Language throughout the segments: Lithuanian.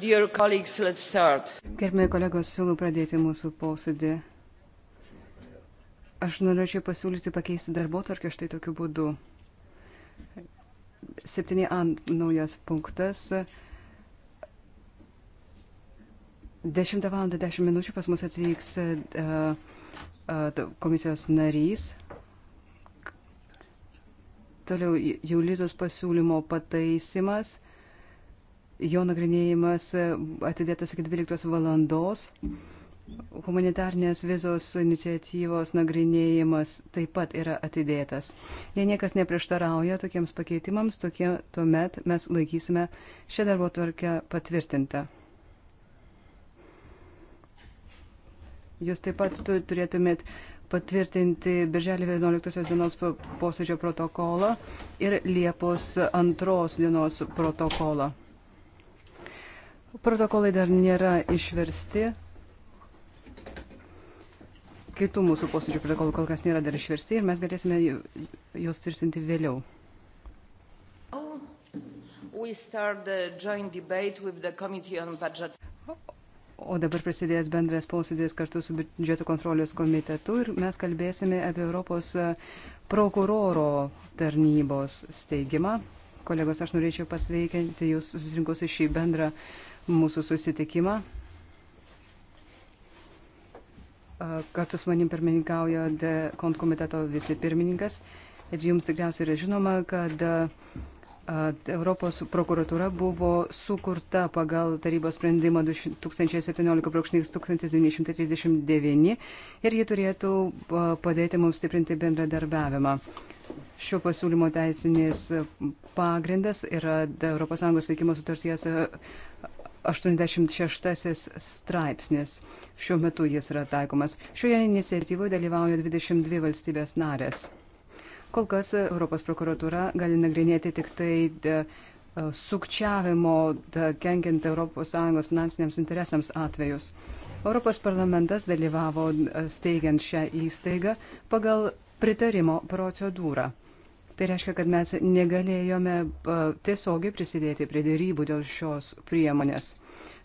Gerbėjai kolegos, siūlau pradėti mūsų posėdį. Aš norėčiau pasiūlyti pakeisti darbo tarkę štai tokiu būdu. 7a naujas punktas. 10 val. 10 minučių pas mus atvyks uh, uh, komisijos narys. Toliau Jaulizos pasiūlymo pataisimas jo nagrinėjimas e, atidėtas iki 12 valandos. Humanitarnės vizos iniciatyvos nagrinėjimas taip pat yra atidėtas. Jei niekas neprieštarauja tokiems pakeitimams, tokie, tuomet mes laikysime šią darbo tvarkę patvirtintą. Jūs taip pat turėtumėt patvirtinti Birželio 11 dienos posėdžio protokolą ir Liepos 2 dienos protokolą. Protokolai dar nėra išversti. Kitų mūsų posėdžių protokolų kol kas nėra dar išversti ir mes galėsime juos tvirtinti vėliau. O dabar prasidės bendras posėdės kartu su biudžeto kontrolės komitetu ir mes kalbėsime apie Europos e, prokuroro tarnybos steigimą kolegos, aš norėčiau pasveikinti jūs susirinkus į šį bendrą mūsų susitikimą. Kartu su manim pirmininkauja kontkomiteto vicepirmininkas. Ir jums tikriausiai yra žinoma, kad Europos prokuratūra buvo sukurta pagal tarybos sprendimą 2017-1939 ir ji turėtų padėti mums stiprinti bendradarbiavimą. Šio pasiūlymo teisinės pagrindas yra ES veikimo sutarties 86 straipsnis. Šiuo metu jis yra taikomas. Šioje iniciatyvoje dalyvauja 22 valstybės narės. Kol kas Europos prokuratūra gali nagrinėti tik tai de, e, sukčiavimo de, kenkiant ES finansiniams interesams atvejus. Europos parlamentas dalyvavo e, steigiant šią įstaigą pagal pritarimo procedūrą. Tai reiškia, kad mes negalėjome tiesiogiai prisidėti prie dėrybų dėl šios priemonės.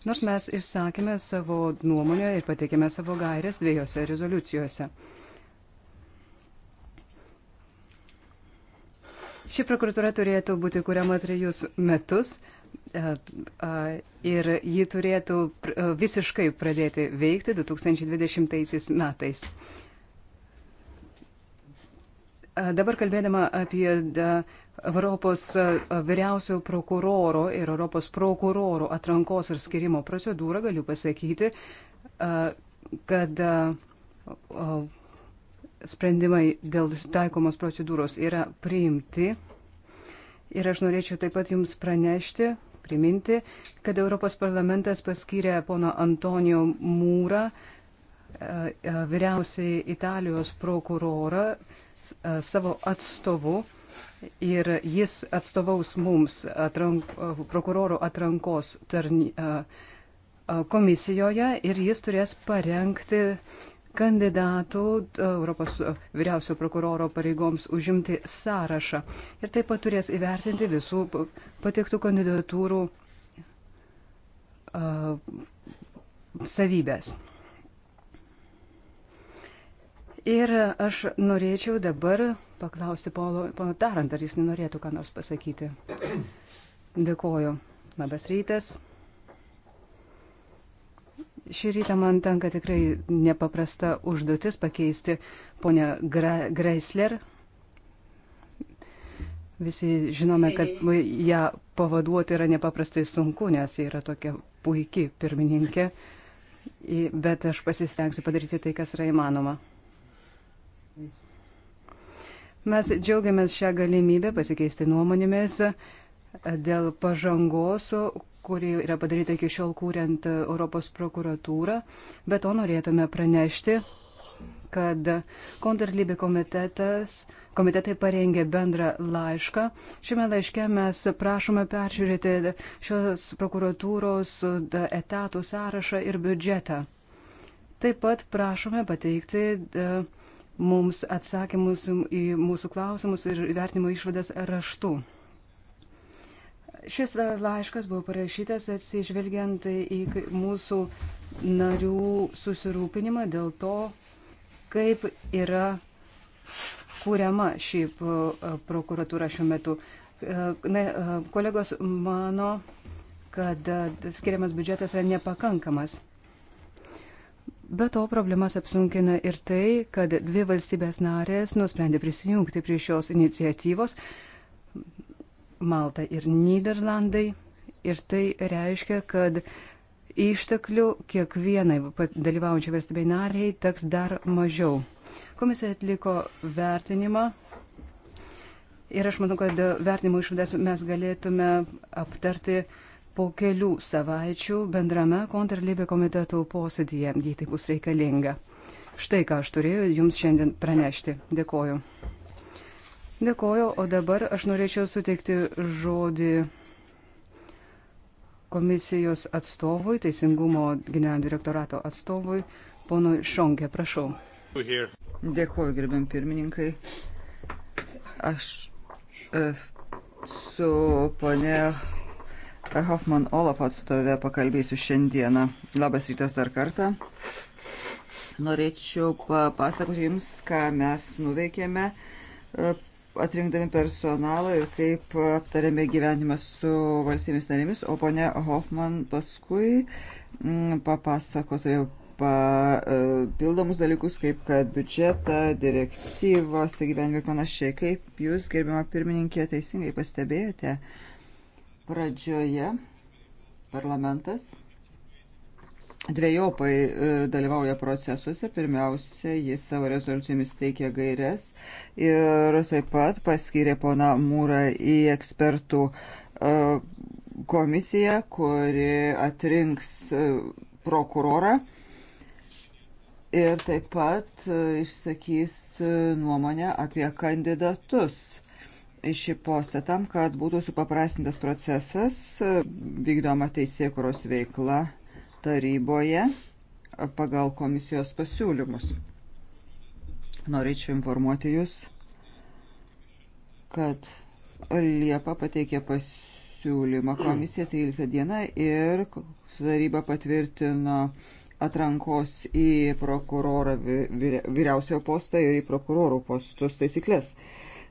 Nors mes išsakėme savo nuomonę ir pateikėme savo gairias dviejose rezoliucijose. Ši prokuratūra turėtų būti kuriama trejus metus ir ji turėtų visiškai pradėti veikti 2020 metais. Dabar kalbėdama apie Europos vyriausiojo prokuroro ir Europos prokuroro atrankos ir skirimo procedūrą, galiu pasakyti, kad sprendimai dėl taikomos procedūros yra priimti. Ir aš norėčiau taip pat Jums pranešti, priminti, kad Europos parlamentas paskyrė pono Antonijo Mūrą vyriausiai Italijos prokurorą savo atstovu ir jis atstovaus mums atrank, prokuroro atrankos tarny, komisijoje ir jis turės parengti kandidatų Europos vyriausio prokuroro pareigoms užimti sąrašą ir taip pat turės įvertinti visų patiktų kandidatūrų savybės. Ir aš norėčiau dabar paklausti pono Tarant, ar jis norėtų ką nors pasakyti. Dėkoju. Labas rytas. Šį rytą man tenka tikrai nepaprasta užduotis pakeisti ponę Gra Greisler. Visi žinome, kad ją pavaduoti yra nepaprastai sunku, nes ji yra tokia puikiai pirmininkė, bet aš pasistengsiu padaryti tai, kas yra įmanoma. Mes džiaugiamės šią galimybę pasikeisti nuomonėmis dėl pažangos, kuri yra padaryta iki šiol kūrent Europos prokuratūrą, bet to norėtume pranešti, kad kontrlybė komitetas Komitetai parengė bendrą laišką. Šiame laiške mes prašome peržiūrėti šios prokuratūros etatų sąrašą ir biudžetą. Taip pat prašome pateikti uh, mums atsakymus į mūsų klausimus ir vertinimo išvadas raštu. Šis laiškas buvo parašytas atsižvelgiant į mūsų narių susirūpinimą dėl to, kaip yra kūriama šį prokuratūrą šiuo metu. E, na, e, kolegos mano, kad skiriamas biudžetas yra nepakankamas. Be to problemas apsunkina ir tai, kad dvi valstybės narės nusprendė prisijungti prie šios iniciatyvos - Malta ir Niderlandai. Ir tai reiškia, kad išteklių kiekvienai dalyvaujančiai valstybei nariai teks dar mažiau. Komisija atliko vertinimą. Ir aš manau, kad vertinimo išvadas mes galėtume aptarti uh, po kelių savaičių bendrame kontrlybė komiteto posėdėje, jei tai bus reikalinga. Štai ką aš turėjau Jums šiandien pranešti. Dėkoju. Dėkoju, o dabar aš norėčiau suteikti žodį komisijos atstovui, Teisingumo generalinio direktorato atstovui, ponui Šonkė, prašau. Dėkoju, gerbiam pirmininkai. Aš e, su ponė Hoffman Olaf atstovę pakalbėsiu šiandieną. Labas rytas dar kartą. Norėčiau papasakoti Jums, ką mes nuveikėme e, atrinkdami personalą ir kaip aptarėme gyvenimą su valstybės narėmis, o ponia Hoffman paskui mm, papasakos apie papildomus e, dalykus, kaip kad biudžetą, direktyvos, gyvenimą ir panašiai. Kaip jūs, gerbiama pirmininkė, teisingai pastebėjote, Pradžioje parlamentas dviejopai e, dalyvauja procesuose. Pirmiausia, jis savo rezoliucijomis teikia gairias ir taip pat paskyrė poną Mūrą į ekspertų e, komisiją, kuri atrinks e, prokurorą ir taip pat išsakys nuomonę apie kandidatus šį postą tam, kad būtų supaprastintas procesas, e, vykdoma teisėkuros veikla taryboje e, pagal komisijos pasiūlymus. Norėčiau informuoti Jūs, kad Liepa pateikė pasiūlymą komisija 13 dieną ir taryba patvirtino atrankos į prokurorą vyriausiojo postą ir į prokurorų postus taisyklės.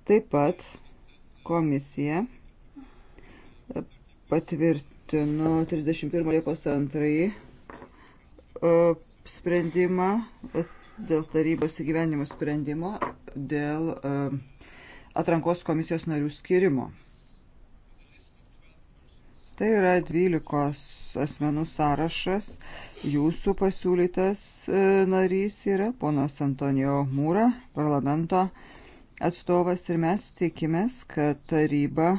Taip pat komisija patvirtino 31 Liepos 2 sprendimą dėl tarybos įgyvenimo sprendimo dėl atrankos komisijos narių skirimo. Tai yra 12 asmenų sąrašas. Jūsų pasiūlytas e, narys yra ponas Antonijo Mūra, parlamento narys atstovas ir mes tikimės, kad taryba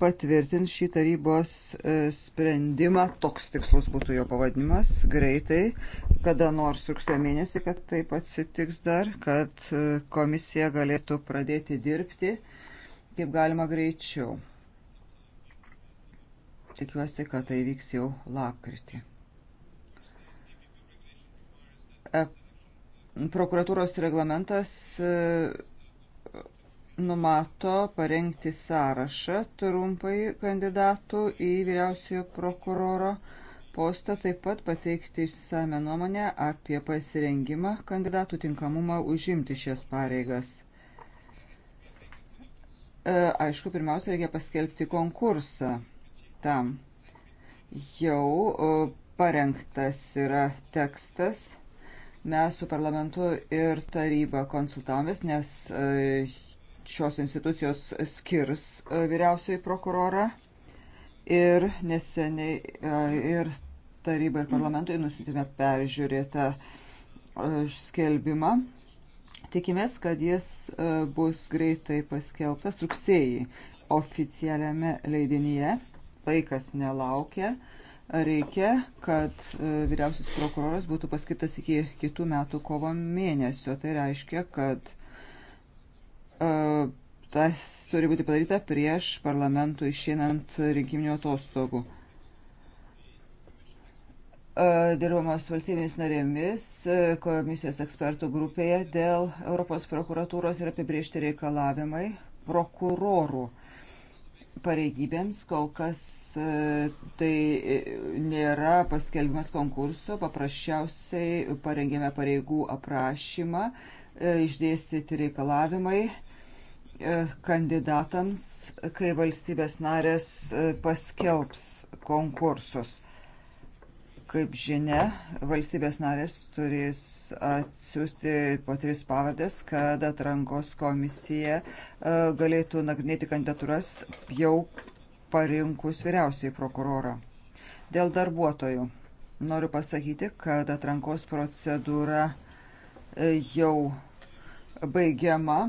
patvirtins šį tarybos e, sprendimą, toks tikslus būtų jo pavadinimas, greitai, kada nors rugsėjo mėnesį, kad taip atsitiks dar, kad e, komisija galėtų pradėti dirbti kaip galima greičiau. Tikiuosi, kad tai vyks jau lapkritį. E, prokuratūros reglamentas e, numato parengti sąrašą trumpai kandidatų į vyriausiojo prokuroro postą, taip pat pateikti išsame nuomonę apie pasirengimą kandidatų tinkamumą užimti šias pareigas. E, aišku, pirmiausia, reikia paskelbti konkursą tam. Jau e, parengtas yra tekstas. Mes su parlamentu ir taryba konsultavomės, nes e, šios institucijos skirs e, vyriausiai prokurorą ir neseniai e, ir tarybai ir parlamentui nusitėme peržiūrėtą e, skelbimą. Tikimės, kad jis bus greitai paskelbtas rugsėjį oficialiame leidinyje. Laikas nelaukia reikia, kad vyriausias prokuroras būtų paskirtas iki kitų metų kovo mėnesio. Tai reiškia, kad E, tas turi būti padaryta prieš parlamentų išeinant rinkiminių atostogų. E, dirbamos valstybės narėmis e, komisijos ekspertų grupėje dėl Europos prokuratūros ir apibriežti reikalavimai prokurorų pareigybėms kol kas tai nėra paskelbimas konkurso, paprasčiausiai parengėme pareigų aprašymą, išdėstyti reikalavimai E, kandidatams, kai valstybės narės e, paskelbs konkursus. Kaip žinia, valstybės narės turės atsiųsti po tris pavardės, kad atrankos komisija e, galėtų nagrinėti kandidatūras jau parinkus vyriausiai prokurorą. Dėl darbuotojų noriu pasakyti, kad atrankos procedūra jau baigiama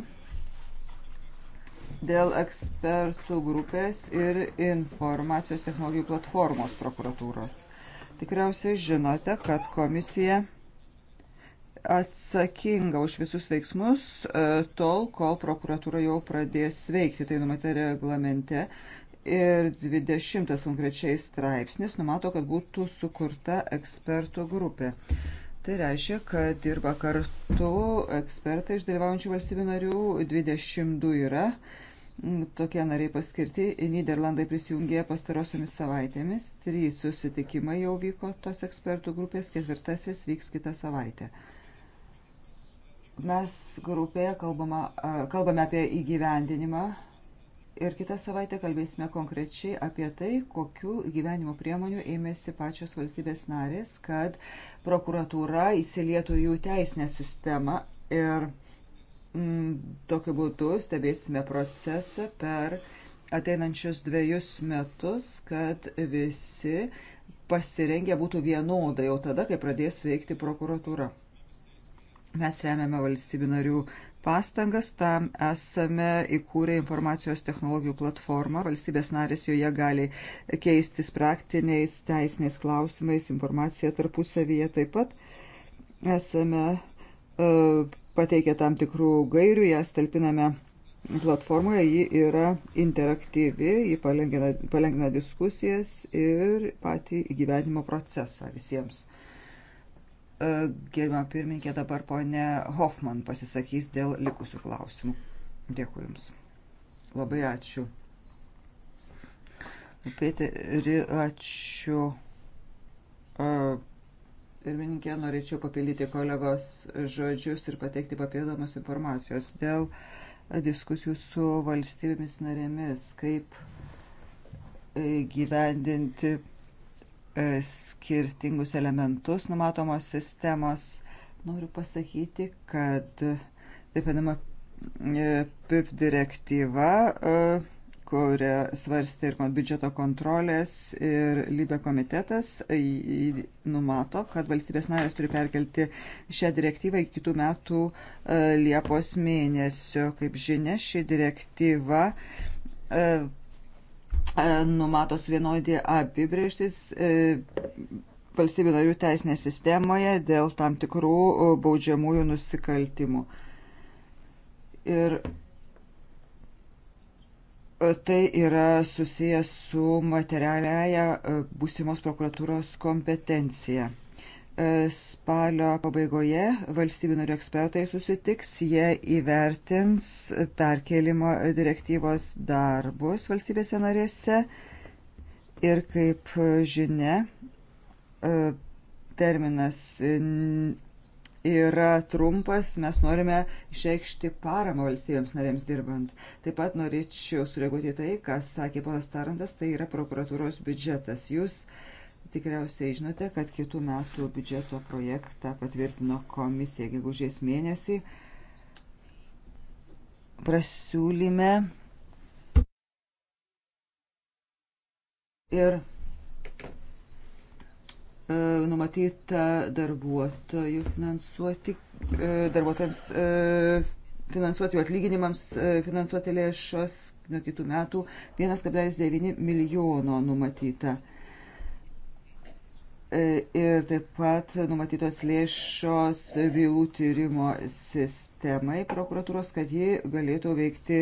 dėl ekspertų grupės ir informacijos technologijų platformos prokuratūros. Tikriausiai žinote, kad komisija atsakinga už visus veiksmus e, tol, kol prokuratūra jau pradės veikti, tai numatė reglamente. Ir 20 konkrečiai straipsnis numato, kad būtų sukurta ekspertų grupė. Tai reiškia, kad dirba kartu ekspertai iš dalyvaujančių valstybių narių, 22 yra tokie nariai paskirti. Niderlandai prisijungė pastarosiomis savaitėmis. Trys susitikimai jau vyko tos ekspertų grupės, ketvirtasis vyks kitą savaitę. Mes grupėje kalbama, kalbame apie įgyvendinimą ir kitą savaitę kalbėsime konkrečiai apie tai, kokiu gyvenimo priemonių ėmėsi pačios valstybės narės, kad prokuratūra įsilietų jų teisinę sistemą ir uh, Mm, tokiu būdu stebėsime procesą per ateinančius dviejus metus, kad visi pasirengę būtų vienodai jau tada, kai pradės veikti prokuratūra. Mes remiame valstybių narių pastangas, tam esame įkūrę informacijos technologijų platformą, valstybės narės joje gali keistis praktiniais teisiniais klausimais, informacija tarpusavyje taip pat. Esame uh, pateikė tam tikrų gairių, jas talpiname platformoje, ji yra interaktyvi, ji palengina, palengina diskusijas ir patį įgyvenimo procesą visiems. E, Gerbimo pirmininkė, dabar ponė Hoffman pasisakys dėl likusių klausimų. Dėkui Jums. Labai ačiū. Peteri, ačiū e, pirmininkė, norėčiau papildyti kolegos žodžius ir pateikti papildomos informacijos dėl diskusijų su valstybėmis narėmis, kaip e, gyvendinti e, skirtingus elementus numatomos sistemos. Noriu pasakyti, kad taip vadinama e, PIF direktyva kurią svarstė ir biudžeto kontrolės ir lybė komitetas, numato, kad valstybės narės turi perkelti šią direktyvą iki kitų metų e, Liepos mėnesio. Kaip žinia, ši direktyva e, e, numato suvienodį apibrėžtis valstybių narių teisinėje sistemoje dėl tam tikrų baudžiamųjų nusikaltimų. Ir tai yra susijęs su materialiaja e, būsimos prokuratūros kompetencija. E, spalio pabaigoje valstybinarių ekspertai susitiks, jie įvertins perkelimo direktyvos darbus valstybėse narėse ir kaip žinia, e, terminas yra trumpas, mes norime išreikšti paramą valstybėms narėms dirbant. Taip pat norėčiau sureaguoti tai, kas sakė ponas Tarantas, tai yra prokuratūros biudžetas. Jūs tikriausiai žinote, kad kitų metų biudžeto projektą patvirtino komisija gegužės mėnesį. Prasiūlyme ir E, numatyta darbuotojų finansuoti, e, darbuotojams e, finansuoti jų atlyginimams, finansuoti lėšos nuo kitų metų 1,9 milijono numatyta. Ir taip pat numatytos lėšos bylų tyrimo sistemai prokuratūros, kad ji galėtų veikti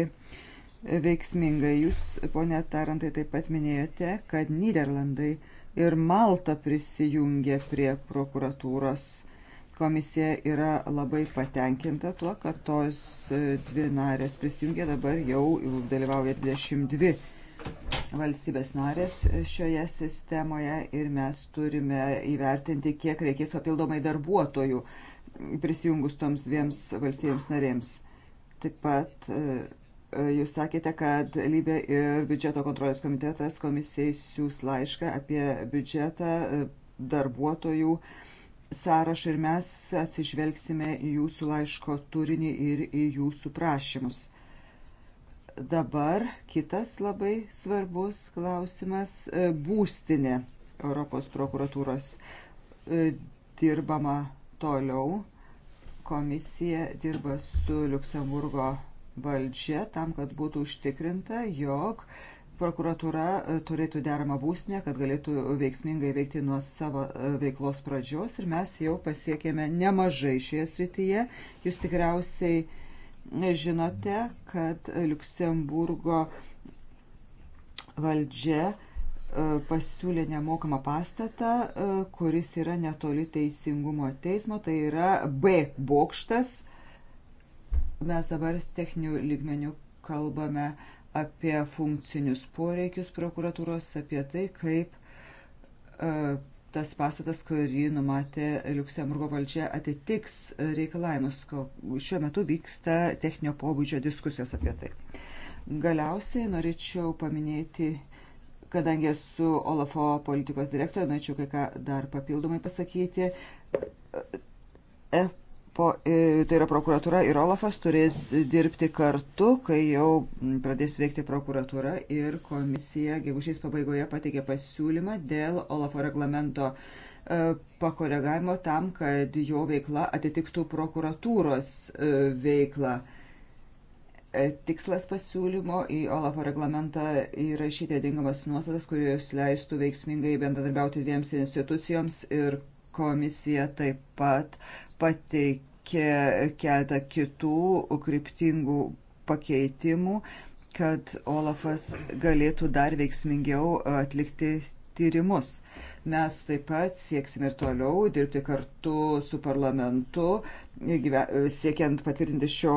veiksmingai. Jūs, ponė Tarantai, taip pat minėjote, kad Niderlandai uh, ir Malta prisijungė prie prokuratūros. Komisija yra labai patenkinta tuo, kad tos e, dvi narės prisijungė, dabar jau dalyvauja 22 valstybės narės e, šioje sistemoje ir mes turime įvertinti, kiek reikės papildomai darbuotojų prisijungus toms dviems valstybėms narėms. Taip pat e, Jūs sakėte, kad Lybė ir biudžeto kontrolės komitetas komisijai siūs laišką apie biudžetą e, darbuotojų sąrašą ir mes atsižvelgsime į jūsų laiško turinį ir į jūsų prašymus. Dabar kitas labai svarbus klausimas e, - būstinė Europos prokuratūros e, dirbama toliau. Komisija dirba su Luksemburgo valdžia tam, kad būtų užtikrinta, jog prokuratura e, turėtų deramą būsnę, kad galėtų veiksmingai veikti nuo savo e, veiklos pradžios ir mes jau pasiekėme nemažai šioje srityje. Jūs tikriausiai e, žinote, kad Luksemburgo valdžia pasiūlė nemokamą pastatą, kuris yra netoli teisingumo teismo, tai yra B bokštas Mes dabar techninių lygmenių kalbame apie funkcinius poreikius prokuratūros, apie tai, kaip uh, tas pastatas, kurį numatė Liuksemburgo valdžia, atitiks reikalavimus. Šiuo metu vyksta techninio pobūdžio diskusijos apie tai. Galiausiai norėčiau paminėti, kadangi esu Olafo politikos direktorė, norėčiau kai ką dar papildomai pasakyti. E, po, e, tai yra prokuratūra ir Olafas turės dirbti kartu, kai jau pradės veikti prokuratūra ir komisija gegužės pabaigoje pateikė pasiūlymą dėl Olafo reglamento e, pakoregavimo tam, kad jo veikla atitiktų prokuratūros e, veiklą. Tikslas pasiūlymo į Olafo reglamentą įrašyti atitinkamas nuostatas, kurios leistų veiksmingai bendradarbiauti dviems institucijoms ir Komisija taip pat pateikė keletą kitų kryptingų pakeitimų, kad Olafas galėtų dar veiksmingiau atlikti tyrimus. Mes taip pat sieksime ir toliau dirbti kartu su parlamentu, siekiant patvirtinti šio,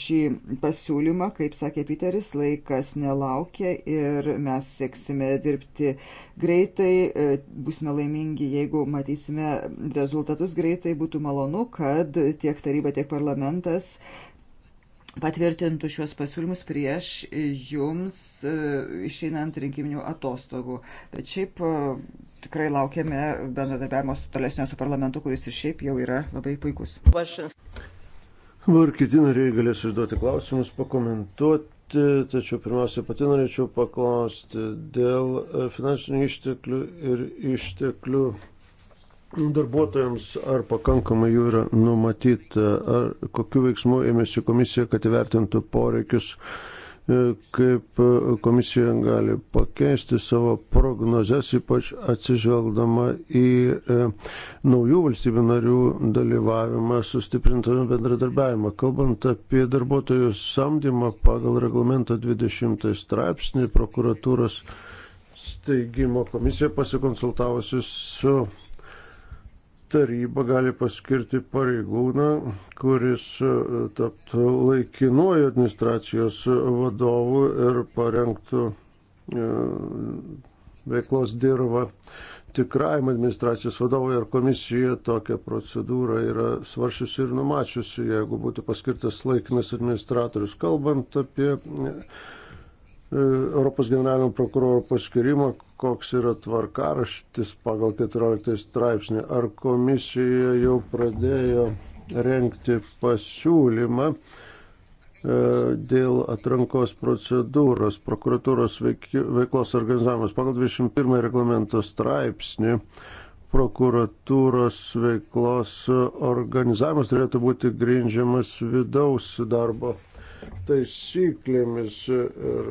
šį pasiūlymą, kaip sakė Piteris, laikas nelaukia ir mes sieksime dirbti greitai, būsime laimingi, jeigu matysime rezultatus greitai, būtų malonu, kad tiek taryba, tiek parlamentas patvirtintų šios pasiūlymus prieš jums e, išeinant rinkiminių atostogų. Bet šiaip e, tikrai laukiame bendradarbiavimo su tolesnio su parlamentu, kuris ir šiaip jau yra labai puikus. Ar kiti nariai galės užduoti klausimus, pakomentuoti, tačiau pirmiausia pati norėčiau paklausti dėl e, finansinių išteklių ir išteklių darbuotojams, ar pakankamai jų yra numatyta, ar kokiu veiksmu ėmėsi komisija, kad įvertintų poreikius, e, kaip e, komisija gali pakeisti savo prognozes, ypač atsižvelgdama į e, naujų valstybių narių dalyvavimą, sustiprintame bendradarbiavimą. Kalbant apie darbuotojų samdymą pagal reglamento 20 straipsnį prokuratūros steigimo komisija pasikonsultavusi su taryba gali paskirti pareigūną, kuris e, taptų laikinuoju administracijos vadovu ir parengtų e, veiklos dirbą tikrajam administracijos vadovui ir komisija tokią procedūrą yra svaršiusi ir numačiusi, jeigu būtų paskirtas laikinas administratorius. Kalbant apie E, Europos generalinio prokuroro paskirimo, koks yra tvarkaraštis pagal 14 straipsnį. Ar komisija jau pradėjo renkti pasiūlymą e, dėl atrankos procedūros, prokuratūros veiklos organizavimas. Pagal 21 reglamento straipsnį prokuratūros veiklos organizavimas turėtų būti grindžiamas vidaus darbo taisyklėmis. Ir,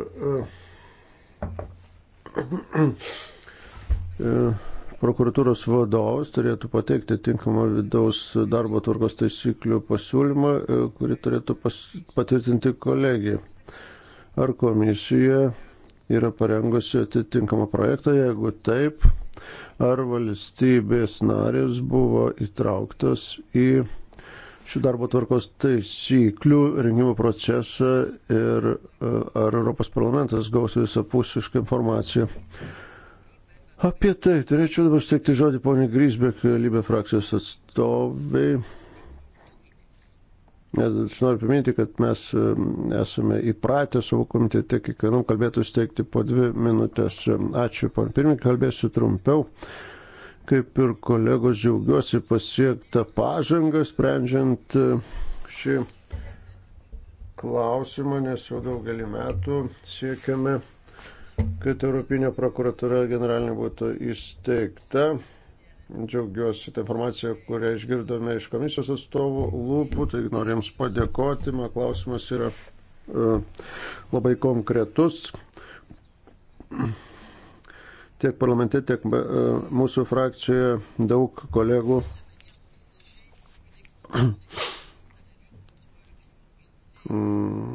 e, e, prokuratūros vadovas turėtų pateikti tinkamą vidaus darbo tvarkos taisyklių pasiūlymą, e, kurį turėtų pas, patvirtinti kolegija. Ar komisija yra parengusi atitinkamą projektą, jeigu taip, ar valstybės narės buvo įtrauktos į šių darbo tvarkos taisyklių rengimo procesą ir e, ar Europos parlamentas gaus visapusišką informaciją. Apie tai turėčiau dabar steikti žodį poniai Grisbek, Libė frakcijos atstoviai. Nes aš noriu priminti, kad mes e, esame įpratę savo komitete kiekvienam kalbėtų steikti po dvi minutės. Ačiū, pan pirmininkai, kalbėsiu trumpiau. Uh, kaip ir kolegos džiaugiuosi pasiektą pažangą sprendžiant e, šį klausimą, nes jau daugelį metų siekiame, kad Europinė prokuratura generalinė būtų įsteigta. Džiaugiuosi tą informaciją, kurią išgirdome iš komisijos atstovų lūpų, tai noriu Jums padėkoti. Man klausimas yra uh, labai konkretus tiek parlamente, tiek e, mūsų frakcijoje daug kolegų mm,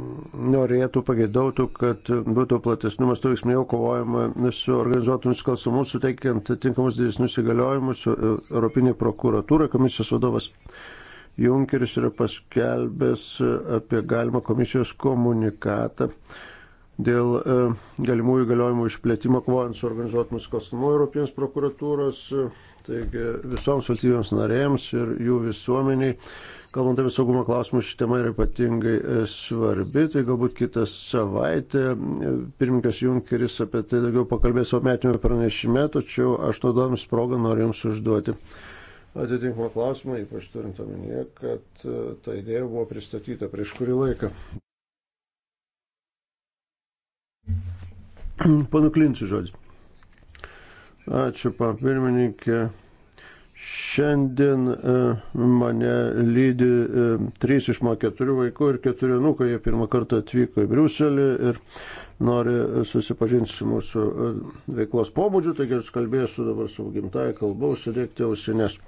norėtų, pageidautų, kad būtų platesnių mastų veiksmėjų kovojama su organizuotų nusikalstamų, suteikiant tinkamus didesnius įgaliojimus su e, Europinė prokuratūra. Komisijos vadovas Junkeris yra paskelbęs apie galimą komisijos komunikatą dėl e, galimų įgaliojimų išplėtimo kovojant su organizuotų nusikalstamu Europinės prokuratūros, e, taigi visoms valstybėms narėjams ir jų visuomeniai, kalbant apie saugumo klausimus, ši tema yra ypatingai e, svarbi, tai galbūt kitą savaitę pirmininkas Junkeris apie tai daugiau pakalbės savo metinėme pranešime, tačiau aš naudodamas progą noriu Jums užduoti atitinkamą klausimą, ypač turint omenyje, kad ta idėja buvo pristatyta prieš kurį laiką. Panu Klinčiu žodžiu. Ačiū, papirmininkė. Šiandien e, mane lydi e, trys iš mano keturių vaikų ir keturi nukai. Jie pirmą kartą atvyko į Briuselį ir nori susipažinti su mūsų e, veiklos pobūdžiu, taigi aš kalbėsiu dabar su gimtaja kalba, užsidėkti ausinės.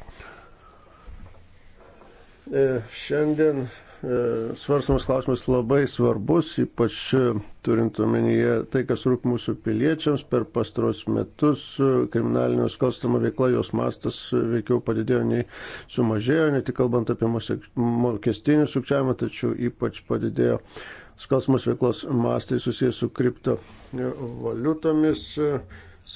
Šiandien E, svarstamas klausimas labai svarbus, ypač e, turint omenyje tai, kas rūp mūsų piliečiams per pastaros metus. E, kriminalinio skalstama veikla, jos mastas veikiau padidėjo nei sumažėjo, ne tik kalbant apie mokestinį sukčiavimą, tačiau ypač padidėjo skalstamos veiklos mastai susijęs su kriptovaliutomis.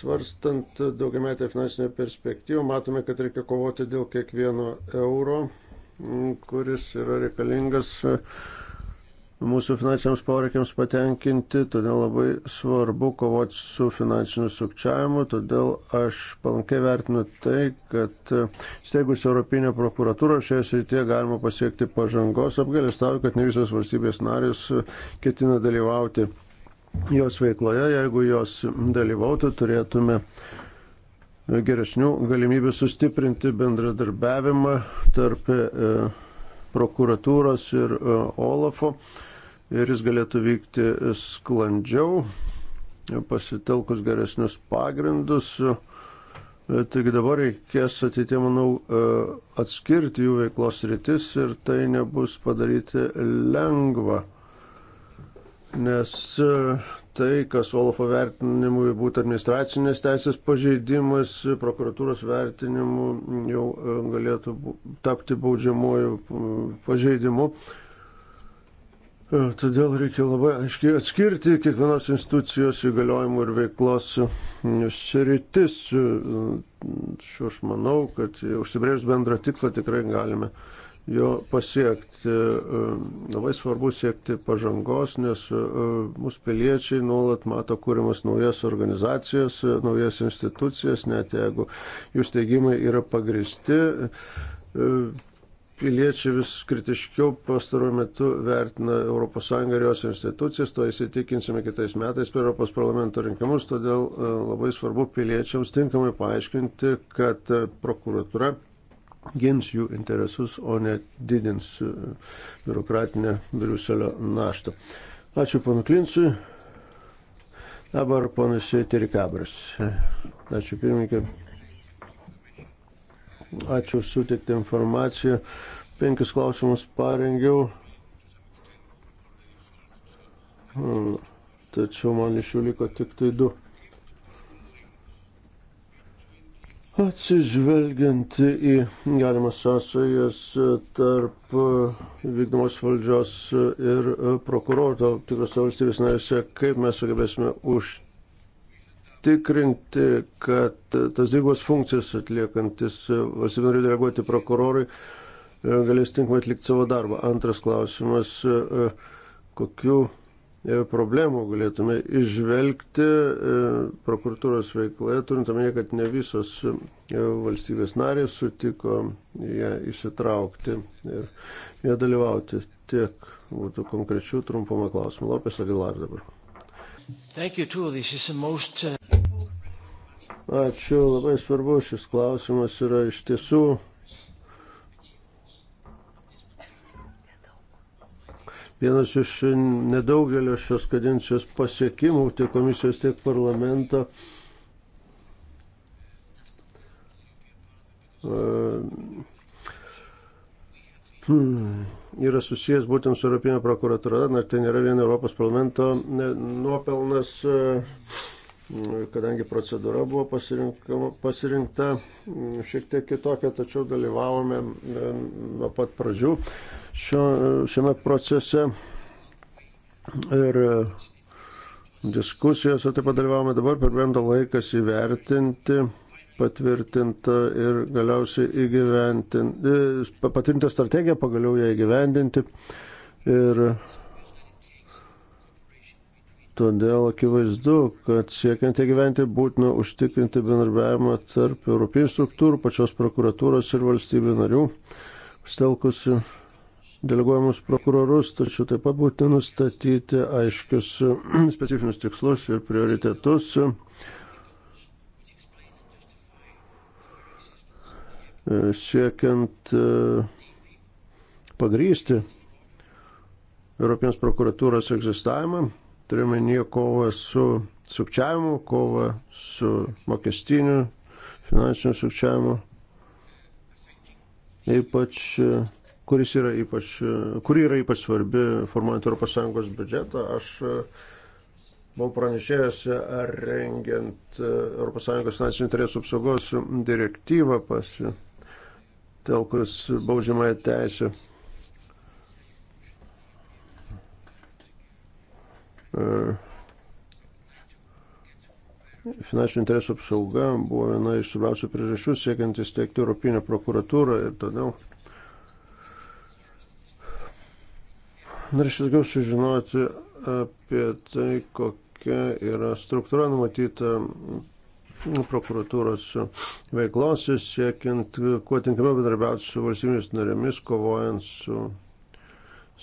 Svarstant daugiametę finansinę perspektyvą, matome, kad reikia kovoti dėl kiekvieno euro kuris yra reikalingas e, mūsų finansiniams poreikiams patenkinti, todėl labai svarbu kovoti su finansiniu sukčiavimu, todėl aš palankiai vertinu tai, kad e, steigus Europinę prokuratūrą šioje srityje galima pasiekti pažangos, apgailestauju, kad ne visos valstybės narės e, ketina dalyvauti jos veikloje, jeigu jos dalyvautų, turėtume geresnių galimybių sustiprinti bendradarbiavimą tarp e, prokuratūros ir e, Olafo ir jis galėtų vykti sklandžiau, pasitelkus geresnius pagrindus. E, taigi dabar reikės ateitie, manau, atskirti jų veiklos rytis ir tai nebus padaryti lengva, nes tai, kas Olafo vertinimui būtų administracinės teisės pažeidimas, prokuratūros vertinimu jau e, galėtų tapti baudžiamuoju pažeidimu. E, todėl reikia labai aiškiai atskirti kiekvienos institucijos įgaliojimų ir veiklos sritis. E, aš manau, kad užsibrėžus bendrą tikslą tikrai galime uh, jo pasiekti. E, labai svarbu siekti pažangos, nes e, mūsų piliečiai nuolat mato kūrimas naujas organizacijas, e, naujas institucijas, net jeigu jų steigimai yra pagristi. Piliečiai vis kritiškiau pastaruoju metu vertina ES ir jos institucijas, to įsitikinsime kitais metais per Europos parlamento rinkimus, todėl labai svarbu piliečiams tinkamai paaiškinti, kad prokuratura gins jų interesus, o ne didins e, biurokratinę Briuselio naštą. Ačiū panu Klinsui. Dabar panas Terikabras. Ačiū pirmininkė. Ačiū sutiktą informaciją. Penkis klausimus parengiau. Hmm. Tačiau man iš jų liko tik tai du. Atsižvelgiant į galimas sąsajas tarp vykdomos valdžios ir prokuroro tikrose valstybės narėse, kaip mes sugebėsime užtikrinti, kad tas dvigubas funkcijas atliekantis valstybė narių deleguoti prokurorai galės tinkamai atlikti savo darbą. Antras klausimas, kokiu E, problemų galėtume išvelgti e, prokuratūros veikloje, turint omenyje, kad ne visos e, valstybės narės sutiko ją įsitraukti ir ją dalyvauti. Tiek būtų konkrečių trumpumą klausimų. Lopės Agilar dabar. Most... Uh, Ačiū, labai svarbus šis klausimas yra iš tiesų Vienas iš nedaugelio šios kadencijos pasiekimų tiek komisijos, tiek parlamento e, yra susijęs būtent su Europinė prokuratūra, nors tai nėra vien Europos parlamento nuopelnas, e, kadangi procedūra buvo pasirinkta šiek tiek kitokia, tačiau dalyvavome e, nuo pat pradžių šio, šiame procese ir e, diskusijose taip pat dalyvavome dabar per bendrą laikas įvertinti patvirtinta ir galiausiai įgyventinti, e, patvirtinta strategija, pagaliau ją įgyvendinti. Ir Todėl akivaizdu, kad siekiant įgyventi būtina užtikrinti bendarbiavimą tarp Europinių struktūrų, pačios prokuratūros ir valstybių narių, stelkusi deleguojamus prokurorus, tačiau taip pat būtina nustatyti aiškius specifinius tikslus ir prioritetus. siekiant e, pagrysti Europinės prokuratūros egzistavimą, turime nie kovą su sukčiavimu, kovą su mokestiniu, finansiniu sukčiavimu, ypač e, kuris yra ypač, kuri yra ypač svarbi formuojant ES biudžetą. Aš e, buvau pranešėjęs e, rengiant ES finansinių interesų apsaugos direktyvą pasitelkus baudžiamąją teisę. E, finansinių interesų apsauga buvo viena iš svarbiausių priežasčių siekiant įsteigti Europinę prokuratūrą ir todėl Norėčiau daugiau sužinoti apie tai, kokia yra struktūra numatyta prokuratūros veiklos, siekiant kuo tinkamiau bendarbiauti su valstybės narėmis, kovojant su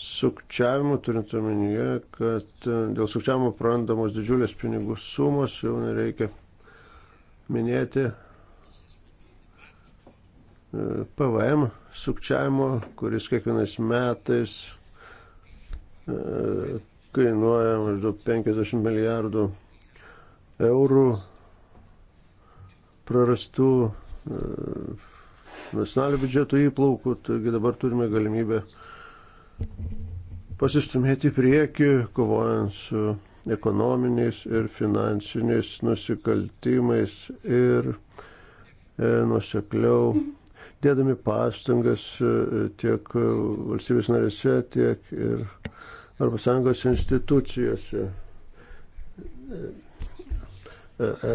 sukčiavimu, turint omenyje, kad dėl sukčiavimo prarandamos didžiulės pinigų sumos, jau nereikia minėti e, PVM sukčiavimo, kuris kiekvienais metais E, kainuoja maždaug 50 milijardų eurų prarastų e, nacionalinio biudžeto įplaukų, taigi dabar turime galimybę pasistumėti į priekį, kovojant su ekonominiais ir finansiniais nusikaltimais ir e, nusekliau dėdami pastangas e, tiek valstybės narėse, tiek ir ES institucijose. E, e,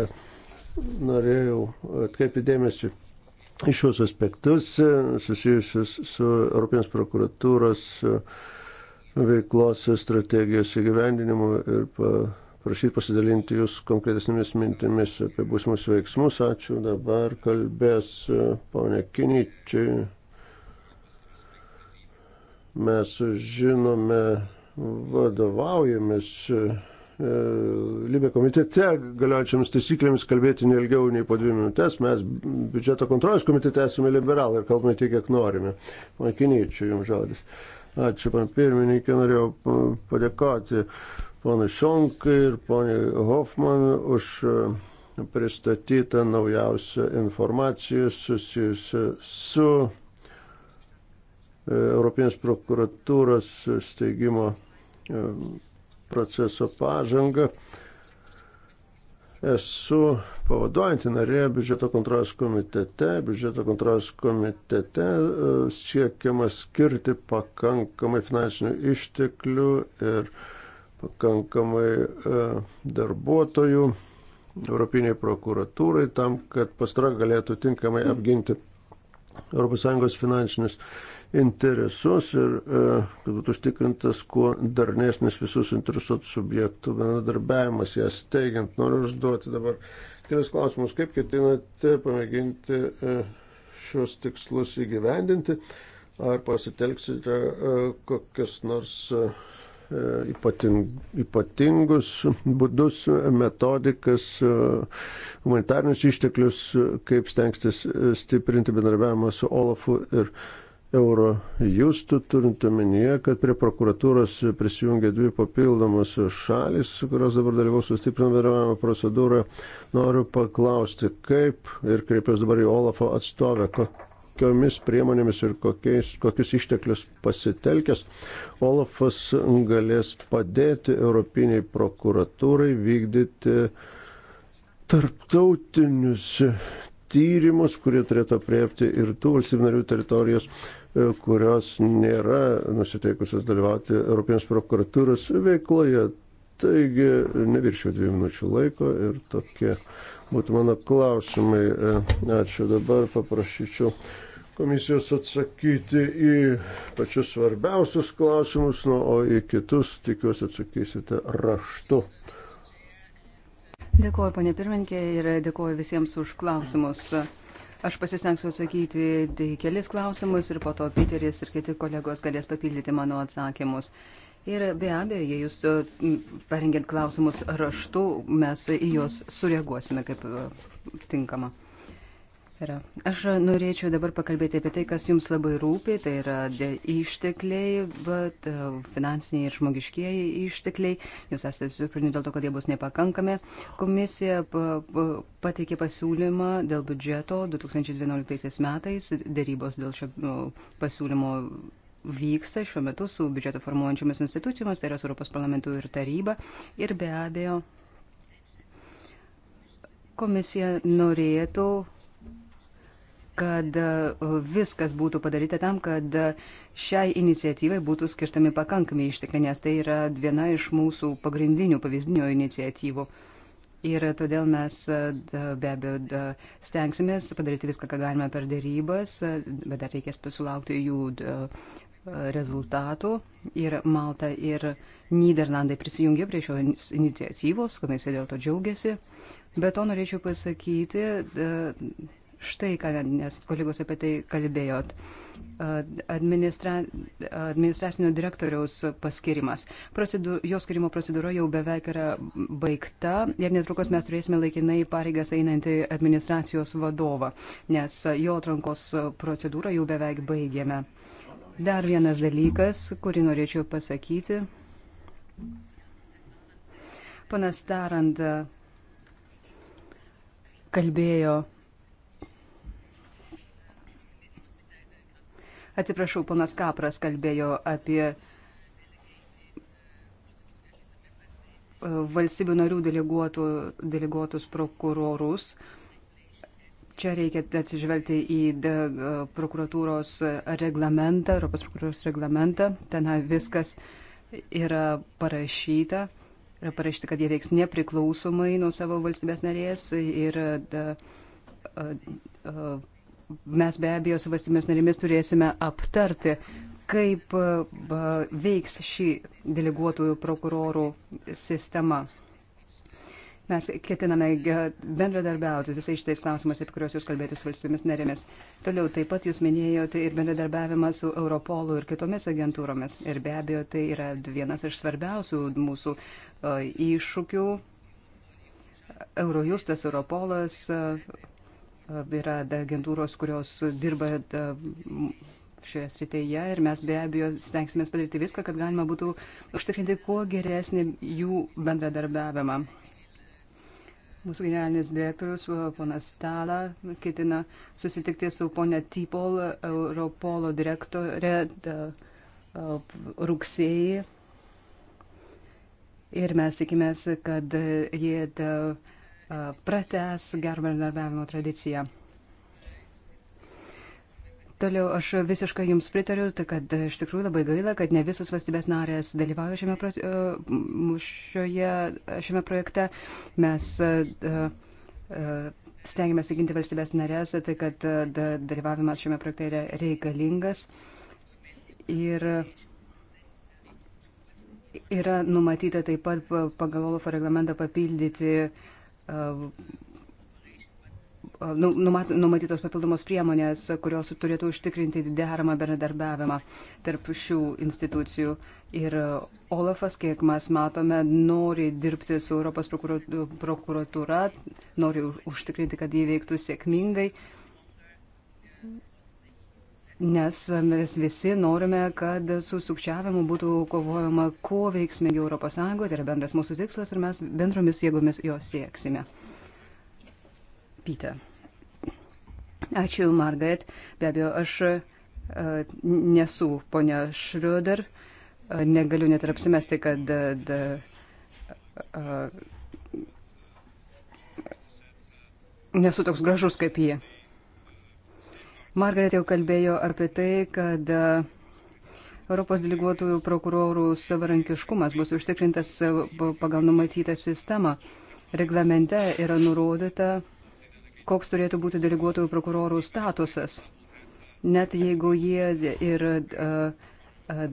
norėjau atkreipti dėmesį į šios aspektus susijusius su Europinės prokuratūros veiklos strategijos įgyvendinimu ir prašyti pasidalinti jūs konkretesnėmis mintimis apie būsimus veiksmus. Ačiū. Dabar kalbės e, ponė Kiničiai. Mes žinome, vadovaujamės e, e, Libė komitete galiojančiams taisyklėms kalbėti neilgiau nei po dvi minutės. Mes biudžeto kontrolės komitete esame liberalai ir kalbame tiek, kiek norime. Makinyčiau jums žodis. Ačiū, man pirmininkė, norėjau padėkoti ponui Šonkai ir poniai Hoffmanui už e, pristatytą naujausią informaciją susijusią su e, Europinės prokuratūros steigimo e, proceso pažanga. Esu pavaduojantį narė biudžeto kontrolės komitete. Biudžeto kontrolės komitete siekiama skirti pakankamai finansinių išteklių ir uh, pakankamai e, darbuotojų Europiniai prokuratūrai tam, kad pastra galėtų tinkamai apginti ES finansinius interesus ir e, kad būtų užtikrintas kuo darnesnis visų suinteresuotų subjektų bendradarbiavimas, jas teigiant. Noriu užduoti dabar kelias klausimus, kaip ketinate pamėginti e, šios tikslus įgyvendinti, ar pasitelksite kokias nors ypating, ypatingus būdus, metodikas, humanitarinius išteklius, kaip stengstis stiprinti bendarbiavimą su Olafu ir Euro Justu, turint omenyje, kad prie prokuratūros prisijungia dvi papildomos šalis, kurios dabar dalyvaus sustiprinant bendarbiavimo procedūrą. Noriu paklausti, kaip ir kreipiuosi dabar į Olafo atstovę, kokiomis priemonėmis ir kokiais, kokius išteklius pasitelkęs Olafas galės padėti Europiniai prokuratūrai vykdyti tarptautinius tyrimus, kurie turėtų apriepti ir tų valstybinarių teritorijos, e, kurios nėra nusiteikusios dalyvauti Europinės prokuratūros veikloje. Taigi, neviršiu dviejų minučių laiko ir tokie būtų mano klausimai. E, ačiū dabar, paprašyčiau komisijos atsakyti į pačius svarbiausius klausimus, nu, o į kitus tikiuosi atsakysite raštu. Dėkuoju, ponė pirmininkė, ir dėkuoju visiems už klausimus. Aš pasistengsiu atsakyti į kelis klausimus ir po to Piteris ir kiti kolegos galės papildyti mano atsakymus. Ir be abejo, jei jūs e, parengėt klausimus raštu, mes į juos sureaguosime kaip e, tinkama. Yra. Aš norėčiau dabar pakalbėti apie tai, kas jums labai rūpi, tai yra ištekliai, bet e, finansiniai ir žmogiškieji ištekliai. Jūs esate suprinti dėl to, kad jie bus nepakankami. Komisija pateikė pasiūlymą dėl biudžeto 2012 metais. Darybos dėl šio nu, pasiūlymo vyksta šiuo metu su biudžeto formuojančiomis institucijomis, tai yra su Europos parlamentu ir taryba. Ir be abejo, komisija norėtų kad e, viskas būtų padaryta tam, kad šiai iniciatyvai būtų skirtami pakankami ištekliai, nes tai yra viena iš mūsų pagrindinių pavyzdinių iniciatyvų. Ir todėl mes e, be abejo stengsimės padaryti viską, ką galime per dėrybas, e, bet dar reikės sulaukti jų rezultatų. Ir Malta ir Niderlandai prisijungė prie šios iniciatyvos, komisija dėl to džiaugiasi. Bet to norėčiau pasakyti, štai ką, nes kolegos apie tai kalbėjot. Administra, administracinio direktoriaus paskirimas. Procedu, jo skirimo procedūra jau beveik yra baigta ir netrukus mes turėsime laikinai pareigas einantį administracijos vadovą, nes jo atrankos procedūrą jau beveik baigėme. Dar vienas dalykas, kurį norėčiau pasakyti. Panas Tarant kalbėjo Atsiprašau, ponas Kapras kalbėjo apie e, valstybių narių deleguotų, deleguotus prokurorus. Čia reikia atsižvelgti į de, prokuratūros reglamentą, Europos prokuratūros reglamentą. Ten viskas yra parašyta. Yra parašyta, kad jie veiks nepriklausomai nuo savo valstybės narės ir da, a, a, mes be abejo su valstybės narėmis turėsime aptarti, kaip e, veiks šį deleguotųjų prokurorų sistema. Mes ketiname e, bendradarbiauti visais šitais klausimais, apie kuriuos jūs kalbėjote su valstybėmis narėmis. Toliau taip pat jūs minėjote ir bendradarbiavimą su Europolu ir kitomis agentūromis. Ir be abejo, tai yra vienas iš svarbiausių mūsų e, iššūkių. Eurojustas, Europolas, yra agentūros, kurios dirba e, šioje srityje ir mes be abejo stengsimės padaryti viską, kad galima būtų užtikrinti kuo geresnį jų bendradarbiavimą. Mūsų generalinis direktorius, e, ponas Stala, ketina susitikti su ponia Typol, Europolo direktorė e, rugsėjai. Ir mes tikimės, kad jie. Da, prates gerą bendradarbiavimo tradiciją. Toliau aš visiškai Jums pritariu, tai kad iš tikrųjų labai gaila, kad ne visos valstybės narės dalyvauja šiame, pro, e, šioje, šiame projekte. Mes e, e, stengiamės įginti valstybės narės, tai kad dalyvavimas šiame projekte yra reikalingas. Ir yra numatyta taip pat pagal OLAFO reglamentą papildyti uh, Nu, numatytos papildomos priemonės, kurios turėtų užtikrinti deramą bendradarbiavimą tarp šių institucijų. Ir Olafas, kiek mes matome, nori dirbti su Europos prokuratūra, nori užtikrinti, kad jie veiktų sėkmingai nes mes visi norime, kad su sukčiavimu būtų kovojama kuo veiksmingiau ES, tai yra bendras mūsų tikslas ir mes bendromis jėgomis jo sieksime. Pyta. Ačiū, Margaret. Be abejo, aš e, nesu ponia Šrioder, e, negaliu net ir apsimesti, kad. Da, e, da, nesu toks gražus kaip jie. Margaret jau kalbėjo apie tai, kad e, Europos deleguotųjų prokurorų savarankiškumas bus užtikrintas e, pagal numatytą sistemą. Reglamente yra nurodyta, koks turėtų būti deleguotųjų prokurorų statusas. Net jeigu jie ir uh, uh,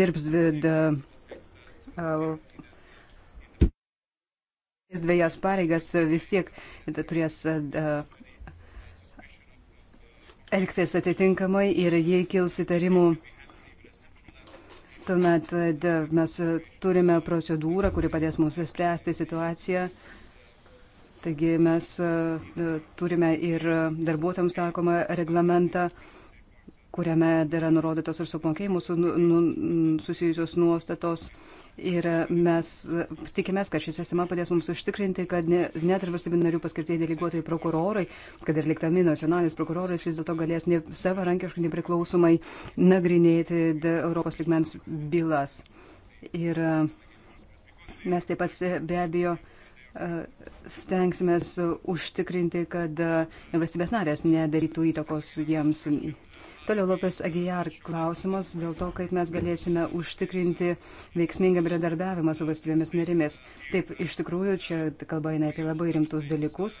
dirbs vid, uh, dviejas pareigas, vis tiek turės. Uh, elgtis atitinkamai ir jei kils įtarimų, tuomet mes turime procedūrą, kuri padės mums spręsti situaciją. Taigi mes turime ir darbuotojams sakomą reglamentą kuriame yra nurodytos ir su apmokėjimu nu, su, nu, susijusios nuostatos. Ir mes tikimės, kad ši sistema padės mums užtikrinti, kad ne, net ir valstybinių narių paskirtieji deleguotojai prokurorai, kad ir liktami nacionalinis prokuroras vis dėlto galės ne, savarankiškai nepriklausomai nagrinėti Europos ligmens bylas. Ir e, mes taip pat be abejo e, stengsime užtikrinti, kad e, valstybės narės nedarytų įtakos jiems Toliau Lopės Agijar klausimas dėl to, kaip mes galėsime užtikrinti veiksmingą bendradarbiavimą su valstybėmis narėmis. Taip, iš tikrųjų, čia kalba eina apie labai rimtus dalykus.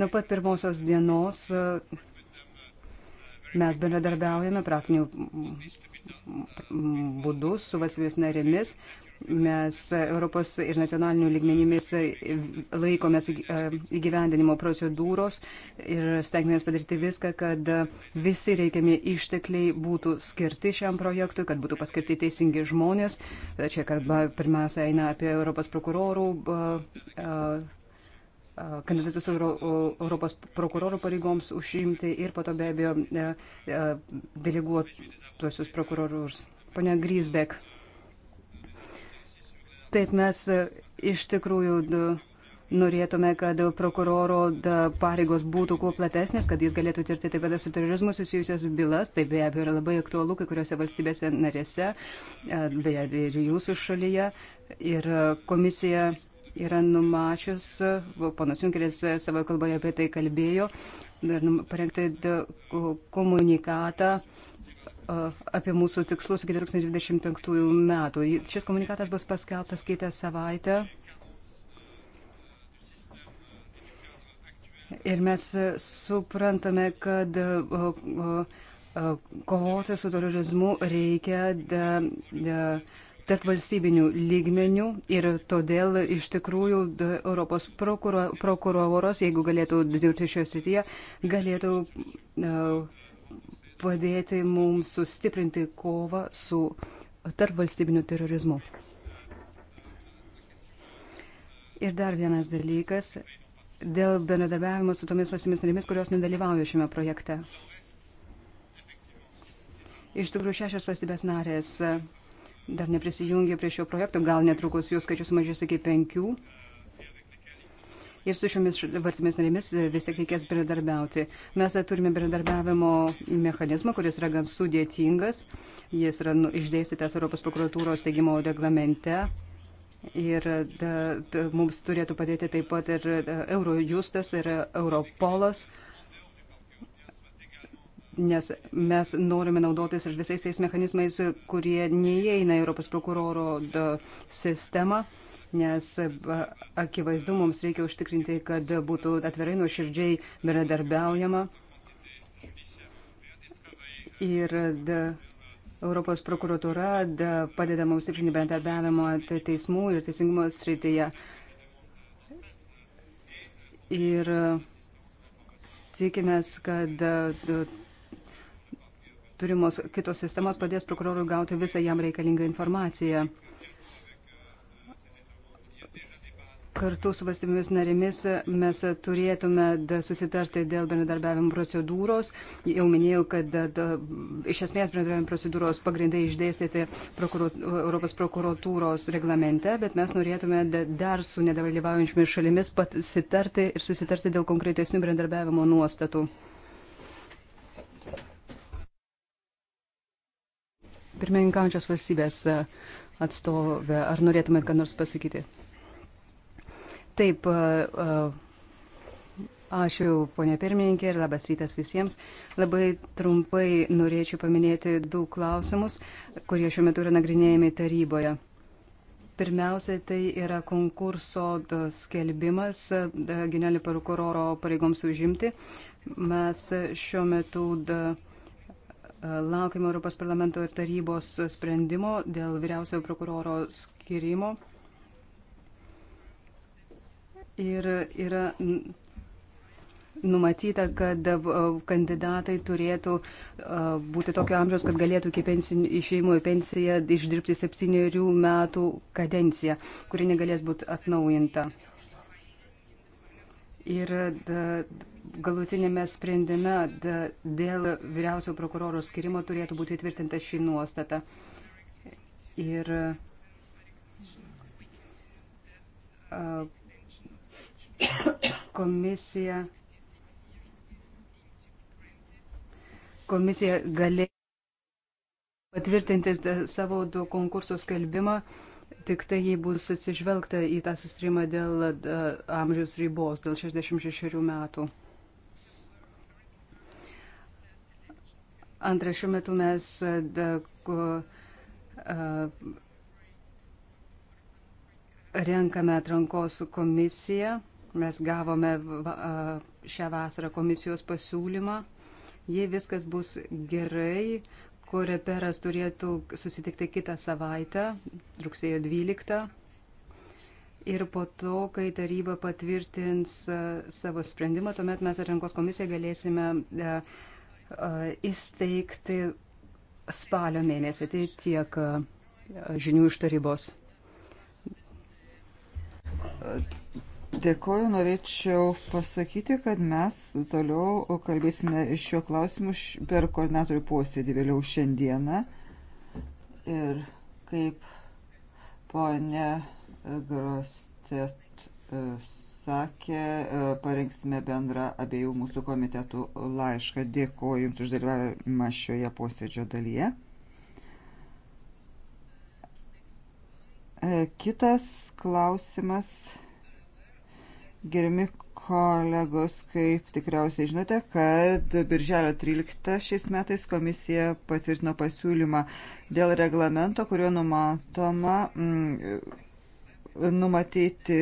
Nuo pat pirmosios dienos e, mes bendradarbiaujame praktiniu būdu su valstybės narėmis mes Europos ir nacionalinių lygmenimis laikomės e, įgyvendinimo procedūros ir stengiamės padaryti viską, kad visi reikiami ištekliai būtų skirti šiam projektui, kad būtų paskirti teisingi žmonės. Čia kalba pirmiausia eina apie Europos prokurorų e, e, kandidatus Euro, Europos prokurorų pareigoms užimti ir po to be abejo deleguotuosius prokurorus. Pone Grisbek, Taip mes e, iš tikrųjų norėtume, kad prokuroro pareigos būtų kuo platesnės, kad jis galėtų tirti taip pat su terorizmu susijusias bylas. Tai be abejo yra labai aktualu kai kuriuose valstybėse narėse, e, beje ir jūsų šalyje. Ir e, komisija yra numačius, ponas Junkeris savo kalboje apie tai kalbėjo, parengti komunikatą apie mūsų tikslus iki 2025 metų. Šis komunikatas bus paskelbtas kitą savaitę. Ir mes suprantame, kad kovoti su terorizmu reikia tarp valstybinių lygmenių ir todėl iš tikrųjų Europos prokuro, prokuroras, jeigu galėtų dirbti šioje srityje, galėtų padėti mums sustiprinti kovą su tarpvalstybiniu terorizmu. Ir dar vienas dalykas dėl bendradarbiavimo su tomis valstybės narėmis, kurios nedalyvauja šiame projekte. Iš tikrųjų, šešios valstybės narės dar neprisijungė prie šio projekto, gal netrukus jų skaičius mažės iki penkių ir su šiomis valstybės narėmis e, vis tik reikės bendradarbiauti. Mes e, turime bendradarbiavimo mechanizmą, kuris yra gan sudėtingas, jis yra nu, išdėstytas Europos prokuratūros teigimo reglamente. Ir e, da, da, mums turėtų padėti taip pat ir Eurojustas ir Europolas nes mes norime naudotis ir visais tais mechanizmais, kurie neįeina Europos prokuroro sistemą nes akivaizdu mums reikia užtikrinti, kad būtų atvirai nuoširdžiai bendradarbiaujama. Ir da, Europos prokuratūra da, padeda mums stiprinti bendradarbiavimo teismų ir teisingumo srityje. Ir tikimės, kad da, turimos kitos sistemos padės prokurorui gauti visą jam reikalingą informaciją. Kartu su valstybėmis narėmis mes turėtume susitarti dėl bendradarbiavimo procedūros. Jau minėjau, kad da, iš esmės bendradarbiavimo procedūros pagrindai išdėstyti prokuro, Europos prokuratūros reglamente, bet mes norėtume da, dar su nedalyvaujančiomis šalimis pasitarti ir susitarti dėl konkretesnių bendradarbiavimo nuostatų. Pirmininkaujančios valstybės atstovė, ar norėtumėt ką nors pasakyti? Taip, ačiū ponė pirmininkė ir labas rytas visiems. Labai trumpai norėčiau paminėti du klausimus, kurie šiuo metu yra nagrinėjami taryboje. Pirmiausia, tai yra konkurso skelbimas generalinio prokuroro pareigoms užimti. Mes šiuo metu laukime Europos parlamento ir tarybos sprendimo dėl vyriausiojo prokuroro skirimo. Ir yra numatyta, kad kandidatai turėtų būti tokio amžiaus, kad galėtų iki išėjimo į pensiją išdirbti septyniarių metų kadenciją, kuri negalės būti atnaujinta. Ir da, galutinėme sprendime da, dėl vyriausio prokuroro skirimo turėtų būti įtvirtinta šį nuostatą. Ir uh, komisija, komisija galėjo patvirtinti savo du konkursų skelbimą, tik tai jei bus atsižvelgta į tą sustrimą dėl e, amžiaus ribos, dėl 66 metų. Antra, šiuo metu mes e, da, ko, a, e, renkame atrankos komisiją. Mes gavome šią vasarą komisijos pasiūlymą. Jei viskas bus gerai, koreperas turėtų susitikti kitą savaitę, rugsėjo 12. Ir po to, kai taryba patvirtins savo sprendimą, tuomet mes atrankos komisiją galėsime įsteigti spalio mėnesį. Tai tiek žinių iš tarybos. Dėkoju, norėčiau pasakyti, kad mes toliau kalbėsime šiuo klausimu per koordinatorių posėdį vėliau šiandieną. Ir kaip ponė Grostet e, sakė, e, parengsime bendrą abiejų mūsų komitetų laišką. Dėkoju Jums už dalyvavimą šioje posėdžio dalyje. E, kitas klausimas. Gerimi kolegos, kaip tikriausiai žinote, kad Birželio 13 šiais metais komisija patvirtino pasiūlymą dėl reglamento, kuriuo numatoma mm, numatyti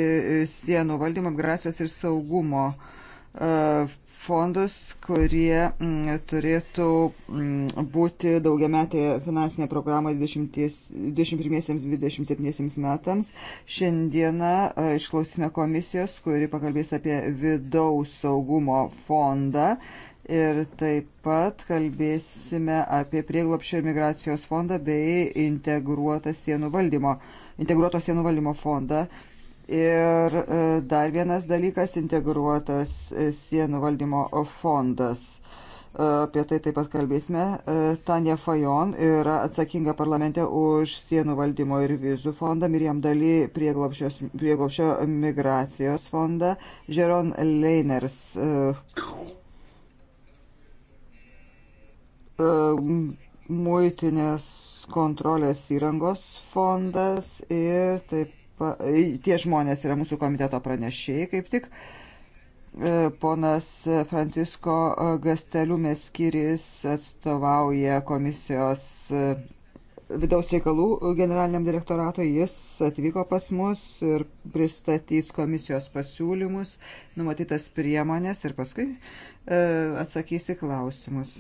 sienų valdymo, migracijos ir saugumo uh, fondus, kurie mm, turėtų mm, būti daugiametėje finansinėje programoje 21-27 metams. Šiandieną e, išklausime komisijos, kuri pakalbės apie vidaus saugumo fondą. Ir taip pat kalbėsime apie prieglopščio ir migracijos fondą bei integruotą sienų valdymo, integruoto sienų valdymo fondą. Uh, Ir e, dar vienas dalykas - integruotas e, sienų valdymo fondas. E, apie tai taip pat kalbėsime. Tanja Fajon yra atsakinga parlamente už sienų valdymo ir vizų fondą, Mirjam Daly prieglopšio migracijos fondą, Žeron Leiners muitinės kontrolės įrangos fondas ir taip E, tie žmonės yra mūsų komiteto pranešėjai kaip tik. E, ponas Francisko Gasteliumės skyris atstovauja komisijos e, vidaus reikalų generaliniam direktoratui. Jis atvyko pas mus ir pristatys komisijos pasiūlymus, numatytas priemonės ir paskui atsakysi klausimus.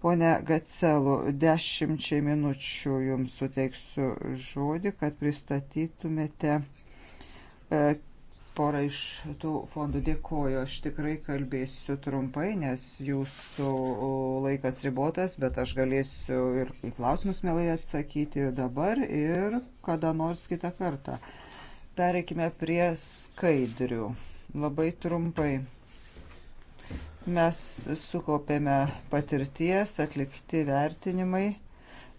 Pone Gacelu, dešimčiai minučių jums suteiksiu žodį, kad pristatytumėte e, porą iš tų fondų dėkoju. Aš tikrai kalbėsiu trumpai, nes jūsų laikas ribotas, bet aš galėsiu ir į klausimus mielai atsakyti dabar ir kada nors kitą kartą. Pereikime prie skaidrių. Labai trumpai Mes sukaupėme patirties, atlikti vertinimai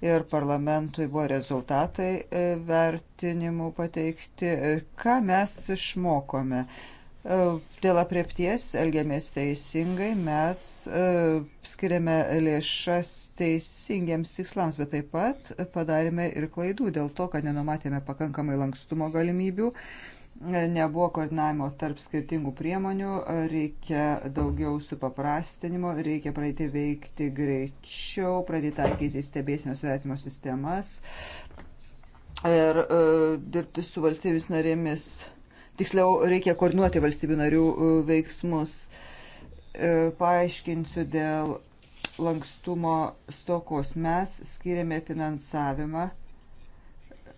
ir parlamentui buvo rezultatai e, vertinimų pateikti. E, ką mes išmokome? E, dėl apriepties elgiamės teisingai, mes uh, skiriame lėšas teisingiems tikslams, bet taip pat padarėme ir klaidų dėl to, kad nenumatėme pakankamai lankstumo galimybių. Uh, nebuvo koordinavimo tarp skirtingų priemonių, reikia daugiau supaprastinimo, reikia pradėti veikti greičiau, pradėti taikyti stebėsinos vertimo sistemas ir e, dirbti su valstybės narėmis. Tiksliau, reikia koordinuoti valstybių narių e, veiksmus. E, paaiškinsiu dėl lankstumo stokos. Mes skiriame finansavimą.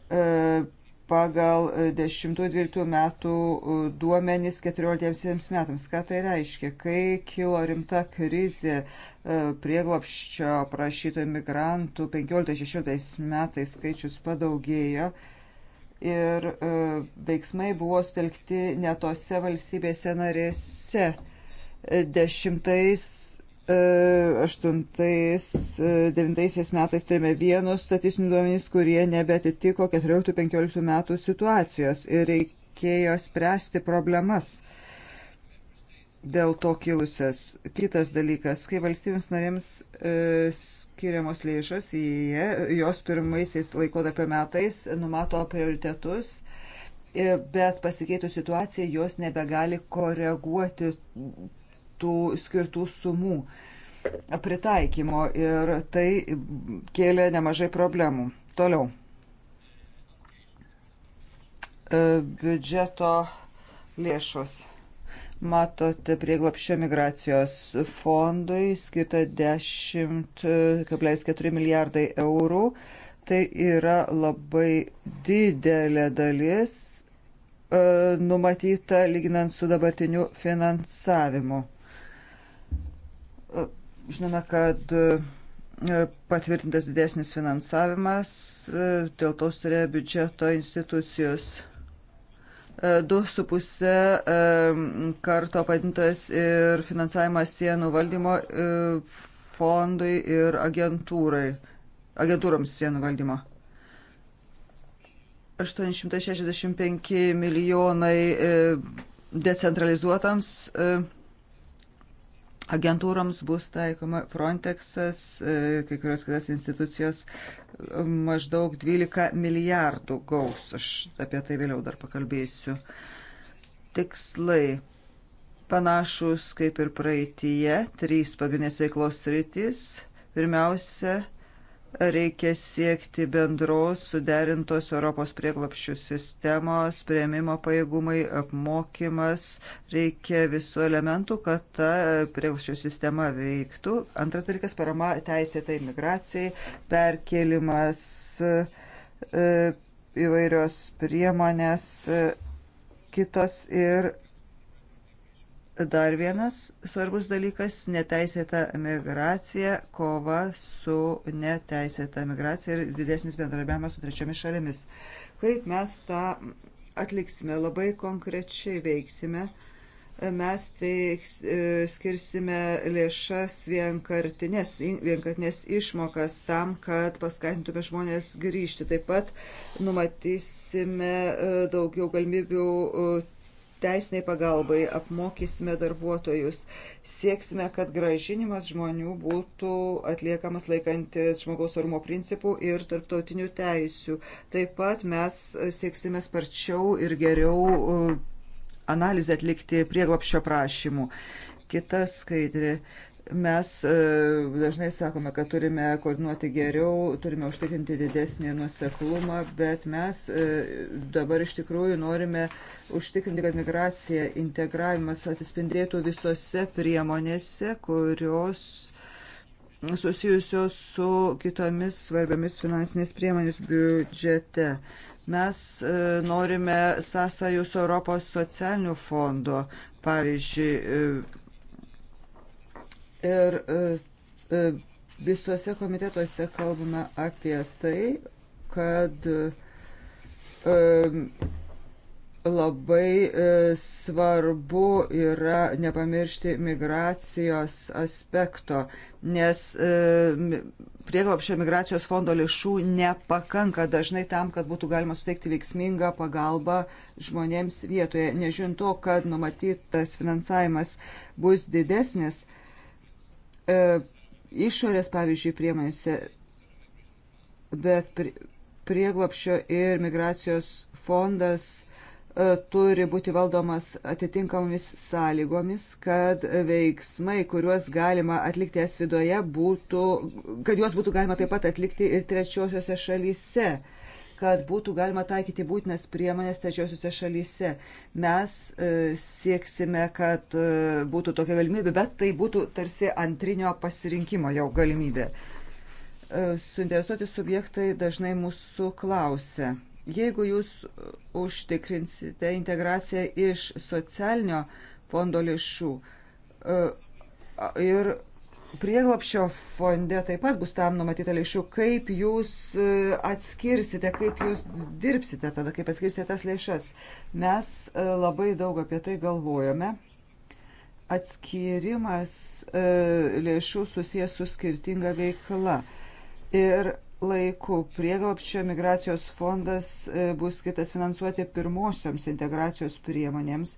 E, pagal 10-12 e, metų e, duomenys 14 metams. Ką tai reiškia? Kai kilo rimta krizė e, prieglopščio prašyto imigrantų 15-16 metais skaičius padaugėjo ir veiksmai buvo sutelkti netose valstybėse narėse. Dešimtais 2008-2009 e, metais turime vienus statistinių duomenys, kurie nebetitiko 14-15 metų situacijos ir reikėjo spręsti problemas dėl to kilusias. Kitas dalykas, kai valstybėms narėms e, skiriamos lėšos, jie, jos pirmaisiais laikotarpio metais numato prioritetus e, bet pasikeitų situacija, jos nebegali koreguoti tų skirtų sumų pritaikymo ir tai kėlė nemažai problemų. Toliau. E, biudžeto lėšos. Matote, prieglapščio migracijos fondui skirta 10,4 milijardai eurų. Tai yra labai didelė dalis e, numatyta lyginant su dabartiniu finansavimu. Žinome, kad e, patvirtintas didesnis finansavimas, e, dėl to turėjo biudžeto institucijos 2,5 e, karto padintas ir finansavimas sienų valdymo fondui ir agentūrai, agentūroms sienų valdymo. 865 milijonai decentralizuotams agentūroms bus taikoma Frontexas, e, kai kurios kitas institucijos e, maždaug 12 milijardų gaus. Aš apie tai vėliau dar pakalbėsiu. Tikslai panašus kaip ir praeitie, trys pagrindinės veiklos rytis. Pirmiausia, reikia siekti bendros suderintos Europos prieglapščių sistemos, prieimimo pajėgumai, apmokymas, reikia visų elementų, kad ta prieglapščių sistema veiktų. Antras dalykas - parama teisėtai migracijai, perkelimas e, įvairios priemonės e, kitos ir Dar vienas svarbus dalykas - neteisėta migracija, kova su neteisėta migracija ir didesnis bendradarbiavimas su trečiomis šalimis. Kaip mes tą atliksime, labai konkrečiai veiksime, mes teiks, e, skirsime lėšas vienkartinės, vienkartinės išmokas tam, kad paskatintume žmonės grįžti. Taip pat numatysime e, daugiau galimybių e, teisiniai pagalbai, apmokysime darbuotojus, sieksime, kad gražinimas žmonių būtų atliekamas laikantis žmogaus orumo principų ir tarptautinių teisių. Taip pat mes sieksime sparčiau ir geriau uh, analizę atlikti prieglopščio prašymų. Kita skaidrė. Mes e, dažnai sakome, kad turime koordinuoti geriau, turime užtikrinti didesnį nuseklumą, bet mes e, dabar iš tikrųjų norime užtikrinti, kad migracija, integravimas atsispindėtų visose priemonėse, kurios susijusios su kitomis svarbiamis finansinės priemonės biudžete mes e, norime sąsajų su Europos socialiniu fondu. Pavyzdžiui, Ir e, e, visuose komitetuose kalbame apie tai, kad e, labai svarbu yra nepamiršti migracijos aspekto, nes prieglopšio migracijos fondo lėšų nepakanka dažnai tam, kad būtų galima suteikti veiksmingą pagalbą žmonėms vietoje. Nežiūrint to, kad numatytas finansavimas bus didesnis, E, išorės, pavyzdžiui, priemonėse, bet prieglopšio ir migracijos fondas e, turi būti valdomas atitinkamomis sąlygomis, kad veiksmai, kuriuos galima atlikti es viduje, būtų, kad juos būtų galima taip pat atlikti ir trečiosiose šalyse kad būtų galima taikyti būtinas priemonės trečiosiuose šalyse. Mes e, sieksime, kad e, būtų tokia galimybė, bet tai būtų tarsi antrinio pasirinkimo jau galimybė. E, suinteresuoti subjektai dažnai mūsų klausia. Jeigu jūs užtikrinsite integraciją iš socialinio fondo lėšų e, ir Prieglopšio fonde taip pat bus tam numatyta lėšų. Kaip jūs e, atskirsite, kaip jūs dirbsite tada, kaip atskirsite tas lėšas? Mes e, labai daug apie tai galvojame. Atskirimas e, lėšų susijęs su skirtinga veikla. Ir laiku prieglopščio migracijos fondas bus skirtas finansuoti pirmosioms integracijos priemonėms.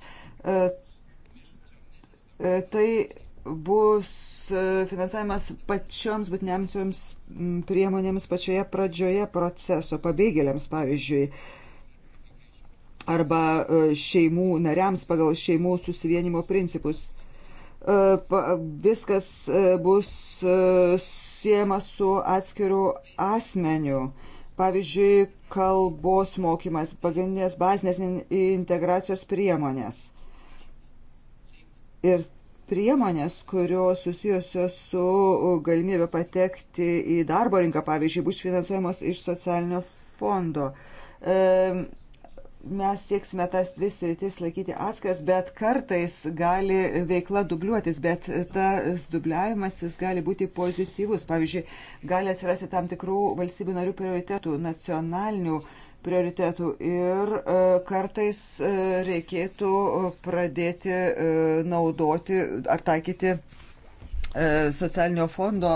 Tai bus E, finansavimas pačioms būtiniamsioms priemonėms pačioje pradžioje proceso, pabėgėliams pavyzdžiui, arba e, šeimų nariams pagal šeimų susivienimo principus. E, viskas bus siejama su atskiru asmeniu. Pavyzdžiui, kalbos mokymas, pagrindinės bazinės integracijos priemonės. Ir priemonės, kurios susijusios su uh, galimybė patekti į darbo rinką, pavyzdžiui, bus finansuojamos iš socialinio fondo. Mes sieksime tas dvi sritis laikyti atskiras, bet kartais gali veikla dubliuotis, bet tas dubliavimasis gali būti pozityvus. Pavyzdžiui, gali atsirasti tam tikrų valstybių narių prioritetų, nacionalinių uh, prioritetų ir e, kartais e, reikėtų pradėti e, naudoti ar taikyti socialinio fondo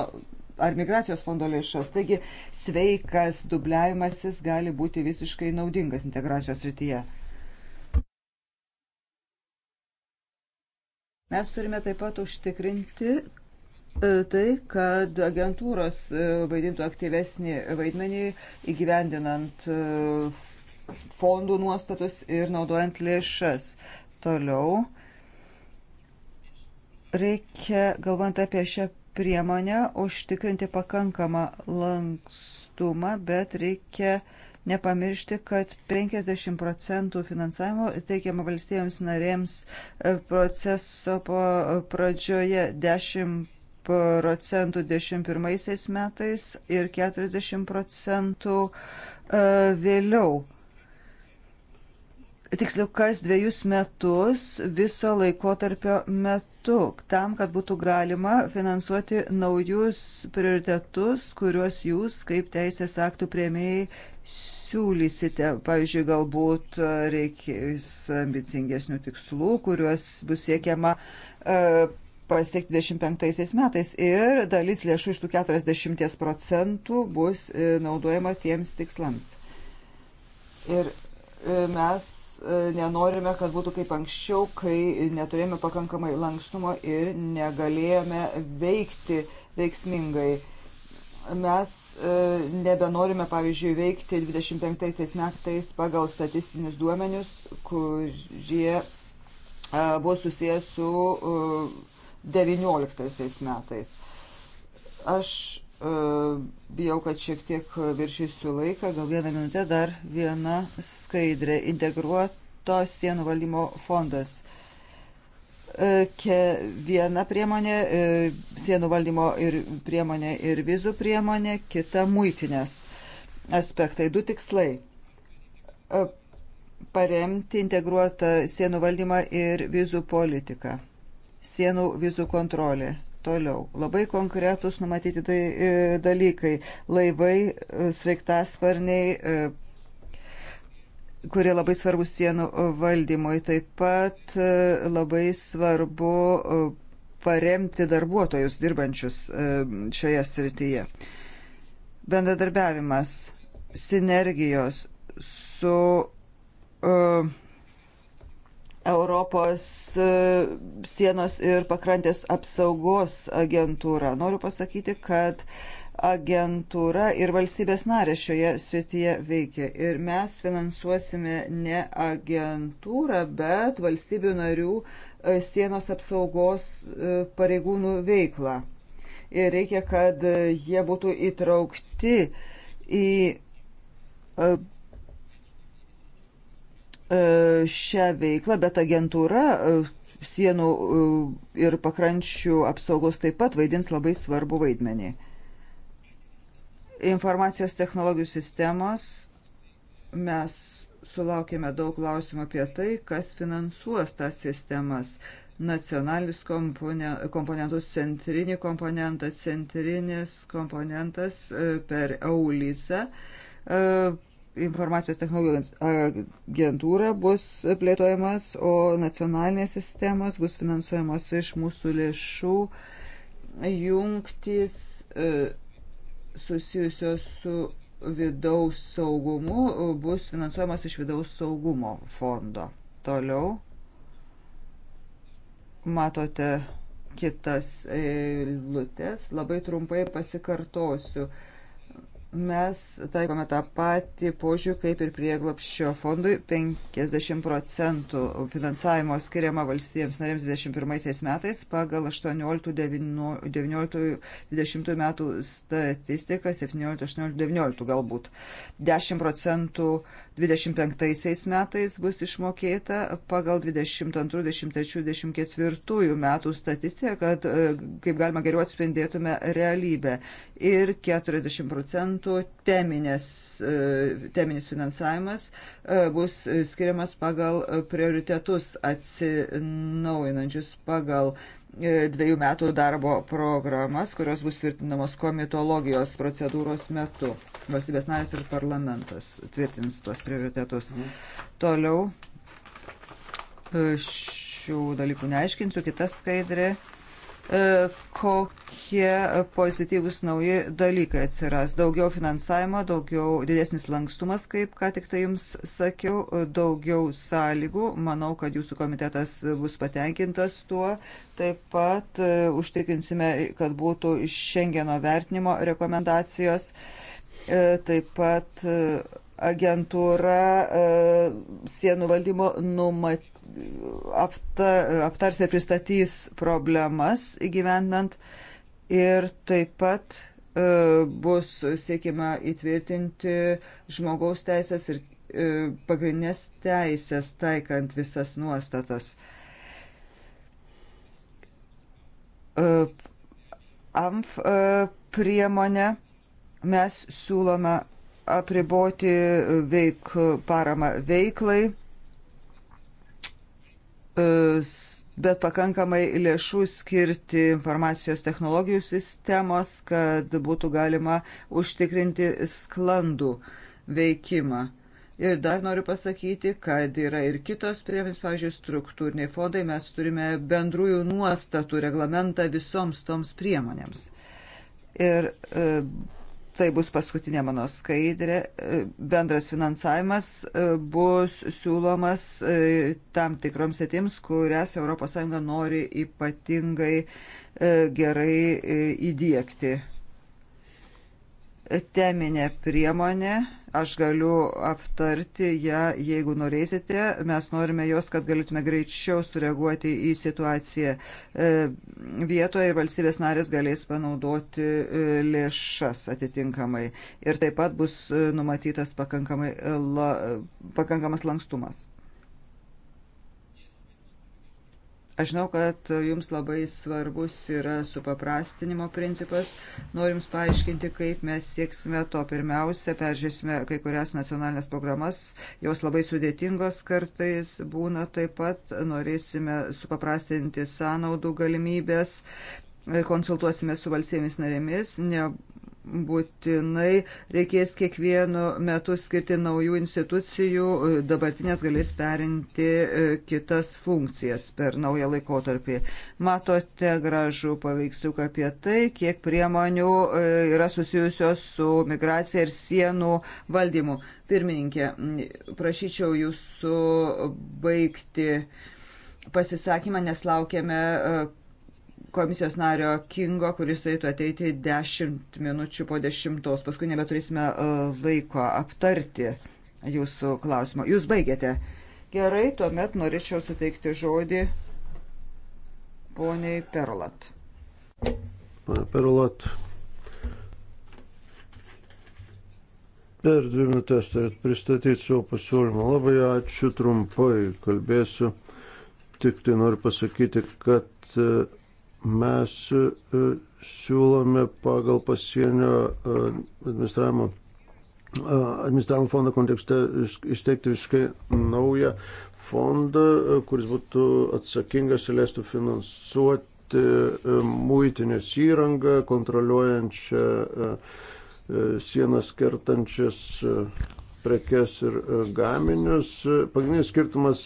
ar migracijos fondo lėšas. Taigi sveikas dubliavimasis gali būti visiškai naudingas integracijos rytyje. Mes turime taip pat užtikrinti, E, tai, kad agentūros e, vaidintų aktyvesnį vaidmenį įgyvendinant e, fondų nuostatus ir naudojant lėšas. Toliau reikia, galvant apie šią priemonę, užtikrinti pakankamą lankstumą, bet reikia nepamiršti, kad 50 procentų finansavimo teikiama valstybėms narėms proceso pradžioje 10 procentų 11 metais ir 40 procentų e, vėliau. Tiksliau, kas dviejus metus viso laikotarpio metu, tam, kad būtų galima finansuoti naujus prioritetus, kuriuos jūs kaip teisės aktų prieimėjai siūlysite? Pavyzdžiui, galbūt e, reikės ambicingesnių tikslų, kuriuos bus siekiama uh, pasiekti 25 metais ir dalis lėšų iš tų 40 procentų bus e, naudojama tiems tikslams. Ir e, mes e, nenorime, kad būtų kaip anksčiau, kai neturėjome pakankamai lankstumo ir negalėjome veikti veiksmingai. Mes nebenorime, pavyzdžiui, veikti 25 metais pagal statistinius duomenius, kurie buvo susijęs su 19 metais. Aš e, bijau, kad šiek tiek viršysiu laiką, gal vieną minutę dar viena skaidrė. Integruoto sienų valdymo fondas. E, viena priemonė e, - sienų valdymo ir priemonė ir vizų priemonė, kita - muitinės aspektai. Du tikslai - paremti integruotą sienų valdymą ir vizų politiką sienų vizų kontrolė. Toliau. Labai konkretus numatyti tai, e, dalykai. Laivai, e, sraigtasparniai, e, kurie labai svarbus sienų e, valdymui. Taip pat e, labai svarbu e, paremti darbuotojus dirbančius e, šioje srityje. Bendradarbiavimas, sinergijos su. E, Europos e, sienos ir pakrantės apsaugos agentūra. Noriu pasakyti, kad agentūra ir valstybės narė šioje srityje veikia. Ir mes finansuosime ne agentūrą, bet valstybių narių e, sienos apsaugos e, pareigūnų veiklą. Ir reikia, kad jie būtų įtraukti į E, šią veiklą, bet agentūra e, sienų e, ir pakrančių apsaugos taip pat vaidins labai svarbu vaidmenį. Informacijos technologijų sistemos mes sulaukėme daug klausimų apie tai, kas finansuos tas sistemas. Nacionalinis komponentus, centrinį komponentą, centrinis komponentas per EULISA informacijos technologijų agentūra bus plėtojamas, o nacionalinės sistemos bus finansuojamos iš mūsų lėšų jungtis e, susijusios su vidaus saugumu e, bus finansuojamas iš vidaus saugumo fondo. Toliau matote kitas eilutes. Labai trumpai pasikartosiu. E, Mes taikome tą patį požiūrį kaip ir prieglopščio fondui. 50 procentų finansavimo skiriama valstybėms narėms 21 metais pagal 18-19-20 metų statistiką 17-18-19 galbūt. 10 procentų 25 metais bus išmokėta pagal 22-23-24 metų statistiką, kad e, kaip galima geriau atspindėtume realybę. Ir 40 procentų procentų teminės, e, teminis finansavimas e, bus skiriamas pagal prioritetus atsinaujinančius pagal e, dviejų metų darbo programas, kurios bus tvirtinamos komitologijos procedūros metu. Valstybės narės ir parlamentas tvirtins tuos prioritetus. Mhm. Toliau šių dalykų neaiškinsiu, kita skaidrė. E, kokie pozityvus nauji dalykai atsiras. Daugiau finansavimo, daugiau didesnis lankstumas, kaip ką tik tai jums sakiau, daugiau sąlygų. Manau, kad jūsų komitetas bus patenkintas tuo. Taip pat uh, užtikrinsime, kad būtų šengeno vertinimo rekomendacijos. Uh, taip pat uh, agentūra sienų valdymo numatė apta, aptars ir pristatys problemas įgyvendant ir taip pat e, bus siekima įtvirtinti žmogaus teisės ir e, pagrindinės teisės taikant visas nuostatas. E, AMF priemonę mes siūlome apriboti veik, paramą veiklai E, bet pakankamai lėšų skirti informacijos technologijų sistemos, kad būtų galima užtikrinti sklandų veikimą. Ir dar noriu pasakyti, kad yra ir kitos priemonės, pavyzdžiui, struktūriniai fondai, mes turime bendrųjų nuostatų reglamentą visoms toms priemonėms. Ir e, tai bus paskutinė mano skaidrė, e, bendras finansavimas e, bus siūlomas e, tam tikroms sėtims, kurias ES nori ypatingai gerai įdėkti. Teminė priemonė Aš galiu aptarti ją, jeigu norėsite. Mes norime jos, kad galėtume greičiau sureaguoti į situaciją e, vietoje ir valstybės narės galės panaudoti e, lėšas atitinkamai. Ir taip pat bus e, numatytas pakankamai, la, pakankamas lankstumas. Aš žinau, kad jums labai svarbus yra supaprastinimo principas. Noriu jums paaiškinti, kaip mes sieksime to. Pirmiausia, peržiūrėsime kai kurias nacionalinės programas. Jos labai sudėtingos kartais būna. Taip pat norėsime supaprastinti sąnaudų galimybės. Konsultuosime su valstybėmis narėmis. Ne būtinai reikės kiekvienu metu skirti naujų institucijų, dabartinės galės perinti e, kitas funkcijas per naują laikotarpį. Matote gražų paveiksliuką apie tai, kiek priemonių e, yra susijusios su migracija ir sienų valdymu. Pirmininkė, prašyčiau jūsų baigti pasisakymą, nes laukiame e, komisijos nario Kingo, kuris turėtų ateiti 10 minučių po 10. Paskui nebeturėsime e, laiko aptarti jūsų klausimo. Jūs baigėte. Gerai, tuomet norėčiau suteikti žodį poniai Perlat. Pane Perlat, per dvi minutės turėt pristatyti savo pasiūlymą. Labai ačiū trumpai, kalbėsiu. Tik tai noriu pasakyti, kad e, mes e, siūlome pagal pasienio e, administravimo e, administravimo fondo kontekste įsteigti visiškai naują fondą, kuris būtų atsakingas ir leistų finansuoti muitinės įrangą, kontroliuojančią sienas kertančias prekes ir gaminius. Pagrindinis skirtumas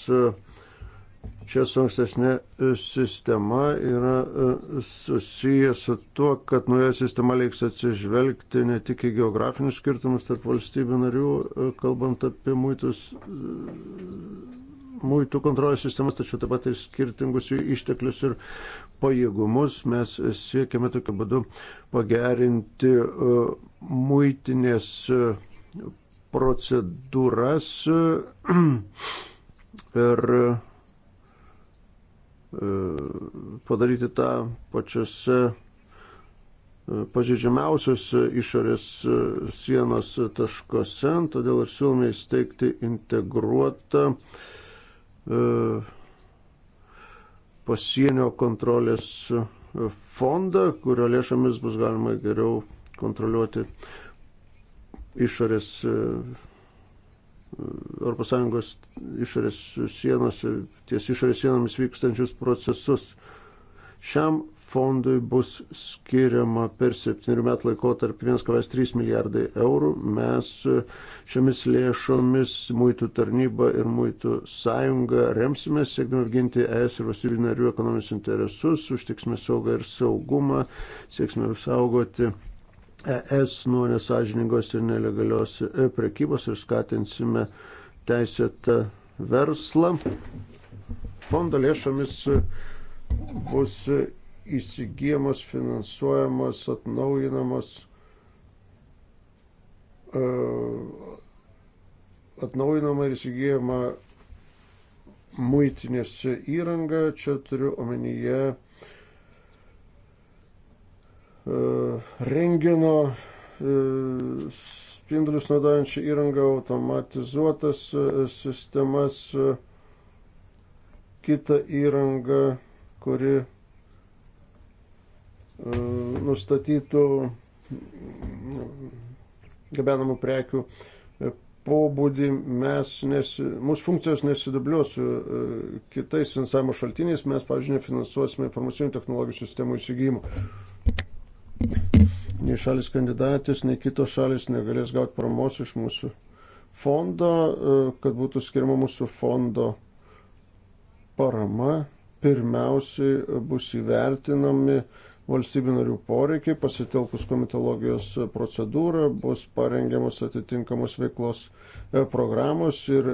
čia su ankstesnė e, sistema yra e, susijęs su tuo, kad nauja sistema leiks atsižvelgti ne tik į geografinius skirtumus tarp valstybių narių, e, kalbant apie muitus, muitų kontrolės sistemas, tačiau taip pat ir skirtingus jų išteklius ir pajėgumus. Mes siekiame tokiu būdu pagerinti muitinės procedūras ir E, padaryti tą pačiose e, pažeidžiamiausiose išorės e, sienos taškose, todėl ir siūlome įsteigti integruotą pasienio kontrolės fondą, kurio lėšomis bus galima geriau kontroliuoti išorės ES išorės sienose, ties išorės sienomis vykstančius procesus. Šiam fondui bus skiriama per septynių metų laikotarpį 1,3 milijardai eurų. Mes šiomis lėšomis muitų tarnybą ir muitų sąjungą remsime, siekdami apginti ES ir valstybių narių ekonominius interesus, užtiksime saugą ir saugumą, sieksime apsaugoti ES nuo nesažiningos ir nelegalios e, prekybos ir skatinsime teisėtą verslą. Fondo lėšomis e, bus e, įsigijamos, finansuojamos, atnaujinamos atnaujinama ir įsigijama muitinės įranga. Čia turiu omenyje E, rengino e, spindulius naudojančią įrangą, automatizuotas e, sistemas, kitą įrangą, kuri nustatytų gabenamų prekių pobūdį mes, nesi, mūsų funkcijos nesidubliuos su kitais finansavimo šaltiniais, mes, pavyzdžiui, nefinansuosime informacinių technologijų sistemų įsigijimų nei šalis kandidatės, nei kitos šalis negalės gauti paramos iš mūsų fondo, e, kad būtų skirma mūsų fondo parama. Pirmiausiai e, bus įvertinami valstybių narių poreikiai, pasitelkus komitologijos procedūrą, bus parengiamos atitinkamos veiklos e, programos ir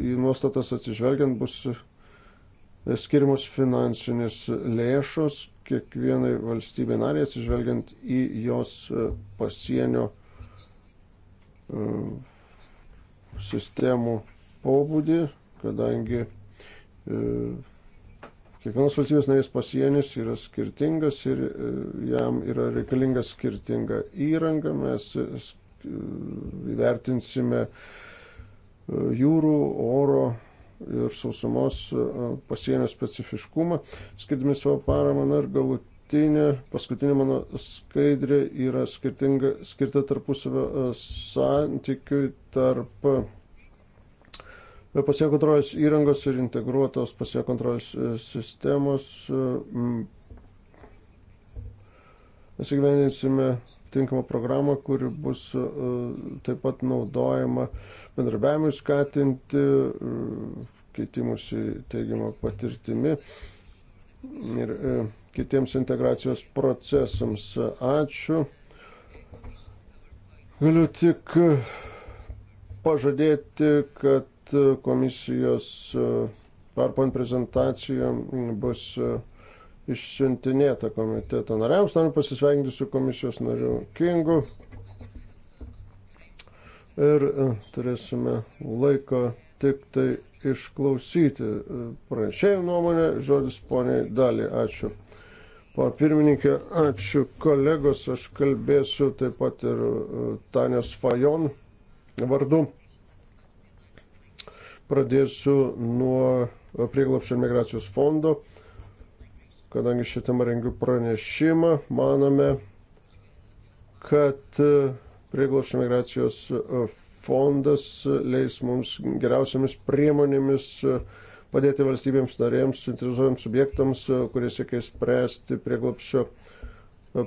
į nuostatas atsižvelgiant bus skirimos finansinės lėšos, kiekvienai valstybė narė atsižvelgiant į jos e, pasienio e, sistemų pobūdį, kadangi e, kiekvienos valstybės narės pasienis yra skirtingas ir jam yra reikalinga skirtinga įranga. Mes įvertinsime jūrų, oro ir sausumos e, pasienio specifiškumą, skirdami savo paramą. Na, ir galutinė, paskutinė mano skaidrė yra skirta tarpusavio e, santykiui tarp e, pasienio kontrolės įrangos ir integruotos pasienio kontrolės sistemos. Mes įgyvendinsime tinkamą programą, kuri bus e, taip pat naudojama bendrabiavimui skatinti, e, keitimusi teigiamą patirtimi ir e, kitiems integracijos procesams. Ačiū. Galiu tik pažadėti, kad komisijos PowerPoint prezentacija bus išsiuntinėta komiteto nariams. Noriu pasisveikinti su komisijos nariu Kingu. Ir e, turėsime laiko tik tai išklausyti e, pranešėjų nuomonę. Žodis poniai dalį. Ačiū. Po pirmininkė, ačiū kolegos. Aš kalbėsiu taip pat ir e, Tanės Fajon vardu. Pradėsiu nuo prieglopščio migracijos fondo kadangi šitame rengiu pranešimą, manome, kad e, prieglopščio migracijos e, fondas leis mums geriausiamis priemonėmis e, padėti valstybėms narėms, suinteresuojams subjektams, kurie siekia spręsti prieglopščio migracijos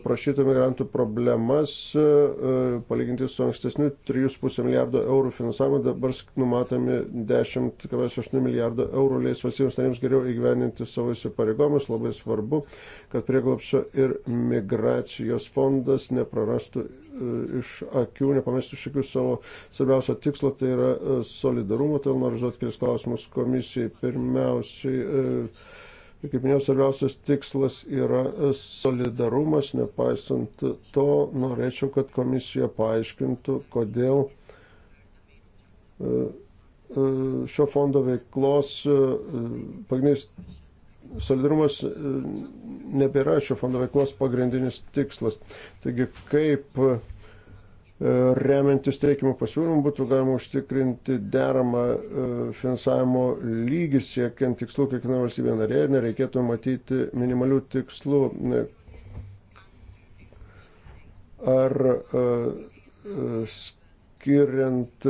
prašytų migrantų problemas, e, palyginti su ankstesniu 3,5 milijardo eurų finansavimu, dabar numatomi 10,8 milijardo eurų leis valstybėms narėms geriau įgyveninti savo įsipareigomus. Labai svarbu, kad prieglapšio ir migracijos fondas neprarastų e, iš akių, nepamestų iš akių savo svarbiausio tikslo, tai yra e, solidarumo. Todėl tai noriu žodžiu kelis klausimus komisijai. Pirmiausiai, Kaip minėjau, svarbiausias tikslas yra solidarumas, nepaisant to, norėčiau, kad komisija paaiškintų, kodėl e, e, šio fondo veiklos e, pagrindinis solidarumas nebėra šio fondo veiklos pagrindinis tikslas. Taigi, kaip E, remiantis teikiamų pasiūlymų būtų galima užtikrinti deramą e, finansavimo lygį siekiant tikslų kiekvieną valstybę narė ir nereikėtų matyti minimalių tikslų. E, ar skiriant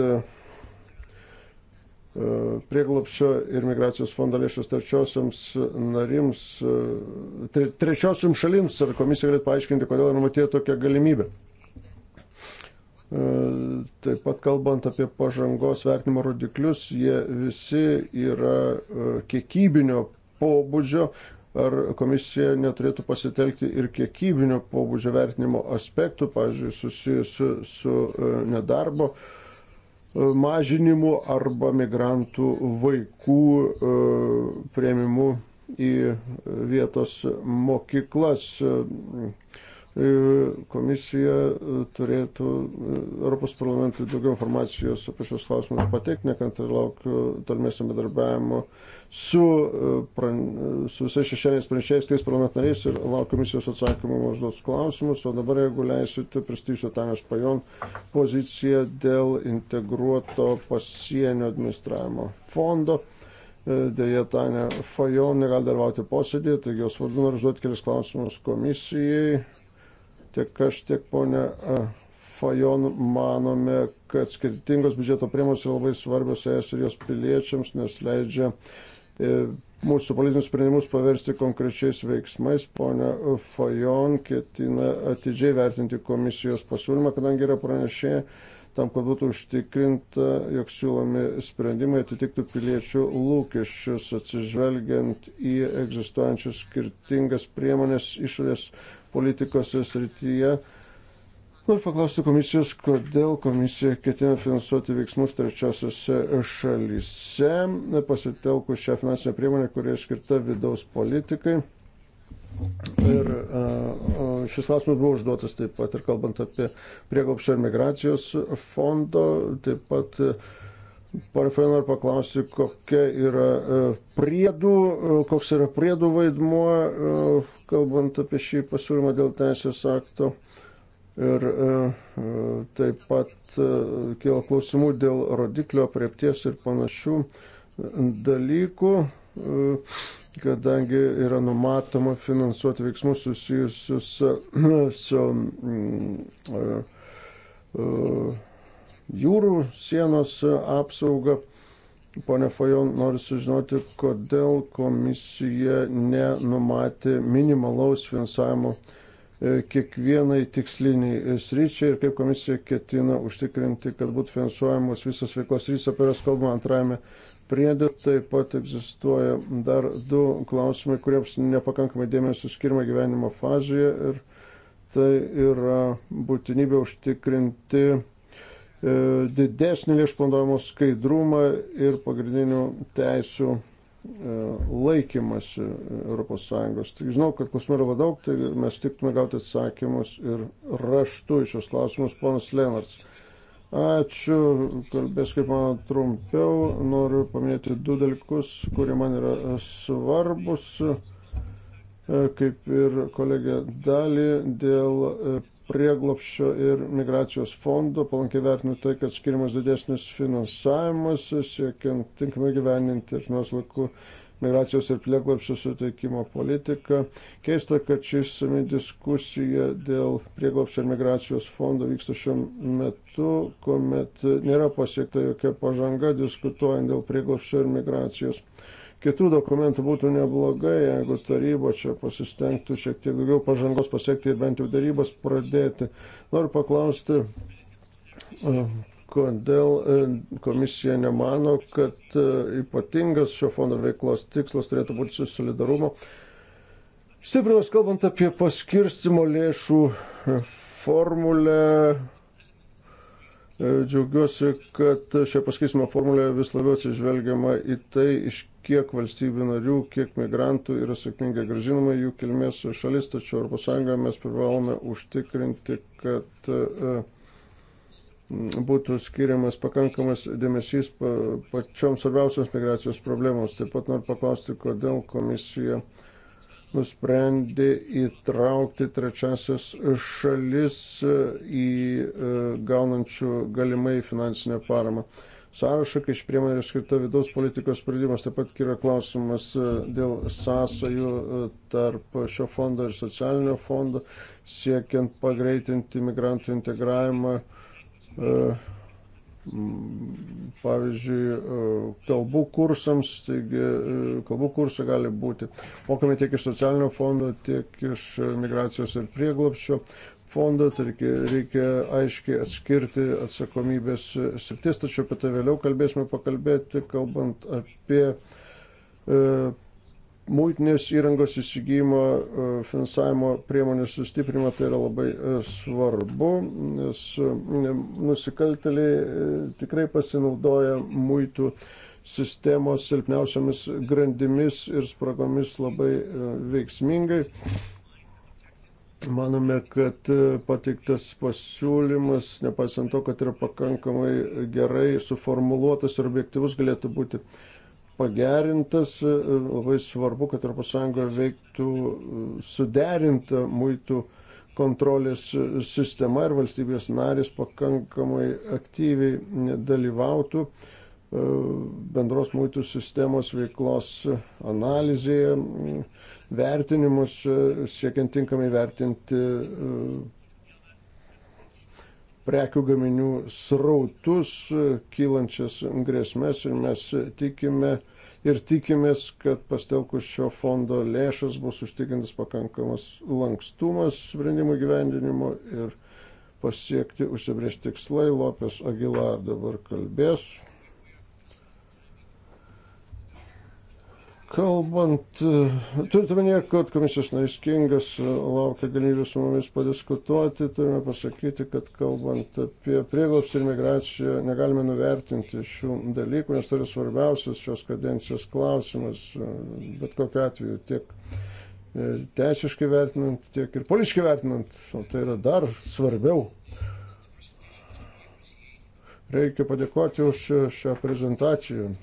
prieglopščio ir migracijos fondo lėšas trečiosiams narims, tre, trečiosiams šalims, ar komisija galėtų paaiškinti, kodėl yra numatyta tokia galimybė. E, taip pat kalbant apie pažangos vertinimo rodiklius, jie visi yra e, kiekybinio pobūdžio. Ar komisija neturėtų pasitelkti ir kiekybinio pobūdžio vertinimo aspektų, pavyzdžiui, susijusių su, su e, nedarbo mažinimu arba migrantų vaikų prieimimu į vietos mokyklas komisija e, turėtų e, Europos parlamentui daugiau informacijos apie šios klausimus pateikti, nekantrai laukiu tolimesnio bedarbiavimo su, e, pran, su visais šešėliais pranešėjais, tais parlamentariais ir laukiu misijos atsakymų maždaug klausimus, o dabar, jeigu leisite, pristatysiu Tanės Pajon poziciją dėl integruoto pasienio administravimo fondo. Deja, Tanė Fajon negali dalyvauti posėdėje, taigi jos vardu noriu užduoti kelias klausimus komisijai Tiek aš, tiek ponė Fajon manome, kad skirtingos biudžeto priemos yra labai svarbios ES ir jos piliečiams, nes leidžia e, mūsų politinius sprendimus paversti konkrečiais veiksmais. Pone Fajon ketina atidžiai vertinti komisijos pasiūlymą, kadangi yra pranešė tam, kad būtų užtikrinta, jog siūlomi sprendimai atitiktų piliečių lūkesčius, atsižvelgiant į egzistuojančius skirtingas priemonės išorės politikos srityje. Noriu paklausti komisijos, kodėl komisija ketina finansuoti veiksmus trečiosiuose šalyse, pasitelkus šią finansinę priemonę, kuri skirta vidaus politikai. Ir šis klausimas buvo užduotas taip pat ir kalbant apie prieglopščio ir migracijos fondo, taip pat Pane Feinar paklausti, kokia yra priedų, koks yra priedų vaidmuo, kalbant apie šį pasiūlymą dėl teisės akto. Ir e, e taip pat e, kilo klausimų dėl rodiklio priepties ir panašių dalykų, e, kadangi yra numatoma finansuoti veiksmus susijusius su mm, e, e, jūrų sienos apsauga. Pone Fajon, noriu sužinoti, kodėl komisija nenumatė minimalaus finansavimo e, kiekvienai tiksliniai e, sryčiai ir kaip komisija ketina užtikrinti, kad būtų finansuojamos visos veiklos rytis, apie kurias kalbame antrajame priedė. Taip pat egzistuoja dar du klausimai, kuriems nepakankamai dėmesio skirma gyvenimo fazėje ir tai yra būtinybė užtikrinti E, didesnį lėšų panaudojimo skaidrumą ir pagrindinių teisų e, laikymas ES. Tik žinau, kad klausimų yra daug, tai mes tiktume gauti atsakymus ir raštu iš šios klausimus, ponas Lenars. Ačiū, kalbės kaip man trumpiau, noriu paminėti du dalykus, kurie man yra svarbus. E, kaip ir kolegė Dali, dėl e, prieglopščio ir migracijos fondo. Palankiai vertinu tai, kad skirimas didesnis finansavimas, siekiant tinkamai gyveninti ir nuoslaikų migracijos ir prieglopščio suteikimo politiką. Keista, kad ši išsami diskusija dėl prieglopščio ir migracijos fondo vyksta šiuo metu, kuomet nėra pasiekta jokia pažanga diskutuojant dėl prieglopščio ir migracijos kitų dokumentų būtų neblogai, jeigu taryba čia pasistengtų šiek tiek daugiau pažangos pasiekti ir bent jau darybas pradėti. Noriu paklausti, kodėl e, komisija nemano, kad e, ypatingas šio fondo veiklos tikslas turėtų būti su solidarumo. Stiprimas kalbant apie paskirstimo lėšų e, formulę, Džiaugiuosi, kad šią paskaisimo formulę vis labiau atsižvelgiama į tai, iš kiek valstybių narių, kiek migrantų yra sėkmingai gražinama jų kilmės šalis, tačiau Europos Sąjungoje mes privalome užtikrinti, kad e, būtų skiriamas pakankamas dėmesys pačioms svarbiausiams migracijos problemams. Taip pat noriu paklausti, kodėl komisija nusprendė įtraukti trečiasias šalis e, į e, gaunančių galimai finansinę paramą sąrašą, kai iš priemonių skirta vidaus politikos sprendimas. Taip pat yra klausimas e, dėl sąsajų e, tarp šio fondo ir socialinio fondo, siekiant pagreitinti migrantų integravimą, e, pavyzdžiui, kalbų kursams. Taigi, kalbų kursai gali būti mokami tiek iš socialinio fondo, tiek iš migracijos ir prieglopščio fondą, tai reikia, reikia aiškiai atskirti atsakomybės sritis, tačiau apie tai vėliau kalbėsime pakalbėti, kalbant apie e, mūtinės įrangos įsigijimo, e, finansavimo priemonės sustiprimą, tai yra labai e, svarbu, nes e, nusikalteliai e, tikrai pasinaudoja mūtų sistemos silpniausiamis grandimis ir spragomis labai e, veiksmingai. E, Manome, kad e, pateiktas pasiūlymas, nepaisant to, kad yra pakankamai gerai suformuluotas ir objektivus, galėtų būti pagerintas. E, labai svarbu, kad ES veiktų e, suderinta muitų kontrolės sistema ir valstybės narės pakankamai aktyviai dalyvautų bendros muitų sistemos veiklos analizėje vertinimus, e, siekiant tinkamai vertinti e, prekių gaminių srautus, e, kylančias grėsmės ir mes tikime ir tikimės, kad pastelkus šio fondo lėšas bus užtikrintas pakankamas lankstumas sprendimų gyvendinimo ir pasiekti užsibriežti tikslai. Lopės Agilar dabar kalbės. Kalbant, turite minėję, kad komisijos narys Kingas laukia galimybės su mumis padiskutuoti, turime pasakyti, kad kalbant apie prieglobstį ir migraciją, negalime nuvertinti šių dalykų, nes tai yra svarbiausias šios kadencijos klausimas, bet kokiu atveju tiek e, teisiškai vertinant, tiek ir politiškai vertinant, o tai yra dar svarbiau. Reikia padėkoti už šią prezentaciją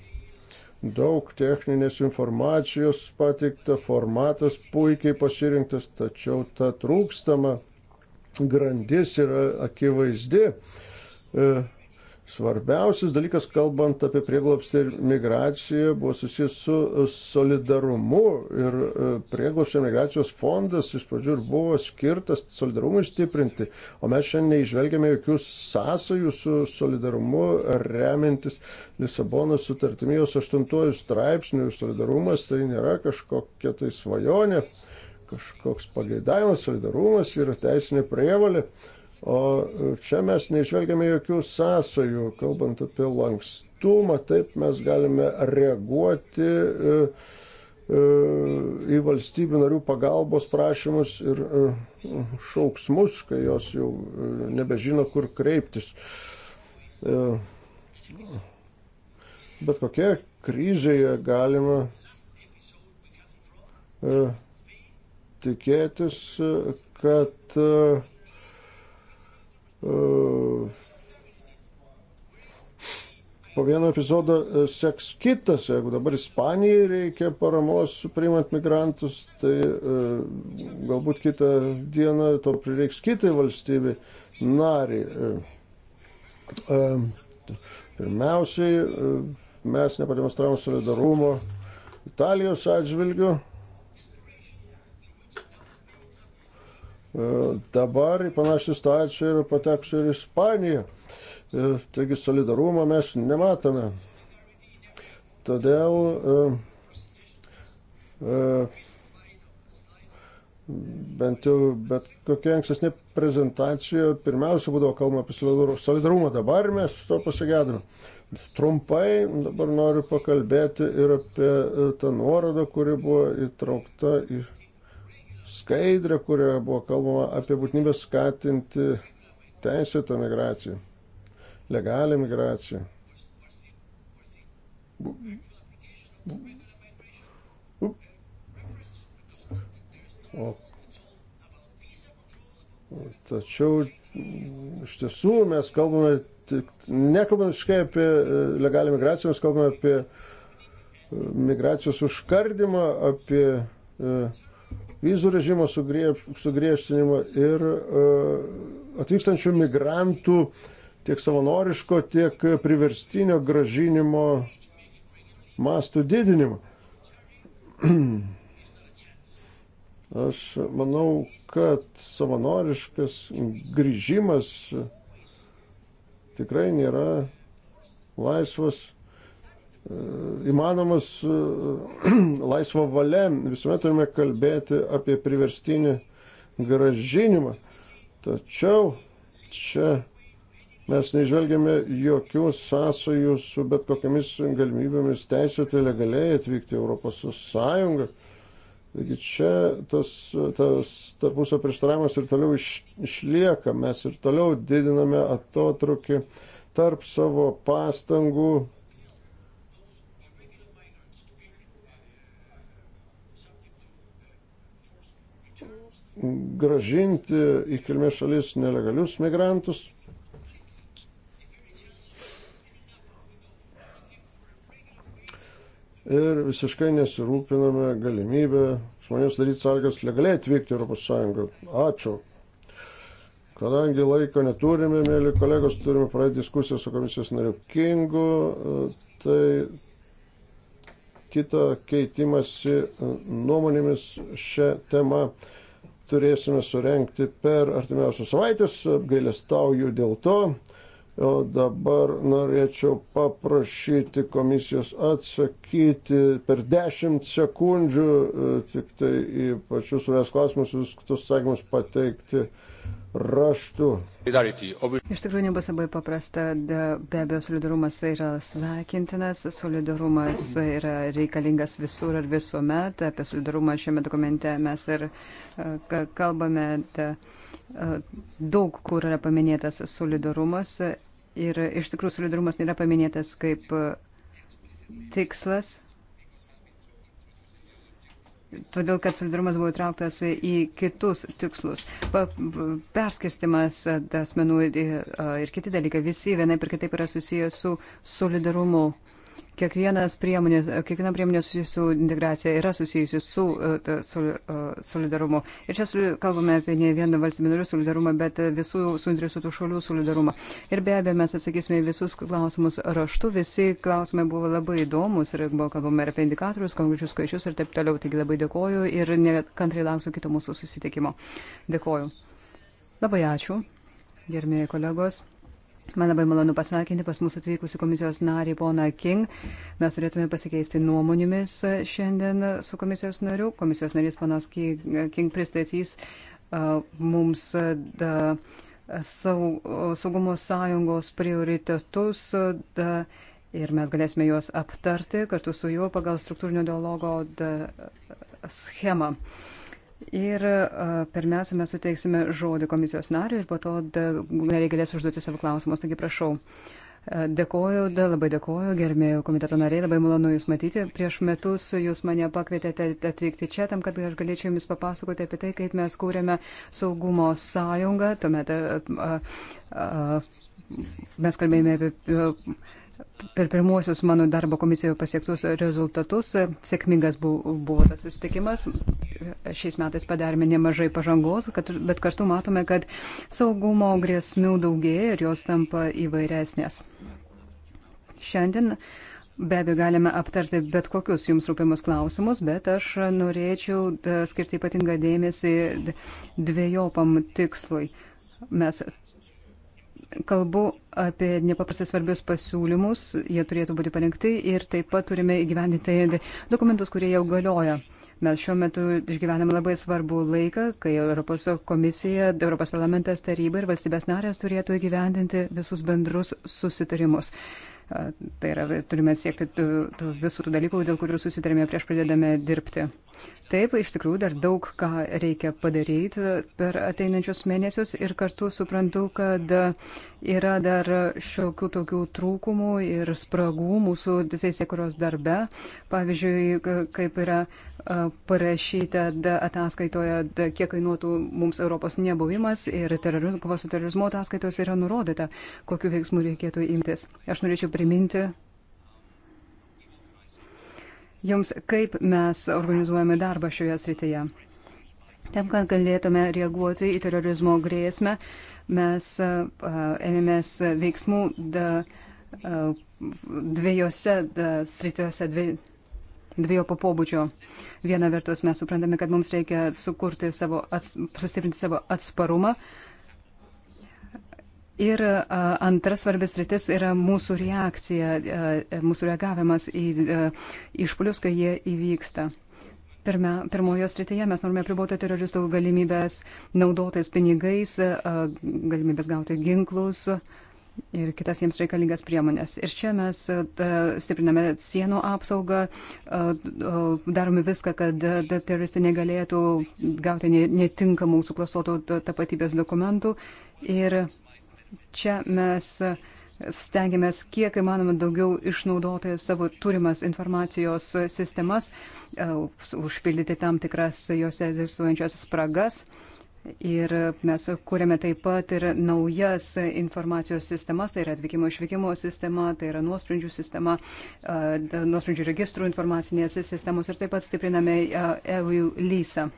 daug techninės informacijos pateikta, formatas puikiai pasirinktas, tačiau ta trūkstama grandis yra akivaizdi. E, Svarbiausias dalykas, kalbant apie prieglopstį ir migraciją, buvo susijęs su e, solidarumu ir e, prieglopstį ir migracijos fondas iš pradžių ir buvo skirtas solidarumui stiprinti, o mes šiandien neižvelgiame jokių sąsajų su solidarumu remintis Lisabonos sutartimijos 8 straipsnių. Solidarumas tai nėra kažkokia tai svajonė, kažkoks pageidavimas, solidarumas yra teisinė prievalė. O čia mes neišvelgiame jokių sąsajų, kalbant apie lankstumą, taip mes galime reaguoti e, e, į valstybių narių pagalbos prašymus ir e, šauksmus, kai jos jau nebežino, kur kreiptis. Bet kokie kryžėje galima tikėtis, kad Uh, po vieno epizodo uh, seks kitas. Jeigu dabar Ispanijai reikia paramos priimant migrantus, tai uh, galbūt kitą dieną to prireiks kitai valstybei nariai. Um, pirmiausiai mes nepademonstravom solidarumo Italijos atžvilgiu E, dabar į panašią situaciją yra patekusi ir Ispanija. E, taigi solidarumą mes nematome. Todėl e, bent jau bet kokia ankstesnė prezentacija pirmiausia būdavo kalbama apie solidarumą, dabar mes to pasigėdame. Trumpai dabar noriu pakalbėti ir apie tą nuorodą, kuri buvo įtraukta į skaidrę, kurioje buvo kalbama apie būtinybę skatinti teisėtą migraciją, legalią migraciją. O. Tačiau iš tiesų mes kalbame, tik, nekalbame visiškai apie e, legalią migraciją, mes kalbame apie e, migracijos užkardimą, apie e, vizų režimo sugriežtinimą ir e, atvykstančių migrantų tiek savanoriško, tiek priverstinio gražinimo mastų didinimą. Aš manau, kad savanoriškas grįžimas tikrai nėra laisvas įmanomas laisvo valia, visuomet turime kalbėti apie priverstinį gražinimą. Tačiau čia mes neižvelgiame jokių sąsajų su bet kokiamis galimybėmis teisėtai legaliai atvykti Europos Sąjungą. Taigi čia tas, tas tarpusio prieštaravimas ir toliau iš, išlieka, mes ir toliau didiname atotrukį tarp savo pastangų gražinti į kilmės šalis nelegalius migrantus. Ir visiškai nesirūpiname galimybę žmonėms daryti sąlygas legaliai atvykti Europos Sąjungą. Ačiū. Kadangi laiko neturime, mėly kolegos, turime pradėti diskusiją su komisijos nariu Kingu, tai kitą keitimąsi nuomonėmis šią temą turėsime surenkti per artimiausias savaitės, apgailestauju dėl to. O dabar norėčiau paprašyti komisijos atsakyti per 10 sekundžių e, tik tai į pačius savęs klausimus, visus kitus atsakymus pateikti raštu. Iš tikrųjų nebus labai paprasta, be abejo solidarumas yra sveikintinas, solidarumas yra reikalingas visur ir visuomet, apie solidarumą šiame dokumente mes ir e, kalbame, e, daug kur yra paminėtas solidarumas ir iš tikrųjų solidarumas nėra paminėtas kaip e, tikslas, todėl kad solidarumas buvo įtrauktas į kitus tikslus. Perskirstimas e, asmenų e, e, ir kiti dalykai, visi vienai per kitaip yra susijęs su solidarumu. Uh, Kiekvienas priemonė, kiekviena priemonė susijusi su integracija yra susijusi su, e, su e, solidarumu. Ir čia kalbame apie ne vieną valstybę narių solidarumą, bet visų suinteresuotų šalių solidarumą. Ir be abejo, mes atsakysime visus klausimus raštu. Visi klausimai buvo labai įdomus ir buvo kalbama ir apie indikatorius, konkrečius skaičius ir taip toliau. Taigi labai dėkoju ir nekantrai lauksiu kito mūsų susitikimo. Dėkoju. Labai ačiū, gerbėjai kolegos. Man labai malonu pasakinti pas mūsų atvykusi komisijos narį poną King. Mes turėtume pasikeisti nuomonėmis šiandien su komisijos nariu. Komisijos narys ponas King pristatys mums da, saugumo sąjungos prioritetus. Da, ir mes galėsime juos aptarti kartu su juo pagal struktūrinio dialogo da, schemą. Uh, Ir pirmiausia, mes suteiksime žodį komisijos nariui ir po to nariai galės užduoti savo klausimus. Taigi prašau. Dėkoju, da, labai dėkoju, gerbėjau komiteto nariai, labai malonu Jūs matyti. Prieš metus Jūs mane pakvietėte atvykti čia tam, kad aš galėčiau Jums papasakoti apie tai, kaip mes kūrėme saugumo sąjungą. Tuomet a, a, a, mes kalbėjome apie. A, per pirmuosius mano darbo komisijoje pasiektus rezultatus. Sėkmingas buvo, buvo tas susitikimas šiais metais padarėme nemažai pažangos, kad, bet kartu matome, kad saugumo grėsmių daugėja ir jos tampa įvairesnės. Šiandien Be abejo, galime aptarti bet kokius jums rūpimus klausimus, bet aš norėčiau skirti ypatingą dėmesį dviejopam tikslui. Mes kalbu apie nepaprastai svarbius pasiūlymus, jie turėtų būti parengti ir taip pat turime įgyvendinti dokumentus, kurie jau galioja. Mes šiuo metu išgyvename labai svarbų laiką, kai Europos komisija, Europos parlamentas, taryba ir valstybės narės turėtų įgyvendinti visus bendrus susitarimus. Tai yra, turime siekti tų, tų visų tų dalykų, dėl kurių susitarėme prieš pradėdami dirbti. Taip, iš tikrųjų, dar daug ką reikia padaryti per ateinančius mėnesius ir kartu suprantu, kad yra dar šiokių tokių trūkumų ir spragų mūsų teisėkuros darbe. Pavyzdžiui, kaip yra parašyta ataskaitoje, kiek kainuotų mums Europos nebuvimas ir kovos su terorizmu ataskaitos yra nurodyta, kokiu veiksmu reikėtų imtis. Aš norėčiau priminti jums, kaip mes organizuojame darbą šioje srityje. Tam, kad galėtume reaguoti į terorizmo grėsmę, mes uh, ėmėmės veiksmų da, uh, dviejose da, srityose, dvi, dviejopo pobūdžio. Viena vertus mes suprantame, kad mums reikia sukurti savo, ats, sustiprinti savo atsparumą. Uh, Ir antras svarbis rytis yra mūsų reakcija, mūsų reagavimas į išpolius, kai jie įvyksta. Pirme, pirmojo srityje mes norime priboti teroristų galimybės naudotis pinigais, galimybės gauti ginklus, ir kitas jiems reikalingas priemonės. Ir čia mes stipriname sienų apsaugą, darome viską, kad teroristai negalėtų gauti netinkamų suklastotų tapatybės dokumentų. Ir Čia mes stengiamės kiek įmanoma daugiau išnaudoti savo turimas informacijos sistemas, e, užpildyti tam tikras jose egzistuojančias spragas. Ir mes kūrėme taip pat ir naujas informacijos sistemas, tai yra atvykimo išvykimo sistema, tai yra nuosprendžių sistema, e, nuosprendžių registrų informacinės sistemos ir taip pat stipriname EU e lysą.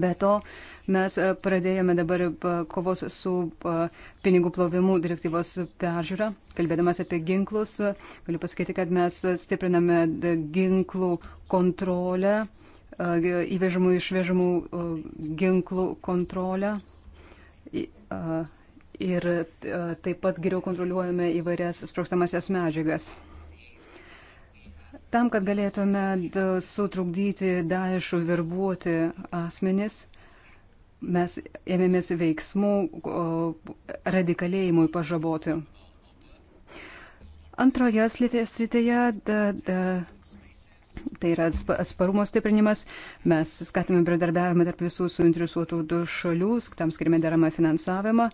Be to, mes e, pradėjome dabar e, kovos su e, pinigų plovimu direktyvos peržiūrą. Kalbėdamas apie ginklus, galiu pasakyti, kad mes stipriname ginklų kontrolę, įvežimų išvežimų ginklų kontrolę. Ir taip pat geriau kontroliuojame įvairias sprogstamasias medžiagas. Tam, kad galėtume sutrukdyti Daešų verbuoti asmenis, mes ėmėmės veiksmų radikalėjimui pažaboti. Antroje srityje, tai yra sparumo stiprinimas, mes skatiname bendradarbiavimą tarp visų suinteresuotų du šalių, tam skirime deramą finansavimą.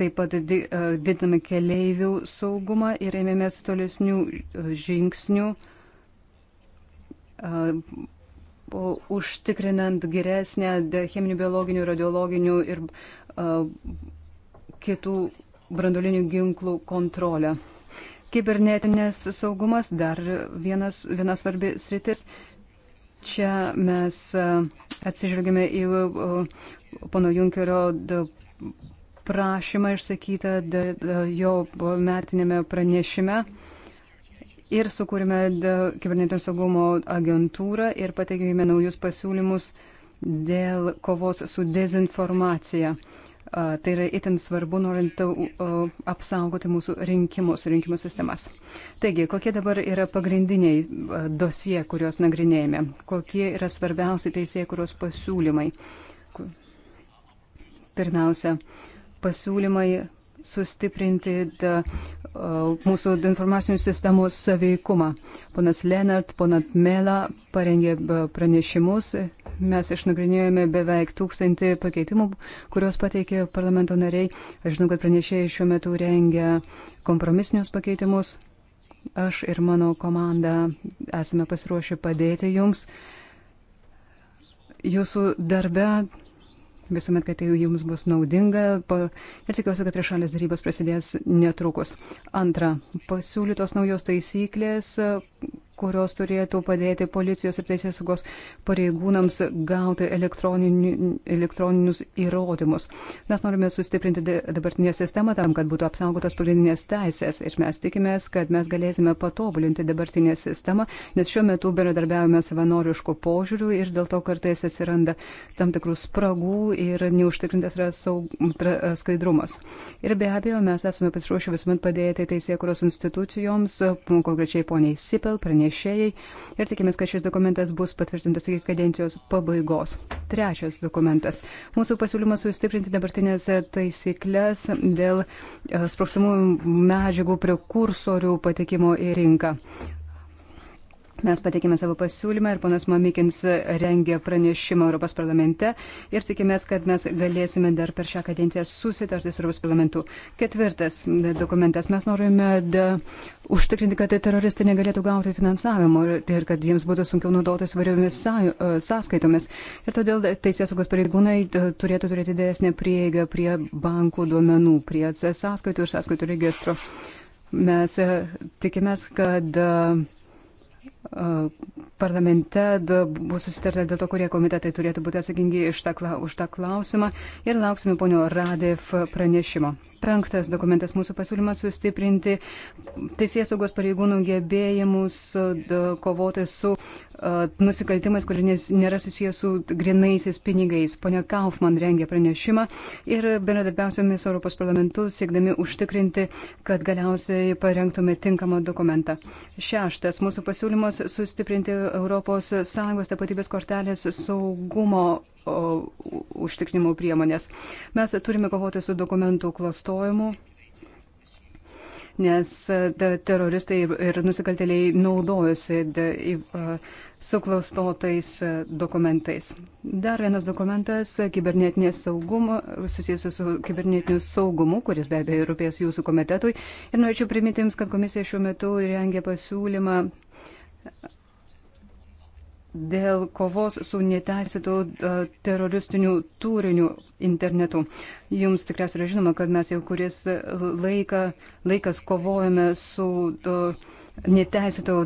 Taip pat didiname keleivių saugumą ir ėmėmės tolesnių e, žingsnių uh, užtikrinant geresnę cheminių, biologinių, radiologinių ir kitų brandolinių ginklų kontrolę. Kibernetinės saugumas dar vienas, viena svarbi sritis. Čia mes atsižvelgime į pono Junkerio prašymą išsakytą jo metinėme pranešime. Uh, ir sukūrėme e, kibernetinio saugumo agentūrą ir pateikėme naujus pasiūlymus dėl kovos su dezinformacija. Tai yra itin svarbu, norint e, e, apsaugoti mūsų rinkimus, rinkimų sistemas. Taigi, kokie dabar yra pagrindiniai dosie, kuriuos nagrinėjame? Kokie yra svarbiausi teisėjai, kurios pasiūlymai? Pirmiausia, pasiūlymai sustiprinti da, mūsų informacinių sistemų saveikumą. Ponas Lenart, ponat Mela parengė pranešimus. Mes išnagrinėjome beveik tūkstantį pakeitimų, kuriuos pateikė parlamento nariai. Aš žinau, kad pranešėjai šiuo metu rengia kompromisinius pakeitimus. Aš ir mano komanda esame pasiruošę padėti jums. Jūsų darbe visuomet, kad tai jums bus naudinga ir tikiuosi, kad trišalės darybos prasidės netrukus. Antra, pasiūlytos naujos taisyklės kurios turėtų padėti policijos ir teisės saugos pareigūnams gauti elektroninius įrodymus. Mes norime sustiprinti dabartinę sistemą tam, kad būtų apsaugotos pagrindinės teisės ir mes tikimės, kad mes galėsime patobulinti dabartinę sistemą, nes šiuo metu bendradarbiavome savanoriškų požiūrių ir dėl to kartais atsiranda tam tikrų spragų ir neužtikrintas yra saug, tra, skaidrumas. Ir be abejo, mes esame pasiruošę visuomet padėti teisėkuros institucijoms, konkrečiai poniai Sipel Sipel, pranešėjai ir tikimės, kad šis dokumentas bus patvirtintas iki kadencijos pabaigos. Trečias dokumentas. Mūsų pasiūlymas sustiprinti dabartinės taisyklės dėl e, sprogstamų medžiagų prekursorių patekimo į rinką. Mes pateikėme savo pasiūlymą ir ponas Mamikins rengė pranešimą Europos parlamente ir tikimės, kad mes galėsime dar per šią kadenciją susitarti su Europos parlamentu. Ketvirtas dokumentas. Mes norime da, užtikrinti, kad teroristai negalėtų gauti finansavimo ir tai kad jiems būtų sunkiau naudotis variomis e, sąskaitomis. Ir todėl teisėsaugos pareigūnai e, turėtų turėti didesnę prieigą prie bankų duomenų, prie sąskaitų ir sąskaitų registro. Mes e, tikimės, kad parlamente bus susitarta dėl to, kurie komitetai turėtų būti atsakingi tą, už tą klausimą ir lauksime ponio Radev pranešimo. Penktas dokumentas mūsų pasiūlymas sustiprinti teisės saugos pareigūnų gebėjimus kovoti su uh, nusikaltimais, kurie nėra susijęs su grinaisiais pinigais. Pone Kaufman rengė pranešimą ir bendradarbiausiamis Europos parlamentu siekdami užtikrinti, kad galiausiai parengtume tinkamą dokumentą. Šeštas mūsų pasiūlymas sustiprinti ES tapatybės kortelės saugumo užtikrinimo priemonės. Mes turime kovoti su dokumentų klastojimu. Nes e, teroristai ir, ir nusikaltėliai naudojasi e, suklastotais e, dokumentais. Dar vienas dokumentas saugumo, susijęs su kibernetiniu saugumu, kuris be abejo rūpės jūsų komitetui. Ir norėčiau priminti Jums, kad komisija šiuo metu rengia pasiūlymą dėl kovos su neteisėtų teroristiniu turiniu internetu. Jums tikriausiai yra žinoma, kad mes jau kuris laika, laikas kovojame su neteisėtų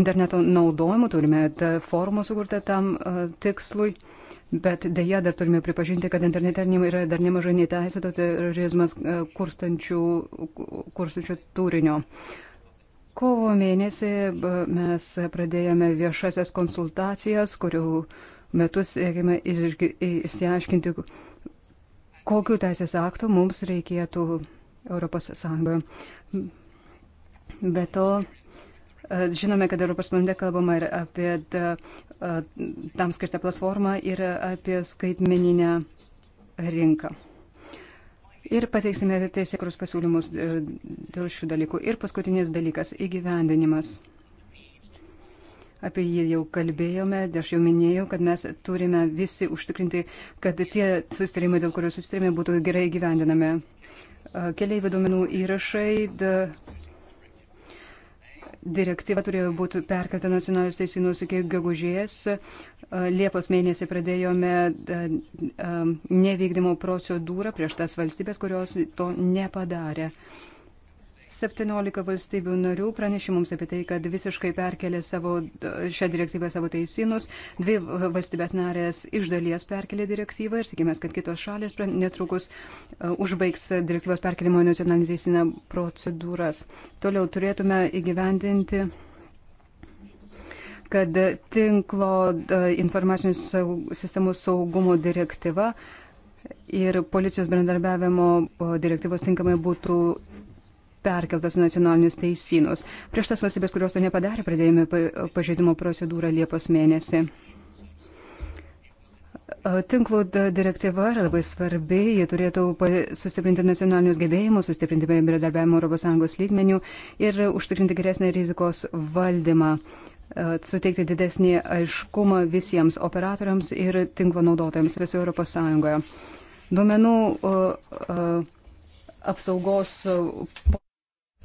interneto naudojimu, turime formą sukurtą tam tikslui. Bet dėja dar turime pripažinti, kad internete yra dar nemažai neteisėto terorizmas kurstančių, kurstančių turinio. Uh, Kovo mėnesį mes pradėjome viešasias konsultacijas, kurių metu siekime išsiaiškinti, kokiu teisės aktu mums reikėtų Europos Sąjungoje. Be to, e, žinome, kad Europos Sąjungoje kalbama ir apie e, e, tam skirtą platformą ir apie skaitmeninę rinką. Ir pateiksime teisėkrus pasiūlymus e, dėl šių dalykų. Ir paskutinis dalykas - įgyvendinimas. Apie jį jau kalbėjome, aš jau minėjau, kad mes turime visi užtikrinti, kad tie susitarimai, dėl kurių susitarėme, būtų gerai gyvendinami. E, Keliai duomenų įrašai, direktyva turėjo būti perkelta nacionalinius teisynus iki gegužės. Liepos mėnesį pradėjome nevykdymo procedūrą prieš tas valstybės, kurios to nepadarė. 17 valstybių narių pranešė mums apie tai, kad visiškai perkelė savo, šią direktyvą savo teisinus. Dvi valstybės narės iš dalies perkelė direktyvą ir tikimės, kad kitos šalės netrukus e, užbaigs direktyvos perkelimo į nacionalinį teisinę procedūras. Toliau turėtume įgyvendinti kad tinklo e, informacinių sistemų saugumo direktyva ir policijos bendradarbiavimo direktyvos tinkamai būtų perkeltas nacionalinius teisynus. Prieš tas valstybės, kurios to nepadarė, pradėjome pažeidimo procedūrą Liepos mėnesį. Tinklų direktyva yra labai svarbi, jie turėtų sustiprinti nacionalinius gebėjimus, sustiprinti bendradarbiavimo ES lygmenių ir užtikrinti geresnį rizikos valdymą, suteikti didesnį aiškumą visiems operatoriams ir tinklo naudotojams visoje ES. Duomenų uh, uh, apsaugos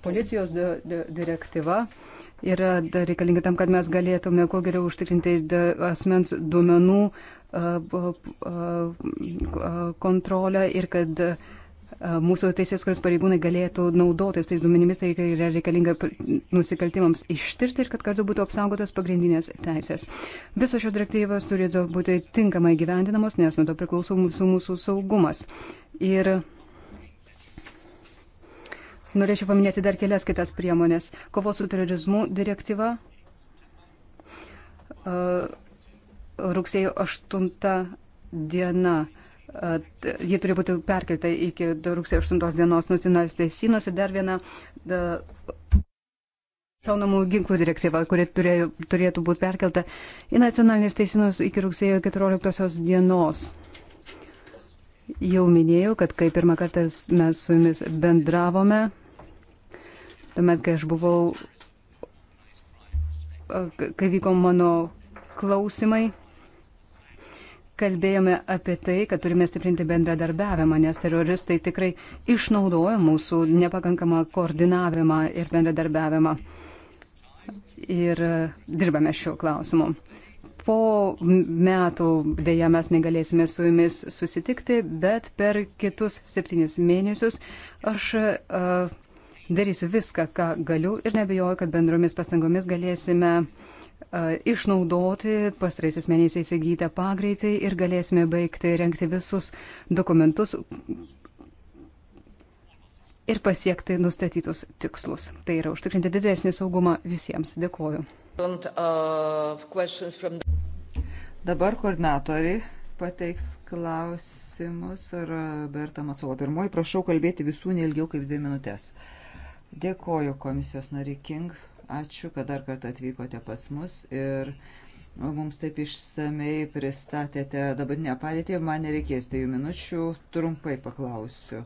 policijos direktyva yra reikalinga tam, kad mes galėtume kuo geriau užtikrinti asmens duomenų kontrolę ir kad mūsų teisės, kuris pareigūnai galėtų naudotis tais duomenimis, tai yra reikalinga nusikaltimams ištirti ir kad kartu būtų apsaugotos pagrindinės teisės. Visos šios direktyvos turėtų būti tinkamai gyvendinamos, nes nuo to priklauso mūsų, mūsų saugumas. Ir Norėčiau paminėti dar kelias kitas priemonės. Kovos su terorizmu direktyva. Rugsėjo 8 diena. Jie turi būti perkelta iki rugsėjo 8 dienos nacionalinės teisinos ir dar viena šaunamų ginklų direktyva, kuri turėjo, turėtų būti perkelta į nacionalinės teisinus iki rugsėjo 14 dienos. Jau minėjau, kad kai pirmą kartą mes su jumis bendravome, tuomet, kai aš buvau, kai vyko mano klausimai, kalbėjome apie tai, kad turime stiprinti bendradarbiavimą, nes teroristai tikrai išnaudoja mūsų nepakankamą koordinavimą ir bendradarbiavimą. Ir e, dirbame šiuo klausimu. Po metų dėja mes negalėsime su jumis susitikti, bet per kitus septynis mėnesius aš uh, darysiu viską, ką galiu ir nebejoju, kad bendromis pastangomis galėsime e, išnaudoti pastraisiais mėnesiais įgytą pagreitį ir galėsime baigti renkti visus dokumentus ir pasiekti nustatytus tikslus. Tai yra užtikrinti didesnį saugumą visiems. Dėkuoju. Uh, Dabar koordinatoriai pateiks klausimus. Roberta Matsola, pirmoji, prašau kalbėti visų neilgiau kaip dvi minutės. Uh, Dėkoju komisijos nariai King, ačiū, kad dar kartą atvykote pas mus ir nu, mums taip išsamei pristatėte dabartinę padėtį, man nereikės dviejų minučių, trumpai paklausiu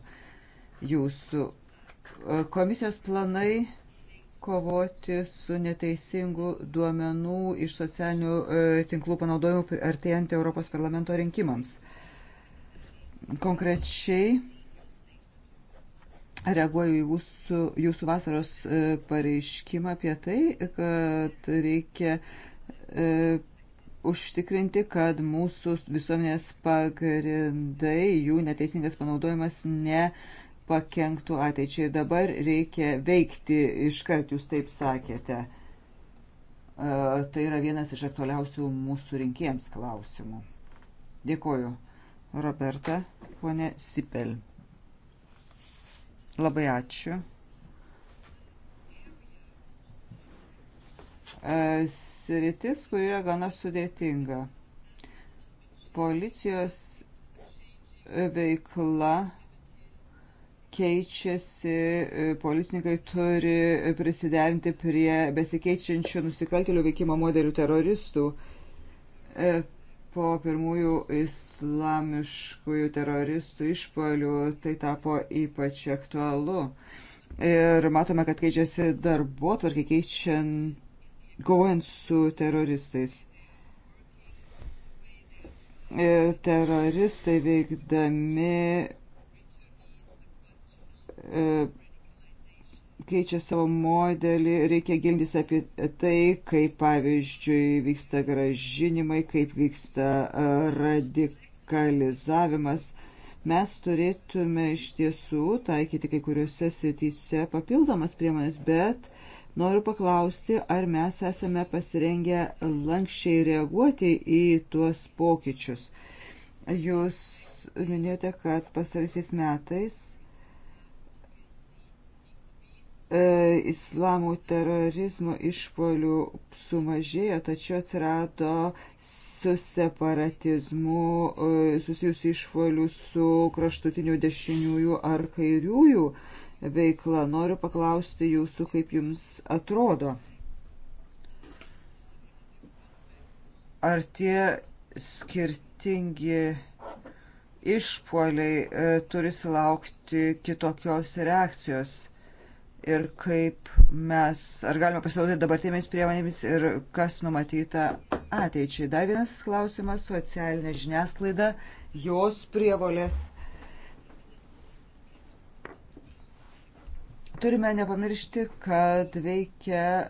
jūsų. E, komisijos planai kovoti su neteisingu duomenų iš socialinių e, tinklų panaudojimu artėjant Europos parlamento rinkimams. Konkrečiai reaguoju į jūsų, jūsų vasaros e, pareiškimą apie tai, kad reikia e, užtikrinti, kad mūsų visuomenės pagrindai, jų neteisingas panaudojimas ne pakenktų ateičiai. Ir dabar reikia veikti iškart, jūs taip sakėte. E, tai yra vienas iš aktualiausių mūsų rinkėjams klausimų. Dėkoju, Roberta, ponė Sipel. Labai ačiū. E, sritis, kur yra gana sudėtinga. Policijos veikla keičiasi, e, policininkai turi prisiderinti prie besikeičiančių nusikaltėlių veikimo modelių teroristų. E, po pirmųjų islamiškųjų teroristų išpolių tai tapo ypač aktualu. Ir matome, kad keičiasi darbo tvarkiai keičiant, kovojant su teroristais. Ir teroristai veikdami e, keičia savo modelį, reikia gilintis apie tai, kaip pavyzdžiui vyksta gražinimai, kaip vyksta radikalizavimas. Mes turėtume iš tiesų taikyti kai kuriuose srityse papildomas priemonės, bet noriu paklausti, ar mes esame pasirengę lankščiai reaguoti į tuos pokyčius. Jūs minėjote, kad pasarysiais metais E, islamų terorizmo išpolių sumažėjo, tačiau atsirado su separatizmu e, susijusių išpolių su kraštutinių dešiniųjų ar kairiųjų veikla. Noriu paklausti jūsų, kaip jums atrodo. Ar tie skirtingi išpoliai e, turi sulaukti kitokios reakcijos? ir kaip mes, ar galima pasinaudoti dabartėmis priemonėmis ir kas numatyta ateičiai. Dar vienas klausimas - socialinė žiniasklaida, jos prievolės. Turime nepamiršti, kad veikia e,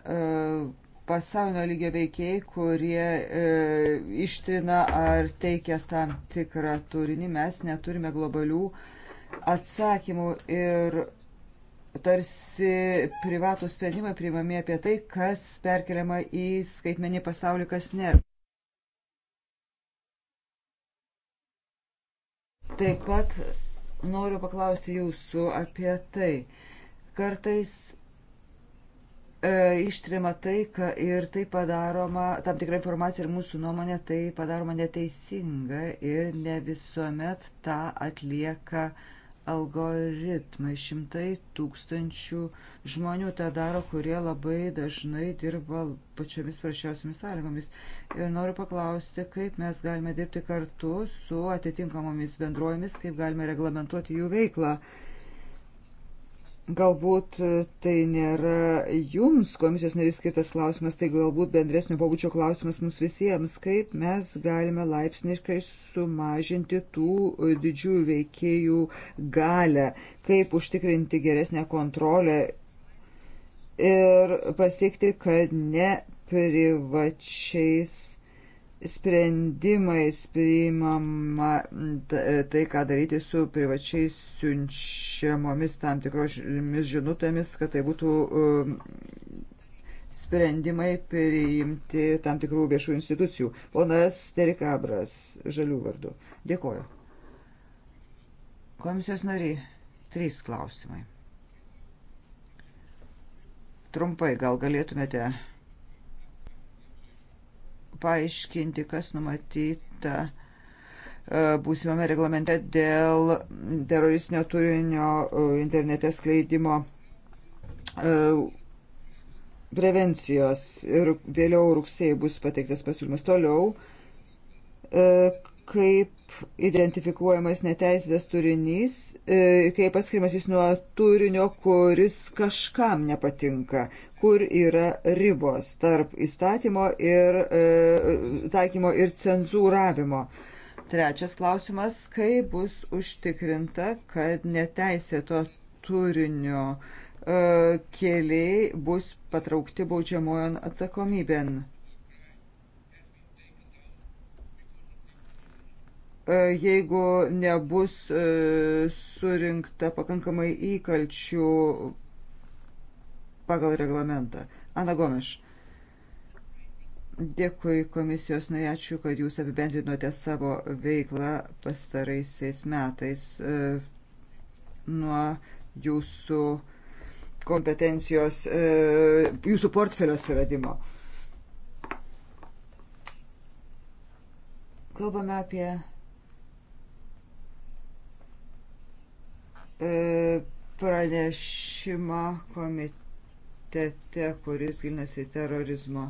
pasaulio lygio veikėjai, kurie e, ištrina ar teikia tam tikrą turinį. Mes neturime globalių atsakymų ir tarsi privatų sprendimą priimami apie tai, kas perkeliama į skaitmenį pasaulį, kas ne. Taip pat noriu paklausti jūsų apie tai. Kartais e, ištrima tai, ką ir tai padaroma, tam tikra informacija ir mūsų nuomonė tai padaroma neteisinga ir ne visuomet tą atlieka e, algoritmai. Šimtai tūkstančių žmonių tą daro, kurie labai dažnai dirba pačiomis prašiausiamis sąlygomis. Ir noriu paklausti, kaip mes galime dirbti kartu su atitinkamomis bendruomis, kaip galime reglamentuoti jų veiklą. Uh, Galbūt e, tai nėra jums komisijos narys skirtas klausimas, tai galbūt bendresnio pabučio klausimas mums visiems, kaip mes galime laipsniškai sumažinti tų e, didžiųjų veikėjų galę, kaip užtikrinti geresnę kontrolę ir pasiekti, kad ne privačiais sprendimais priimama tai, ką daryti su privačiai siunčiamomis tam tikromis žinutėmis, kad tai būtų um, sprendimai priimti tam tikrų viešų institucijų. Ponas Terikabras, žalių vardu. Dėkoju. Komisijos nariai, trys klausimai. Trumpai gal galėtumėte paaiškinti, kas numatyta e, būsimame reglamente dėl teroristinio turinio e, internete skleidimo e, prevencijos ir vėliau rugsėjai bus pateiktas pasiūlymas toliau, kaip identifikuojamas neteisėtas turinys, e, kaip atskirimas jis nuo turinio, kuris kažkam nepatinka, kur yra ribos tarp įstatymo ir e, taikymo ir cenzūravimo. Trečias klausimas, kaip bus užtikrinta, kad neteisėto turinio e, keliai bus patraukti baudžiamojon atsakomybėn. E, jeigu nebus e, surinkta pakankamai įkalčių pagal reglamentą. Ana Gomeš. Dėkui komisijos norėčiau, kad jūs apibendrinote savo veiklą pastaraisiais metais e, nuo jūsų kompetencijos, jūsų portfelio atsiradimo. Kalbame apie E, pranešimą komitete, kuris gilinasi į terorizmo,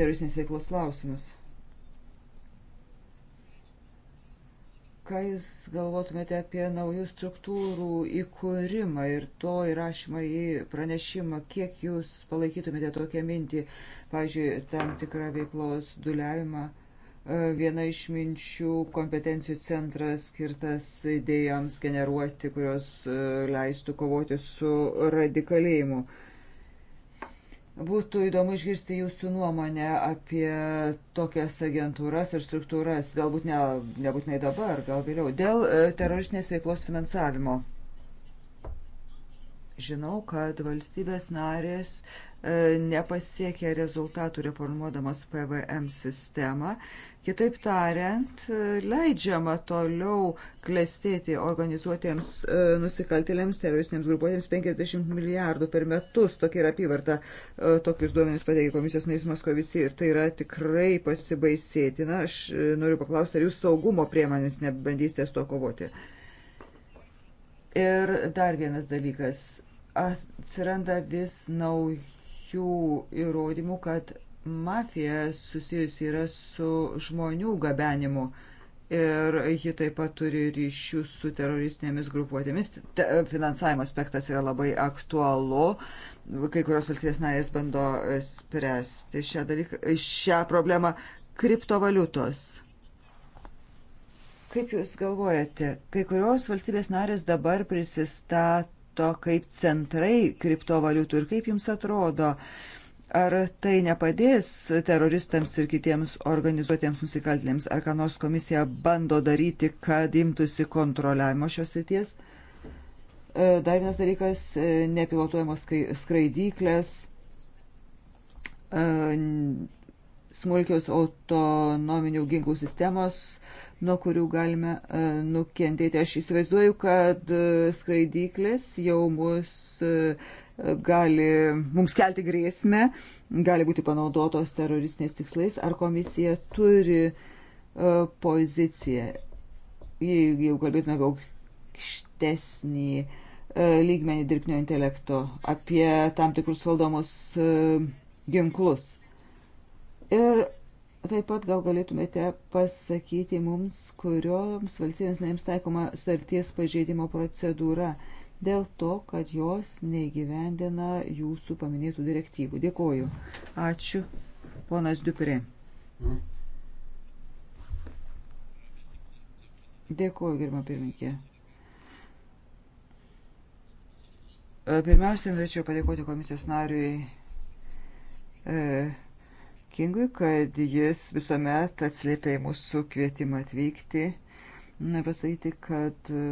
teroristinės veiklos klausimus. Ką Jūs galvotumėte apie naujų struktūrų įkūrimą ir to įrašymą į pranešimą, kiek Jūs palaikytumėte tokią mintį, pavyzdžiui, tam tikrą veiklos duliavimą? E, viena iš minčių kompetencijų centras skirtas idėjams generuoti, kurios e, leistų kovoti su radikalėjimu. Būtų įdomu išgirsti jūsų nuomonę apie tokias agentūras ir struktūras, galbūt ne, nebūtinai dabar, gal vėliau, dėl e, teroristinės veiklos finansavimo. Žinau, kad valstybės narės e, nepasiekė rezultatų reformuodamas PVM sistemą. Kitaip tariant, e, leidžiama toliau klestėti organizuotiems e, nusikaltėliams, teroristiniams grupuotėms 50 milijardų per metus. Tokia yra apyvarta. Tokius duomenys pateikė komisijos narys Moskovici ir tai yra tikrai pasibaisėtina. Aš noriu paklausti, ar jūs saugumo priemonėmis nebandysite su to kovoti? Ir dar vienas dalykas atsiranda vis naujų įrodymų, kad mafija susijusi yra su žmonių gabenimu ir ji taip pat turi ryšių su teroristinėmis grupuotėmis. Te, finansavimo aspektas yra labai aktualu. Kai kurios valstybės narės bando spręsti šią, dalyką, šią problemą. Kriptovaliutos. Kaip Jūs galvojate, kai kurios valstybės narės dabar prisistato kripto kaip centrai kriptovaliutų ir kaip jums atrodo, ar tai nepadės teroristams ir kitiems organizuotiems nusikaltėliams, ar ką nors komisija bando daryti, kad imtųsi kontroliavimo šios ryties. E, dar vienas dalykas e, - nepilotuojamos skraidyklės e, smulkios autonominių ginklų sistemos, nuo kurių galime e, nukentėti. Aš įsivaizduoju, kad e, skraidyklės jau mus e, gali mums kelti grėsmę, gali būti panaudotos teroristiniais tikslais, ar komisija turi poziciją, jeigu jau kalbėtume apie aukštesnį lygmenį dirbtinio intelekto, apie tam tikrus valdomus ginklus. Ir taip pat gal galėtumėte pasakyti mums, kurioms valstybėms naims taikoma sutarties pažeidimo procedūra dėl to, kad jos neįgyvendina jūsų paminėtų direktyvų. Dėkoju. Ačiū, ponas Dupre. Dėkuoju, gerbama pirmininkė. Pirmiausia, norėčiau padėkoti komisijos nariui e, dėkingui, kad jis visuomet atsiliepia į mūsų kvietimą atvykti. Na, pasakyti, kad e,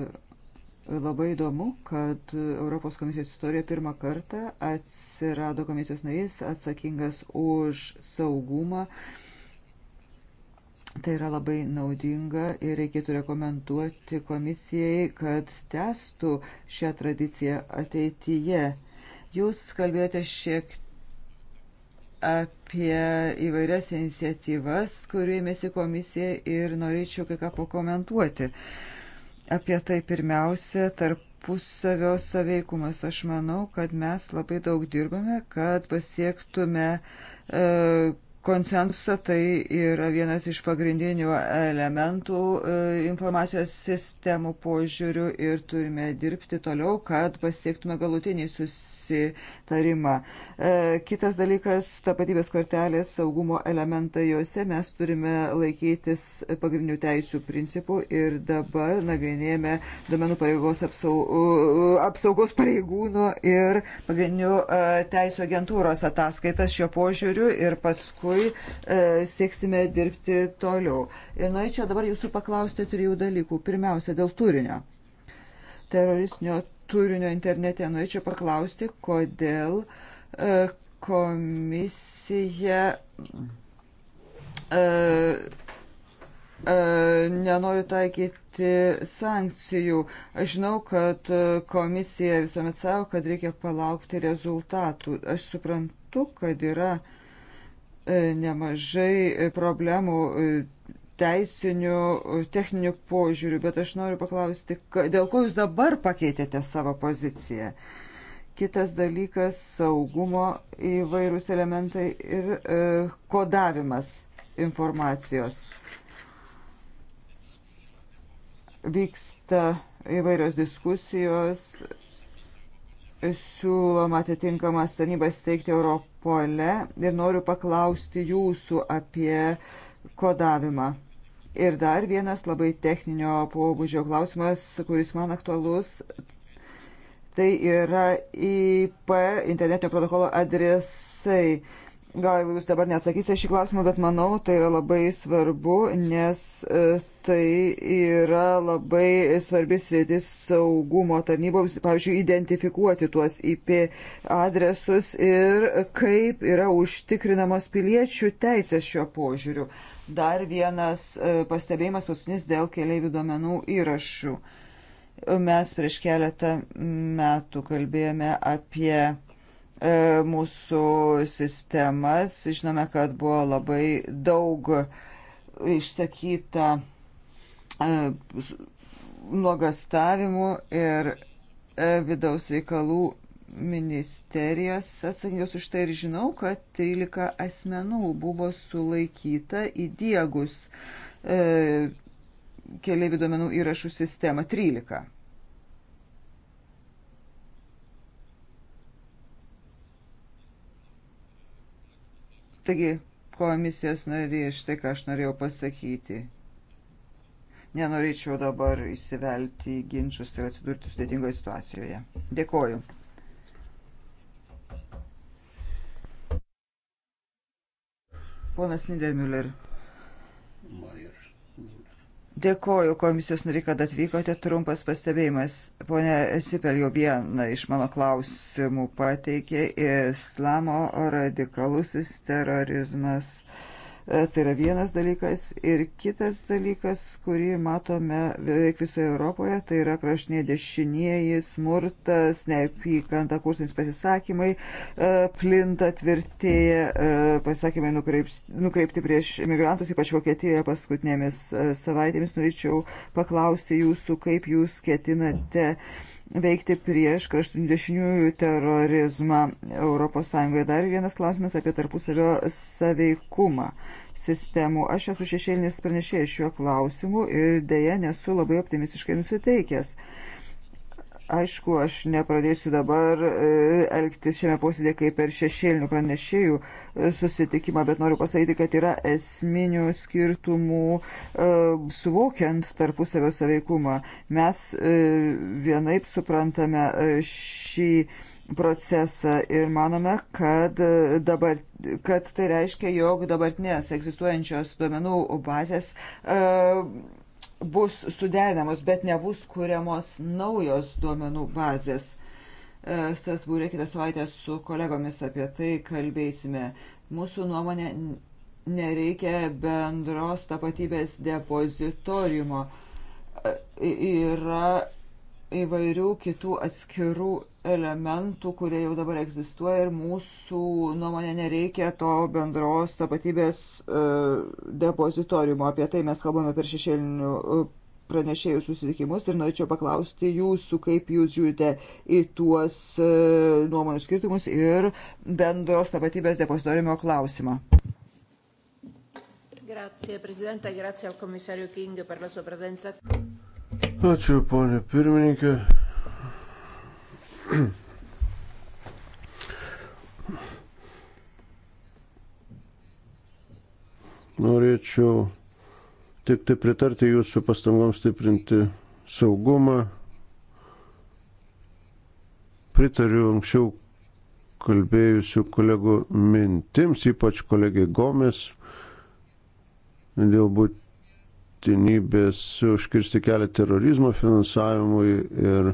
labai įdomu, kad Europos komisijos istorijoje pirmą kartą atsirado komisijos narys atsakingas už saugumą. Tai yra labai naudinga ir reikėtų rekomenduoti komisijai, kad testų šią tradiciją ateityje. Jūs kalbėjote šiek apie įvairias iniciatyvas, kuriuo ėmėsi komisija ir norėčiau kai ką pakomentuoti. Apie tai pirmiausia, tarpusavio saveikumas. Aš manau, kad mes labai daug dirbame, kad pasiektume e, konsensusą, tai yra vienas iš pagrindinių elementų e, informacijos sistemų požiūrių ir turime dirbti toliau, kad pasiektume galutinį susitarimą. E, kitas dalykas - tapatybės kortelės saugumo elementai juose mes turime laikytis pagrindinių teisų principų ir dabar nagrinėjame domenų pareigos apsaugos pareigūnų ir pagrindinių e, teisų agentūros ataskaitas šio požiūriu ir paskui paskui e, sieksime dirbti toliau. Ir norėčiau nu, dabar jūsų paklausti trijų dalykų. Pirmiausia, dėl turinio. Teroristinio turinio internete norėčiau nu, paklausti, kodėl e, komisija. E, e nenoriu taikyti sankcijų. Aš žinau, kad e, komisija visuomet savo, kad reikia palaukti rezultatų. Aš suprantu, kad yra uh, E, nemažai e, problemų e, teisinių, techninių požiūrių, bet aš noriu paklausti, dėl ko jūs dabar pakeitėte savo poziciją? Kitas dalykas - saugumo įvairūs elementai ir e, kodavimas informacijos. Vyksta įvairios diskusijos, siūloma atitinkamas tarnybas steigti Europą Europole ir noriu paklausti jūsų apie kodavimą. Ir dar vienas labai techninio pobūdžio klausimas, kuris man aktualus, tai yra IP internetinio protokolo adresai. Gal jūs dabar nesakysite šį klausimą, bet manau, tai yra labai svarbu, nes e, tai yra labai svarbis rytis saugumo tarnyboms, pavyzdžiui, identifikuoti tuos IP adresus ir kaip yra užtikrinamos piliečių teisės šiuo požiūriu. Dar vienas e, pastebėjimas paskutinis dėl keliaivių duomenų įrašų. Mes prieš keletą metų kalbėjome apie E, mūsų sistemas. Žinome, kad buvo labai daug išsakyta e, nuogastavimų ir e, vidaus reikalų ministerijos atsakingos už tai ir žinau, kad 13 asmenų buvo sulaikyta įdiegus e, keliaivių duomenų įrašų sistemą. 13. Taigi, komisijos narė, štai ką aš norėjau pasakyti. Nenorėčiau dabar įsivelti į ginčius ir atsidurti sudėtingoje situacijoje. Dėkoju. Ponas Niedermüller. Marija. Dėkoju komisijos nariai, kad atvykote. Trumpas pastebėjimas. Pone Sipel jau vieną iš mano klausimų pateikė. Islamo radikalusis terorizmas. Uh, E, tai yra vienas dalykas. Ir kitas dalykas, kurį matome beveik visoje Europoje, tai yra kraštinė dešinieji, smurtas, neapykanta, kursinis pasisakymai e, plinta, tvirtėja, e, pasisakymai nukreipti prieš imigrantus, ypač Vokietijoje paskutinėmis savaitėmis. Norėčiau paklausti jūsų, kaip jūs ketinate veikti prieš kraštinių dešiniųjų terorizmą ES. Dar vienas klausimas apie tarpusavio saveikumą sistemų. Aš esu šešėlinis pranešėjas šiuo klausimu ir dėja nesu labai optimistiškai nusiteikęs. Aišku, aš nepradėsiu dabar e, elgtis šiame posėdė kaip per šešėlinių pranešėjų e, susitikimą, bet noriu pasakyti, kad yra esminių skirtumų e, suvokiant tarpusavio saveikumą. Mes vienaip suprantame šį procesą ir manome, kad, dabar, kad tai reiškia, jog dabartinės egzistuojančios duomenų bazės bus suderinamos, bet nebus kuriamos naujos duomenų bazės. E, Strasbūrė kitą savaitę su kolegomis apie tai kalbėsime. Mūsų nuomonė nereikia bendros tapatybės depozitoriumo. E, yra įvairių kitų atskirų elementų, kurie jau dabar egzistuoja ir mūsų nuomonė nereikia to bendros tapatybės e, depozitoriumo. Apie tai mes kalbame per šešėlinių e, pranešėjų susitikimus ir norėčiau paklausti jūsų, kaip jūs žiūrite į tuos e, nuomonių skirtumus ir bendros tapatybės depozitoriumo klausimą. Grazie Presidente, grazie al Commissario King per la sua presenza. Ačiū, ponė pirmininkė. Norėčiau tik tai pritarti jūsų pastangoms stiprinti saugumą. Pritariu anksčiau kalbėjusių kolegų mintims, ypač kolegiai Gomes, dėl būt būtinybės užkirsti kelią terorizmo finansavimui ir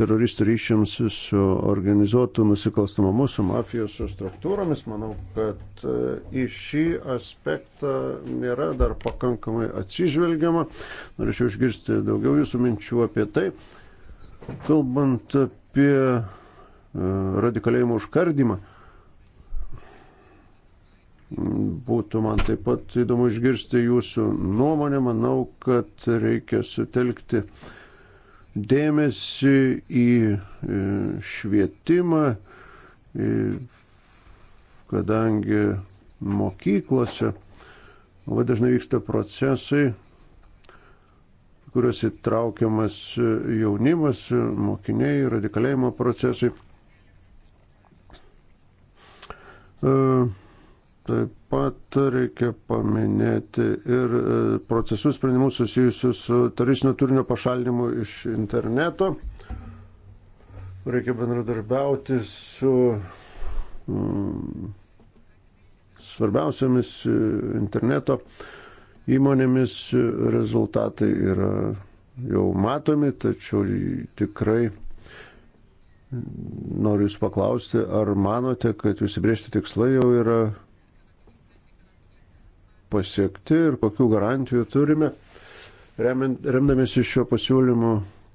teroristų ryšiams su organizuotu nusikalstamumu, su mafijos su struktūromis. Manau, kad e, į šį aspektą nėra dar pakankamai atsižvelgiama. Norėčiau išgirsti daugiau jūsų minčių apie tai. Kalbant apie e, radikalėjimo užkardymą, būtų man taip pat įdomu išgirsti jūsų nuomonę. Manau, kad reikia sutelkti dėmesį į e, švietimą, kadangi mokyklose labai dažnai vyksta procesai, kuriuos įtraukiamas jaunimas, mokiniai, radikalėjimo procesai. Uh, Taip pat reikia paminėti ir e, procesus sprendimus susijusius su teroristinio turinio pašalinimu iš interneto. Reikia bendradarbiauti su mm, svarbiausiamis e, interneto įmonėmis. Rezultatai yra jau matomi, tačiau tikrai noriu Jūs paklausti, ar manote, kad visi briežti tikslai jau yra pasiekti ir kokių garantijų turime, remdamėsi šio pasiūlymu,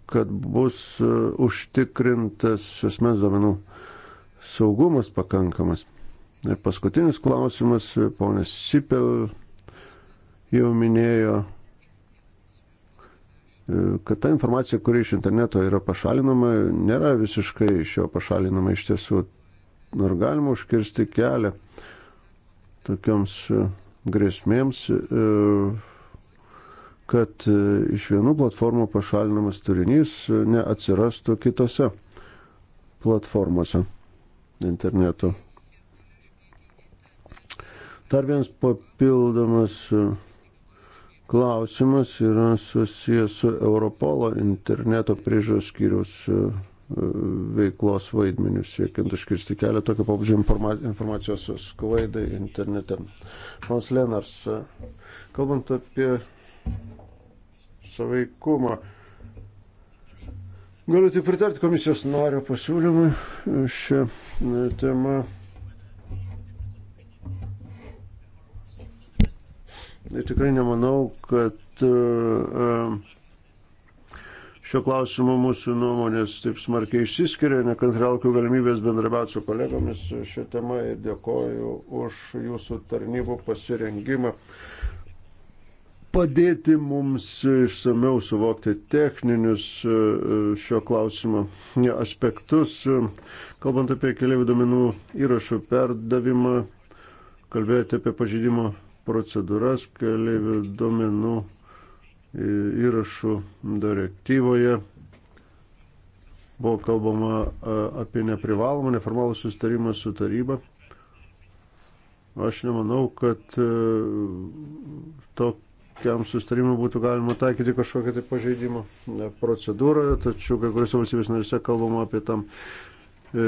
kad bus e, užtikrintas asmens duomenų saugumas pakankamas. Ir paskutinis klausimas, ponas Sipel jau minėjo, e, kad ta informacija, kuri iš interneto yra pašalinama, nėra visiškai iš jo pašalinama iš tiesų. Ar galima užkirsti kelią tokioms e, grėsmėms, e, kad e, iš vienų platformų pašalinamas turinys e, neatsirastų kitose platformose internetu. Dar vienas papildomas klausimas yra susijęs su Europolo interneto priežos skyrius veiklos vaidmenius, siekiant užkirsti kelią tokio pabudžio informacijos sklaidai internete. Pons Lenars, kalbant apie saveikumą, galiu tik pritarti komisijos nario pasiūlymui šią e, temą. Ir e, tikrai nemanau, kad uh, uh, Šio klausimo mūsų nuomonės taip smarkiai išsiskiria, nekantraukiu galimybės bendrabiauti su kolegomis šią temą ir dėkoju už jūsų tarnybų pasirengimą padėti mums išsameu suvokti techninius e, šio klausimo aspektus. Kalbant apie keliaivių duomenų įrašų perdavimą, kalbėjote apie pažydimo procedūras, keliaivių duomenų įrašų direktyvoje buvo kalbama apie neprivalomą neformalų sustarimą su taryba. Aš nemanau, kad tokiam sustarimui būtų galima taikyti kažkokią tai pažeidimo procedūrą, tačiau kai kuriuose valstybės narise kalbama apie tam e,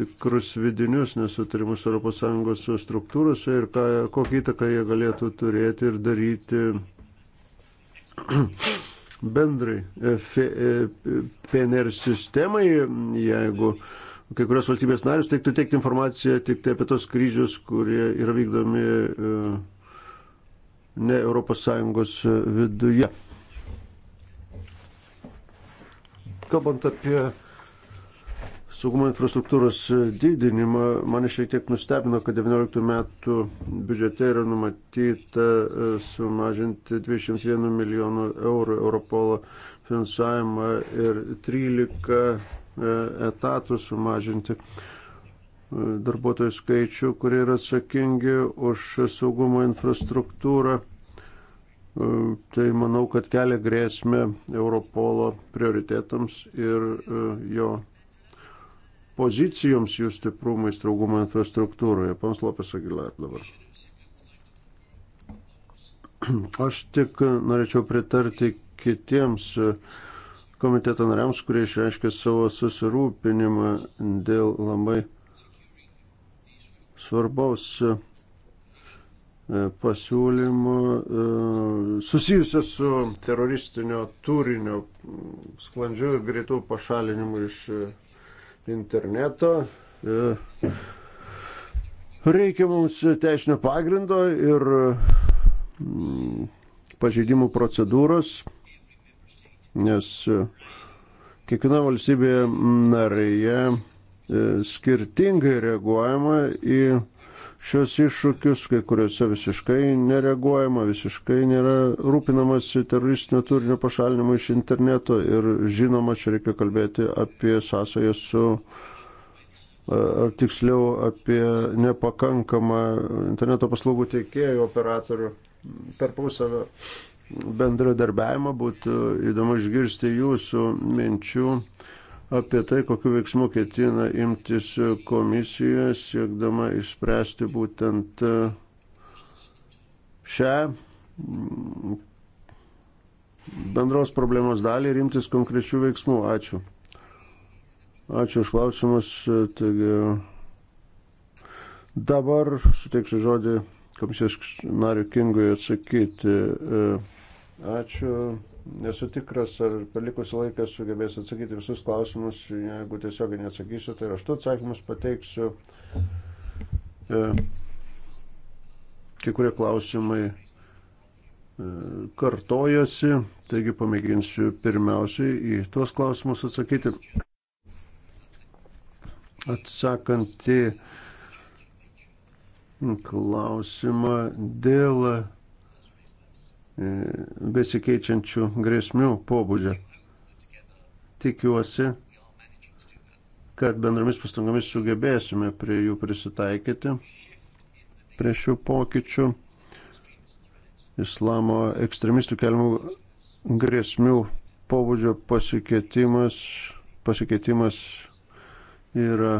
tikrus vidinius nesutarimus ES struktūrose ir ką, kokią įtaką jie galėtų turėti ir daryti bendrai e, e, PNR sistemai, jeigu kai kurios valstybės narius teiktų teikti informaciją tik tai apie tos skrydžius, kurie yra vykdomi e, ne ES viduje. Kalbant apie saugumo infrastruktūros didinimą, mane šiek tiek nustebino, kad 19 metų biudžete yra numatyta e, sumažinti 201 milijonų eurų Europolo finansavimą ir 13 e, etatų sumažinti e, darbuotojų skaičių, kurie yra atsakingi už saugumo infrastruktūrą. Tai manau, kad kelia grėsmę Europolo prioritetams ir jo pozicijoms jų stiprumui, straugumo infrastruktūroje. Pans Lopes Agilar dabar. Aš tik norėčiau pritarti kitiems komiteto nariams, kurie išreiškė savo susirūpinimą dėl labai svarbaus e, pasiūlymų e, susijusio su teroristinio turinio sklandžiu ir greitų pašalinimu iš e, interneto. E, reikia mums teisinio pagrindo ir mm, pažeidimų procedūros, nes e, kiekviena valstybė narėje e, skirtingai reaguojama į šios iššūkius, kai kuriuose visiškai nereaguojama, visiškai nėra rūpinamasi teroristinio turinio pašalinimu iš interneto ir žinoma, čia reikia kalbėti apie sąsąją su, e, ar tiksliau apie nepakankamą interneto paslaugų teikėjų operatorių tarpusavio bendradarbiavimą. Būtų įdomu išgirsti jūsų minčių apie tai, kokiu veiksmu ketina imtis komisija, siekdama išspręsti būtent e, šią mm, bendros problemos dalį ir imtis konkrečių veiksmų. Ačiū. Ačiū už klausimus. Taigi, dabar suteiksiu žodį komisijos nariu Kingui atsakyti. E, Ačiū. Nesu tikras, ar palikusį laiką sugebės atsakyti visus klausimus. Jeigu tiesiog neatsakysiu, tai aš tu atsakymus pateiksiu. E, kai kurie klausimai e, kartojasi, taigi pamėginsiu pirmiausiai į tuos klausimus atsakyti. Atsakant į klausimą dėl E, besikeičiančių grėsmių pobūdžio. Tikiuosi, kad bendromis pastangomis sugebėsime prie jų prisitaikyti, prie šių pokyčių, islamo ekstremistų keliamų grėsmių pobūdžio pasikeitimas, pasikeitimas yra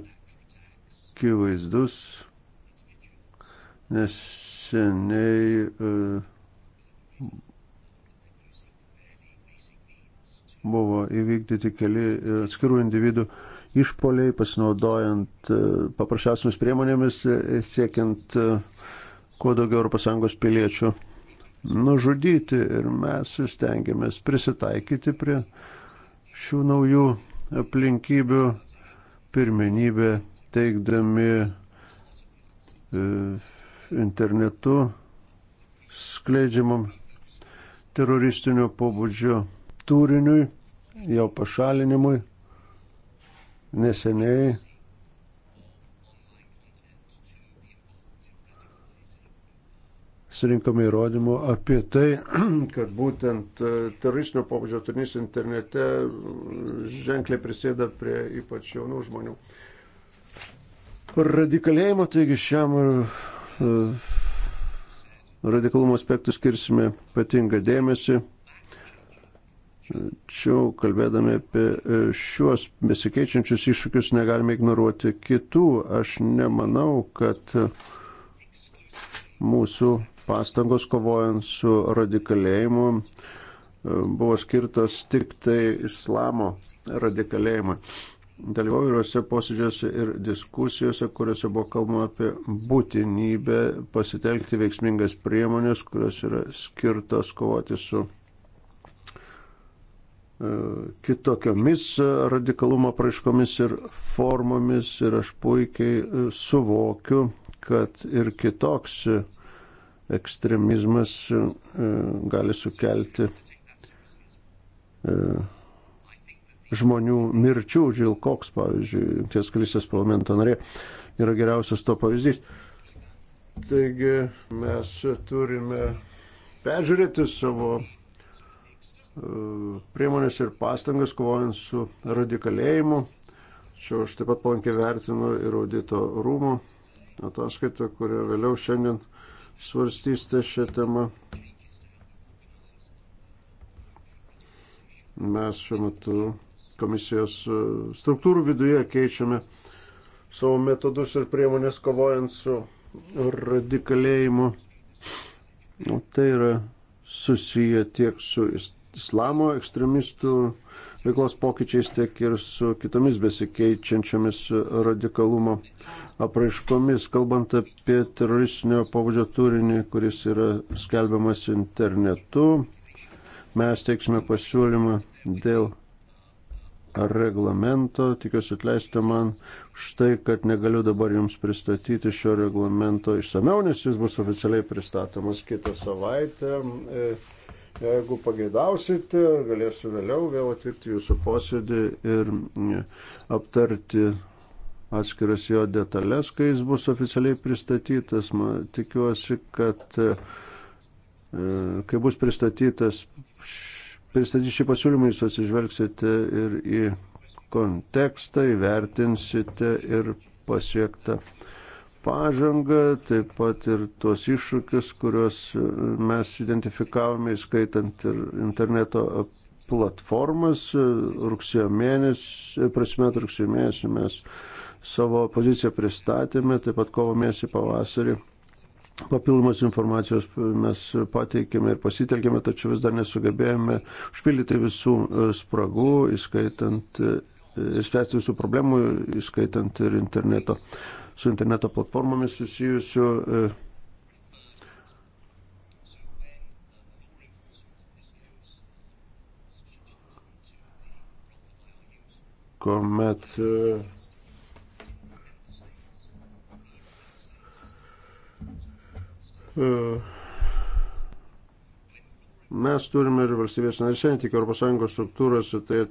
akivaizdus, nes seniai uh, e, buvo įvykdyti keli e, atskirų individų išpoliai, pasinaudojant e, paprasčiausiamis priemonėmis, e, siekiant kuo daugiau ES piliečių nužudyti ir mes stengiamės prisitaikyti prie šių naujų aplinkybių pirmenybę teikdami internetu skleidžiamam teroristinio pobūdžio turiniui, jo pašalinimui. Neseniai surinkome įrodymų apie tai, kad būtent e, teroristinio pobūdžio turinys internete e, ženkliai prisėda prie ypač jaunų žmonių radikalėjimo, taigi šiam e, radikalumo aspektų skirsime ypatingą dėmesį. Tačiau kalbėdami apie e, šiuos besikeičiančius iššūkius negalime ignoruoti kitų. Aš nemanau, kad e, mūsų pastangos kovojant su radikalėjimu e, buvo skirtos tik tai islamo radikalėjimui dalyvauju įvairiuose posėdžiuose ir diskusijose, kuriuose buvo kalbama apie būtinybę pasitelkti veiksmingas priemonės, kurios yra skirtos kovoti su e, kitokiomis radikalumo praiškomis ir formomis ir aš puikiai e, suvokiu, kad ir kitoks e, ekstremizmas gali sukelti žmonių mirčių. Džil Koks, pavyzdžiui, ties Kristės parlamento narė, yra geriausias to pavyzdys. Taigi mes turime peržiūrėti savo e, priemonės ir pastangas kovojant su radikalėjimu. Čia aš taip pat palankiai vertinu ir audito rūmų ataskaitą, kurią vėliau šiandien svarstysite šią temą. Mes šiuo metu komisijos e, struktūrų viduje keičiame savo metodus ir priemonės kovojant su radikalėjimu. Nu, tai yra susiję tiek su islamo ekstremistų veiklos pokyčiais, tiek ir su kitomis besikeičiančiomis radikalumo apraiškomis, kalbant apie teroristinio pavadžio turinį, kuris yra skelbiamas internetu. Mes teiksime pasiūlymą dėl reglamento. Tikiuosi atleisite man štai, kad negaliu dabar jums pristatyti šio reglamento išsameu, nes jis bus oficialiai pristatomas kitą savaitę. E, jeigu pageidausite, galėsiu vėliau vėl atvykti jūsų posėdį ir e, aptarti atskiras jo detalės, kai jis bus oficialiai pristatytas. Man tikiuosi, kad e, kai bus pristatytas pristatys šį pasiūlymą, jūs atsižvelgsite ir į kontekstą, įvertinsite ir pasiektą pažangą, taip pat ir tuos iššūkius, kuriuos mes identifikavome, įskaitant ir interneto platformas. Rugsėjo mėnesį, prasimėt rugsėjo mėnesį mes savo poziciją pristatėme, taip pat kovo mėnesį pavasarį Papildomos informacijos mes pateikėme ir pasitelkėme, tačiau vis dar nesugebėjome užpildyti visų e, spragų, įskaitant e, ir spręsti visų problemų, įskaitant ir interneto, su interneto platformomis susijusių. E, kuomet E, mes turime ir valstybės narėse, ne tik ES struktūrose, tai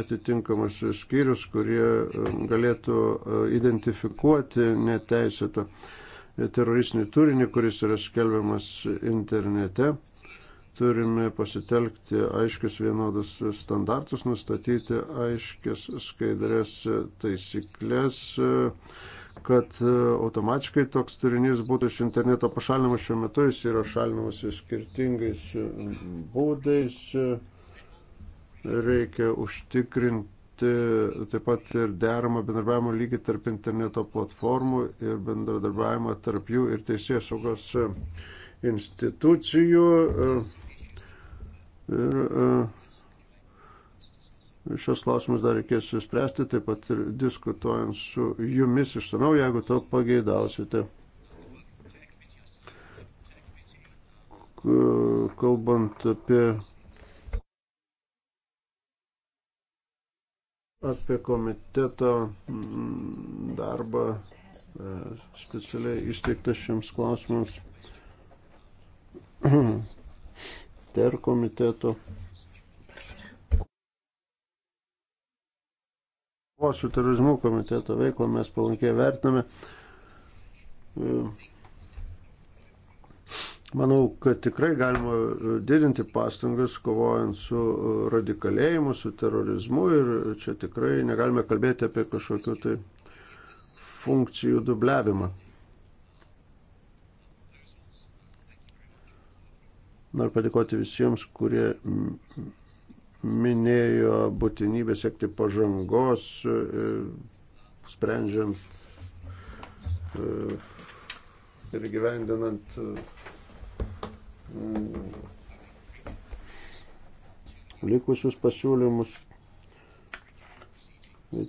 atitinkamas skyrius, kurie e, galėtų e, identifikuoti neteisėtą teroristinį turinį, kuris yra skelbiamas internete. Turime pasitelkti aiškius vienodus standartus, nustatyti aiškias skaidrės taisyklės kad e, automatiškai toks turinys būtų iš interneto pašalinamas šiuo metu, jis yra šalinamas skirtingais e, būdais. Reikia užtikrinti taip pat ir deramą bendradarbiavimo lygį tarp interneto platformų ir bendradarbiavimą tarp jų ir teisės saugos e, institucijų. Ir, uh, šios klausimus dar reikės spręsti, taip pat ir diskutuojant su jumis išsameu, jeigu to pageidausite. Kalbant apie, apie komiteto mm, darbą e, specialiai įsteigtas šiems klausimams, ter komiteto O su terorizmu komiteto veiklą mes palankiai vertiname. Manau, kad tikrai galima didinti pastangas kovojant su radikalėjimu, su terorizmu ir čia tikrai negalime kalbėti apie kažkokiu tai funkcijų dubliavimą. Noriu padėkoti visiems, kurie minėjo būtinybę siekti pažangos, e, sprendžiant e, ir gyvendinant e, likusius pasiūlymus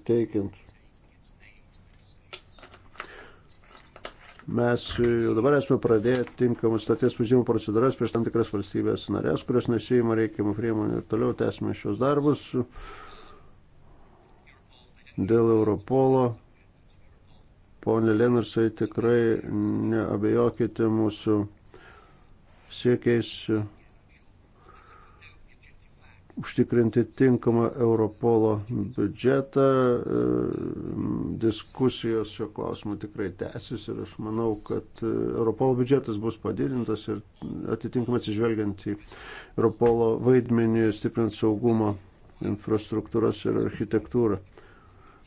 teikiant Mes jau dabar esame pradėję tinkamus staties pažymų procedūras prieš tam tikras valstybės narės, kurios nesijima reikiamų priemonių ir toliau tęsime šios darbus dėl Europolo. Pone Lenarsai, tikrai neabejokite mūsų siekiais užtikrinti tinkamą Europolo biudžetą. E, diskusijos šio klausimu tikrai tęsis ir aš manau, kad e, Europolo biudžetas bus padidintas ir atitinkamai atsižvelgiant į Europolo vaidmenį stiprint saugumą, infrastruktūras ir architektūrą.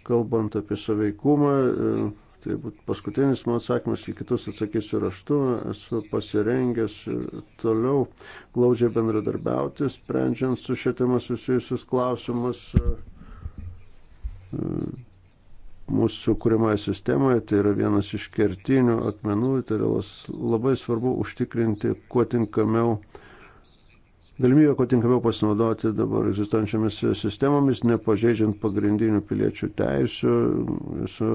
Kalbant apie saveikumą, e, Tai būtų paskutinis mano atsakymas, į kitus atsakysiu raštu. Esu pasirengęs toliau glaudžiai bendradarbiauti, sprendžiant su šia tema susijusius klausimus e, mūsų kūrimoje sistemoje. Tai yra vienas iš kertinių akmenų, tai yra labai svarbu užtikrinti kuo tinkamiau galimybę kuo tinkamiau pasinaudoti dabar egzistuojančiamis sistemomis, nepažeidžiant pagrindinių piliečių teisių. Esu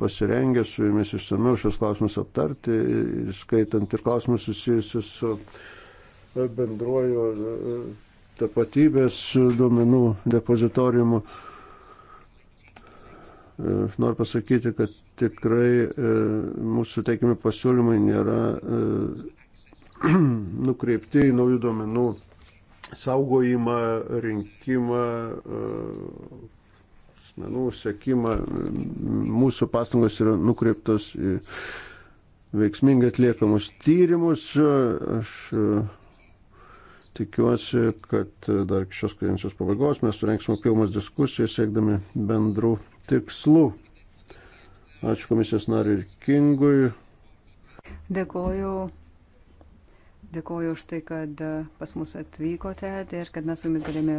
pasirengęs su jumis išsamiau šios klausimus aptarti, skaitant ir klausimus susijusius su bendruoju tapatybės duomenų depozitoriumu. Noriu pasakyti, kad tikrai e, mūsų teikiami pasiūlymai nėra e, nukreipti į naujų duomenų saugojimą, rinkimą, e, asmenų sekimą. Mūsų pastangos yra nukreiptos į veiksmingai atliekamus tyrimus. Aš e, tikiuosi, kad dar iki šios kadencijos pabaigos mes surenksime pilnas diskusijas, siekdami bendrų tikslų. Ačiū komisijos nariui ir Kingui. Dėkoju Dėkoju už tai, kad e, pas mus atvykote ir kad mes su jumis galėjome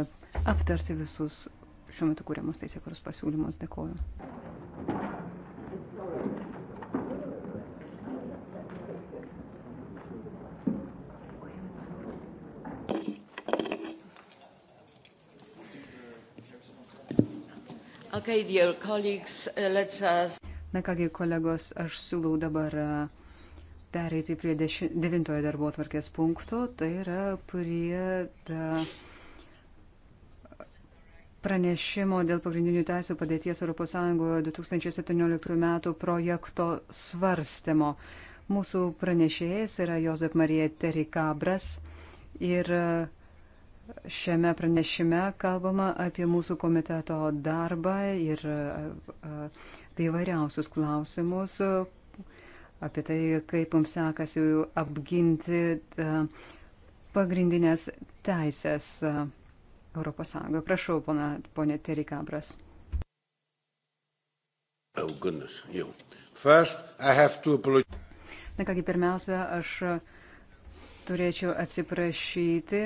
aptarti visus šiuo metu kūriamus teisėkurus pasiūlymus. Dėkoju. Okay, dear colleagues, uh, let's us... Uh, Na kągi, kolegos, aš siūlau dabar uh, pereiti prie deši, devintojo darbo atvarkės punkto, tai yra prie da, pranešimo dėl pagrindinių teisų padėties ES 2017 m. projekto svarstymo. Mūsų pranešėjas yra Jozef Marija Terikabras ir šiame pranešime kalbama apie mūsų komiteto darbą ir apie įvairiausius klausimus, apie tai, kaip mums sekasi apginti e, pagrindinės teisės e, Europos Sąjungoje. Prašau, pana, ponė Terikabras. Oh, goodness, you. First, I have to apologize. Na kągi, pirmiausia, aš turėčiau atsiprašyti.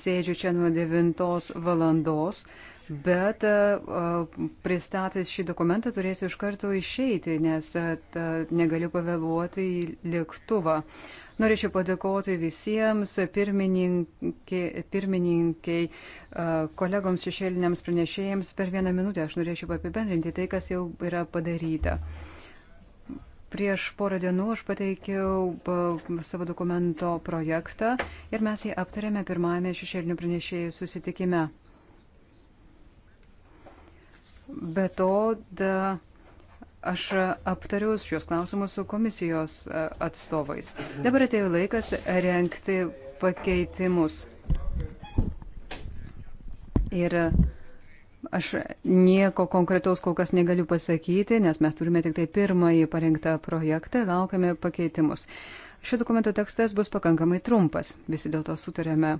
Sėdžiu čia nuo 9 valandos. Bet e, pristatęs šį dokumentą turėsiu iš karto išeiti, nes e, negaliu pavėluoti į lėktuvą. Norėčiau padėkoti visiems pirmininkiai, pirmininkiai e, kolegoms šešėliniams pranešėjams. Per vieną minutę aš norėčiau apibendrinti tai, kas jau yra padaryta. Prieš porą dienų aš pateikiau savo dokumento projektą ir mes jį aptarėme pirmajame šešėlinių pranešėjų susitikime. Be to, da, aš aptariau šios klausimus su komisijos e, atstovais. Dabar atėjo laikas renkti pakeitimus. Ir aš nieko konkretaus kol kas negaliu pasakyti, nes mes turime tik tai pirmąjį parengtą projektą, laukiame pakeitimus. Uh, Šio dokumento tekstas bus pakankamai trumpas, visi dėl to sutarėme.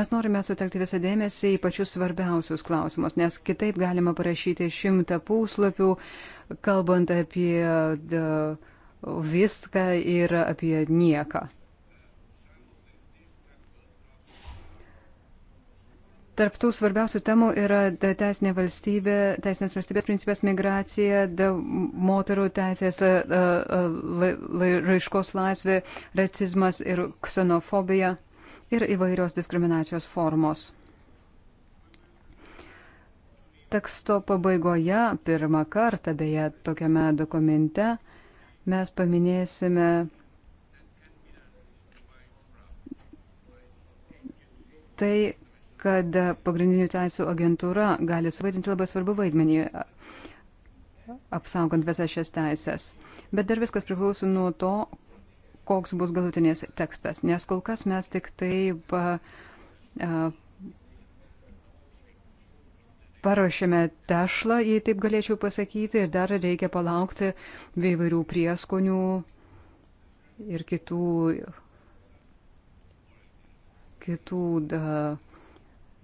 Mes norime sutelkti visą dėmesį į pačius svarbiausius klausimus, nes kitaip galima parašyti šimtą puslapių, kalbant apie viską ir apie nieką. Tarptų svarbiausių temų yra teisinė valstybė, teisinės valstybės principės migracija, moterų teisės raiškos laisvė, racizmas ir ksenofobija ir įvairios diskriminacijos formos. Teksto pabaigoje, pirmą kartą beje tokiame dokumente, mes paminėsime tai, kad pagrindinių teisų agentūra gali suvaidinti labai svarbu vaidmenį apsaugant visas šias teisės. Bet dar viskas priklauso nuo to, koks bus galutinės tekstas, nes kol kas mes tik taip uh, paruošėme tešlą, jei taip galėčiau pasakyti, ir dar reikia palaukti įvairių prieskonių ir kitų, kitų da, uh,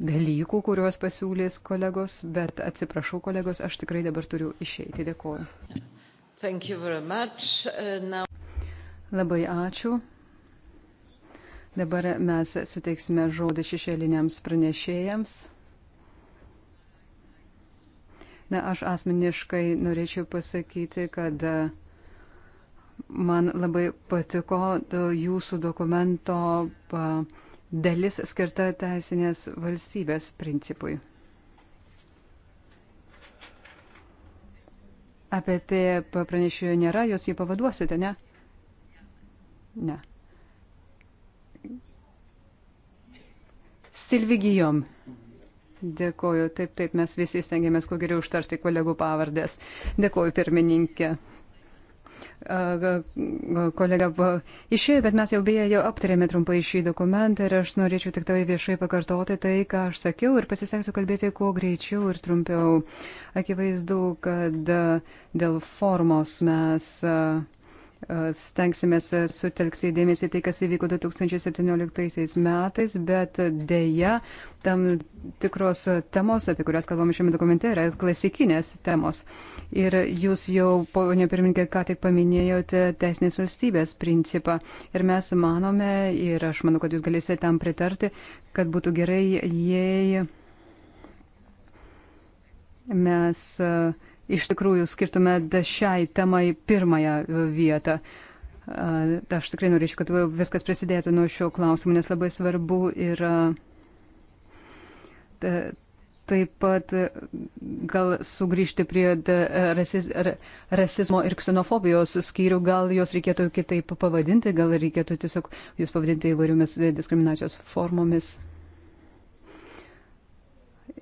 dalykų, kuriuos pasiūlys kolegos, bet atsiprašau kolegos, aš tikrai dabar turiu išeiti. Dėkuoju. Uh, now... Labai ačiū. Dabar mes suteiksime žodį šešėliniams pranešėjams. Na, aš asmeniškai norėčiau pasakyti, kad uh, man labai patiko uh, jūsų dokumento pa, uh, dalis skirta teisinės valstybės principui. Apie P pranešėjo nėra, jos jį pavaduosite, ne? Ne. Silvigijom. Dėkoju, taip, taip, mes visi stengiamės kuo geriau užtarti kolegų pavardės. Dėkoju, pirmininkė kolega išėjo, bet mes jau beje jau aptarėme trumpai šį dokumentą ir aš norėčiau tik tai viešai pakartoti tai, ką aš sakiau ir pasistengsiu kalbėti kuo greičiau ir trumpiau. Akivaizdu, kad dėl formos mes. Uh, E, Stengsime sutelkti dėmesį tai, kas įvyko 2017 metais, bet dėja tam tikros temos, apie kurias kalbame šiame dokumente, yra klasikinės temos. Ir jūs jau, ponė pirmininkė, ką tik paminėjote teisinės valstybės principą. Ir mes manome, ir aš manau, kad jūs galėsite tam pritarti, kad būtų gerai, jei mes. Uh, iš tikrųjų skirtume šiai temai pirmąją e, vietą. Aš tikrai norėčiau, kad viskas prasidėtų nuo šio klausimo, nes labai svarbu yra taip pat e, gal sugrįžti prie rasiz, rasizmo ir ksenofobijos skyrių, gal jos reikėtų kitaip pavadinti, gal reikėtų tiesiog jūs pavadinti įvairiomis e, diskriminacijos formomis.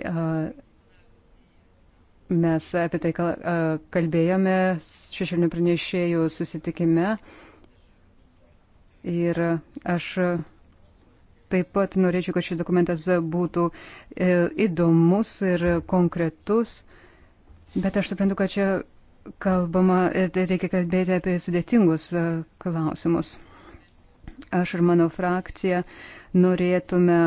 Uh, Mes apie tai kalbėjome šešėlinių pranešėjų susitikime. Ir aš taip pat norėčiau, kad šis dokumentas būtų e, įdomus ir konkretus. Bet aš suprantu, kad čia kalbama, e, tai reikia kalbėti apie sudėtingus e, klausimus. Aš ir mano frakcija norėtume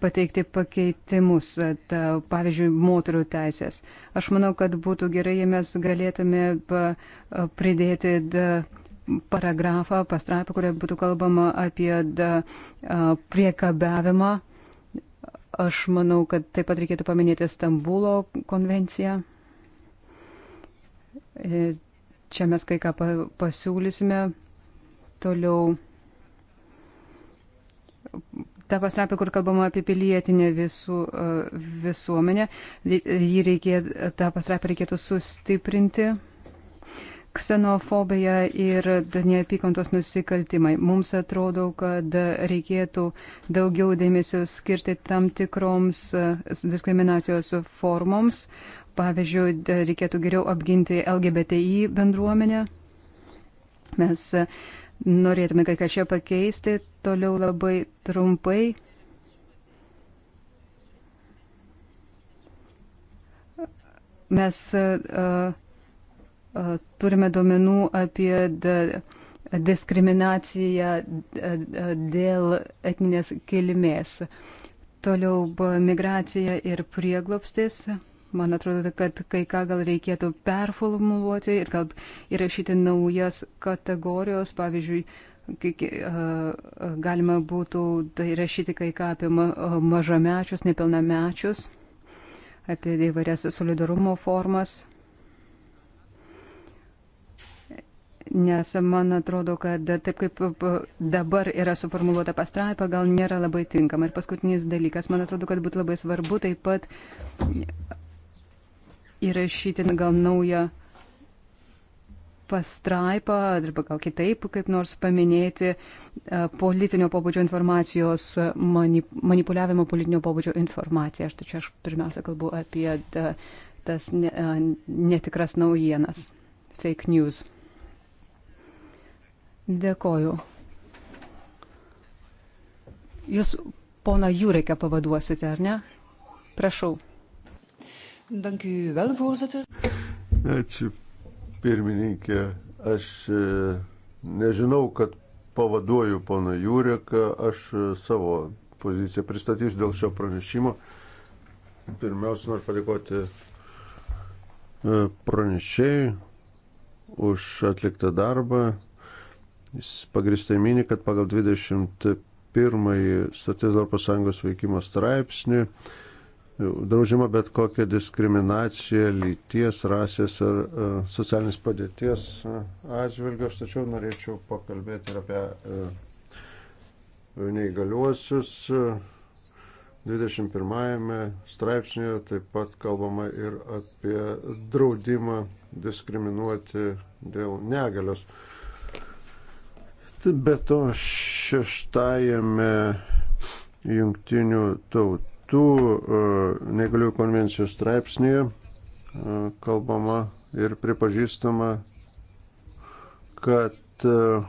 pateikti pakeitimus, e, ta, pavyzdžiui, moterų teisės. Aš manau, kad būtų gerai, jei mes galėtume e, pridėti da, paragrafą, pastrapą, kurioje būtų kalbama apie da, e, priekabiavimą. Aš manau, kad taip pat reikėtų paminėti Stambulo konvenciją. Čia mes kai ką pasiūlysime. Toliau Ta pastrapė, kur kalbama apie pilietinę visų, e, visuomenę, jį reikė, tą pastrapę reikėtų sustiprinti. Ksenofobija ir neapykantos nusikaltimai. Mums atrodo, kad reikėtų daugiau dėmesio skirti tam tikroms e, diskriminacijos formoms. Pavyzdžiui, reikėtų geriau apginti LGBTI bendruomenę. Mes uh, norėtume kai ką čia pakeisti. Toliau labai trumpai. Mes uh, uh, turime duomenų apie da, diskriminaciją dėl etninės kilmės. Toliau migracija ir prieglopstis. Uh, Man atrodo, kad kai ką gal reikėtų performuluoti ir gal įrašyti naujas kategorijos, pavyzdžiui, galima būtų tai rašyti kai ką apie mažamečius, nepilnamečius, apie įvairias solidarumo formas. Nes man atrodo, kad taip kaip dabar yra suformuoluota pastraipa, gal nėra labai tinkama. Ir paskutinis dalykas, man atrodo, kad būtų labai svarbu taip pat įrašyti gal naują pastraipą arba gal kitaip kaip nors paminėti e, politinio pobūdžio informacijos manip, manipuliavimo politinio pobūdžio informaciją. Aš tai čia aš pirmiausia kalbu apie ta, e, tas ne, e, netikras naujienas, fake news. Dėkoju. Jūs pona Jurekę pavaduosite, ar ne? Prašau. Dank u wel, voorzitter. Ačiū, pirmininkė. Aš e, nežinau, kad pavaduoju pono Jūreką, aš e, savo poziciją pristatysiu dėl šio pranešimo. Pirmiausia, noriu padėkoti e, pranešėjui už atliktą darbą. Jis pagristai mini, kad pagal 21 Statės Europos Sąjungos veikimo straipsnį Draužima bet kokia diskriminacija lyties, rasės ar e, socialinės padėties e, atžvilgiu. Aš tačiau norėčiau pakalbėti ir apie e, neįgaliuosius. 21 straipsnėje taip pat kalbama ir apie draudimą diskriminuoti dėl negalios. Be to šeštajame jungtinių tautų kitų e, negalių konvencijos straipsnėje e, kalbama ir pripažįstama, kad e,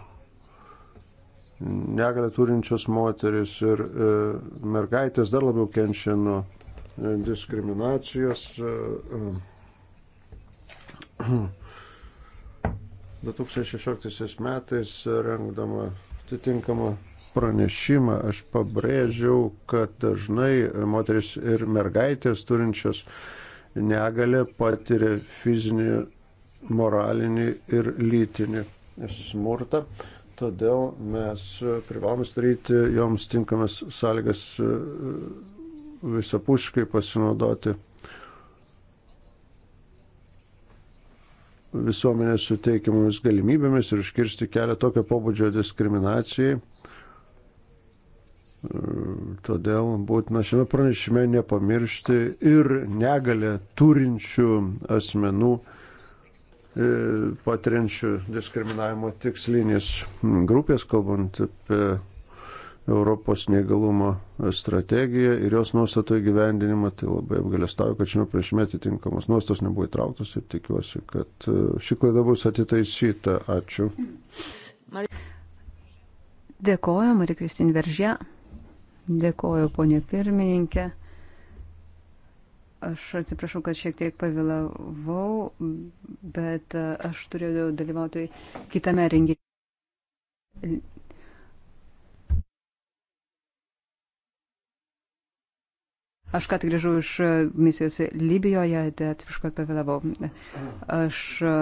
negalę turinčios moteris ir mergaitės dar labiau kenčia nuo diskriminacijos. 2016 metais rengdama atitinkamą pranešimą aš pabrėžiau, kad dažnai moteris ir mergaitės turinčios negalę patiria fizinį, moralinį ir lytinį smurtą. Todėl mes privalome sudaryti joms tinkamas sąlygas e, visapuškai pasinaudoti visuomenės suteikiamomis galimybėmis ir iškirsti kelią tokio pobūdžio diskriminacijai. Todėl būtina šiame pranešime nepamiršti ir negalę turinčių asmenų e, patiriančių diskriminavimo tikslinis grupės, kalbant apie Europos neįgalumo strategiją ir jos nuostato įgyvendinimą, tai labai apgalėstauju, kad šiame priešime atitinkamos nuostatos nebuvo įtrauktos ir tikiuosi, kad e, ši klaida bus atitaisyta. Ačiū. Dėkoju, Marija Kristin Veržė. Dėkoju, ponė pirmininkė. Aš atsiprašau, kad šiek tiek pavėlavau, bet e, aš turėjau dalyvauti kitame renginyje. Aš ką tik grįžau iš misijos Libijoje, tai atsiprašau, kad pavėlavau. Aš e,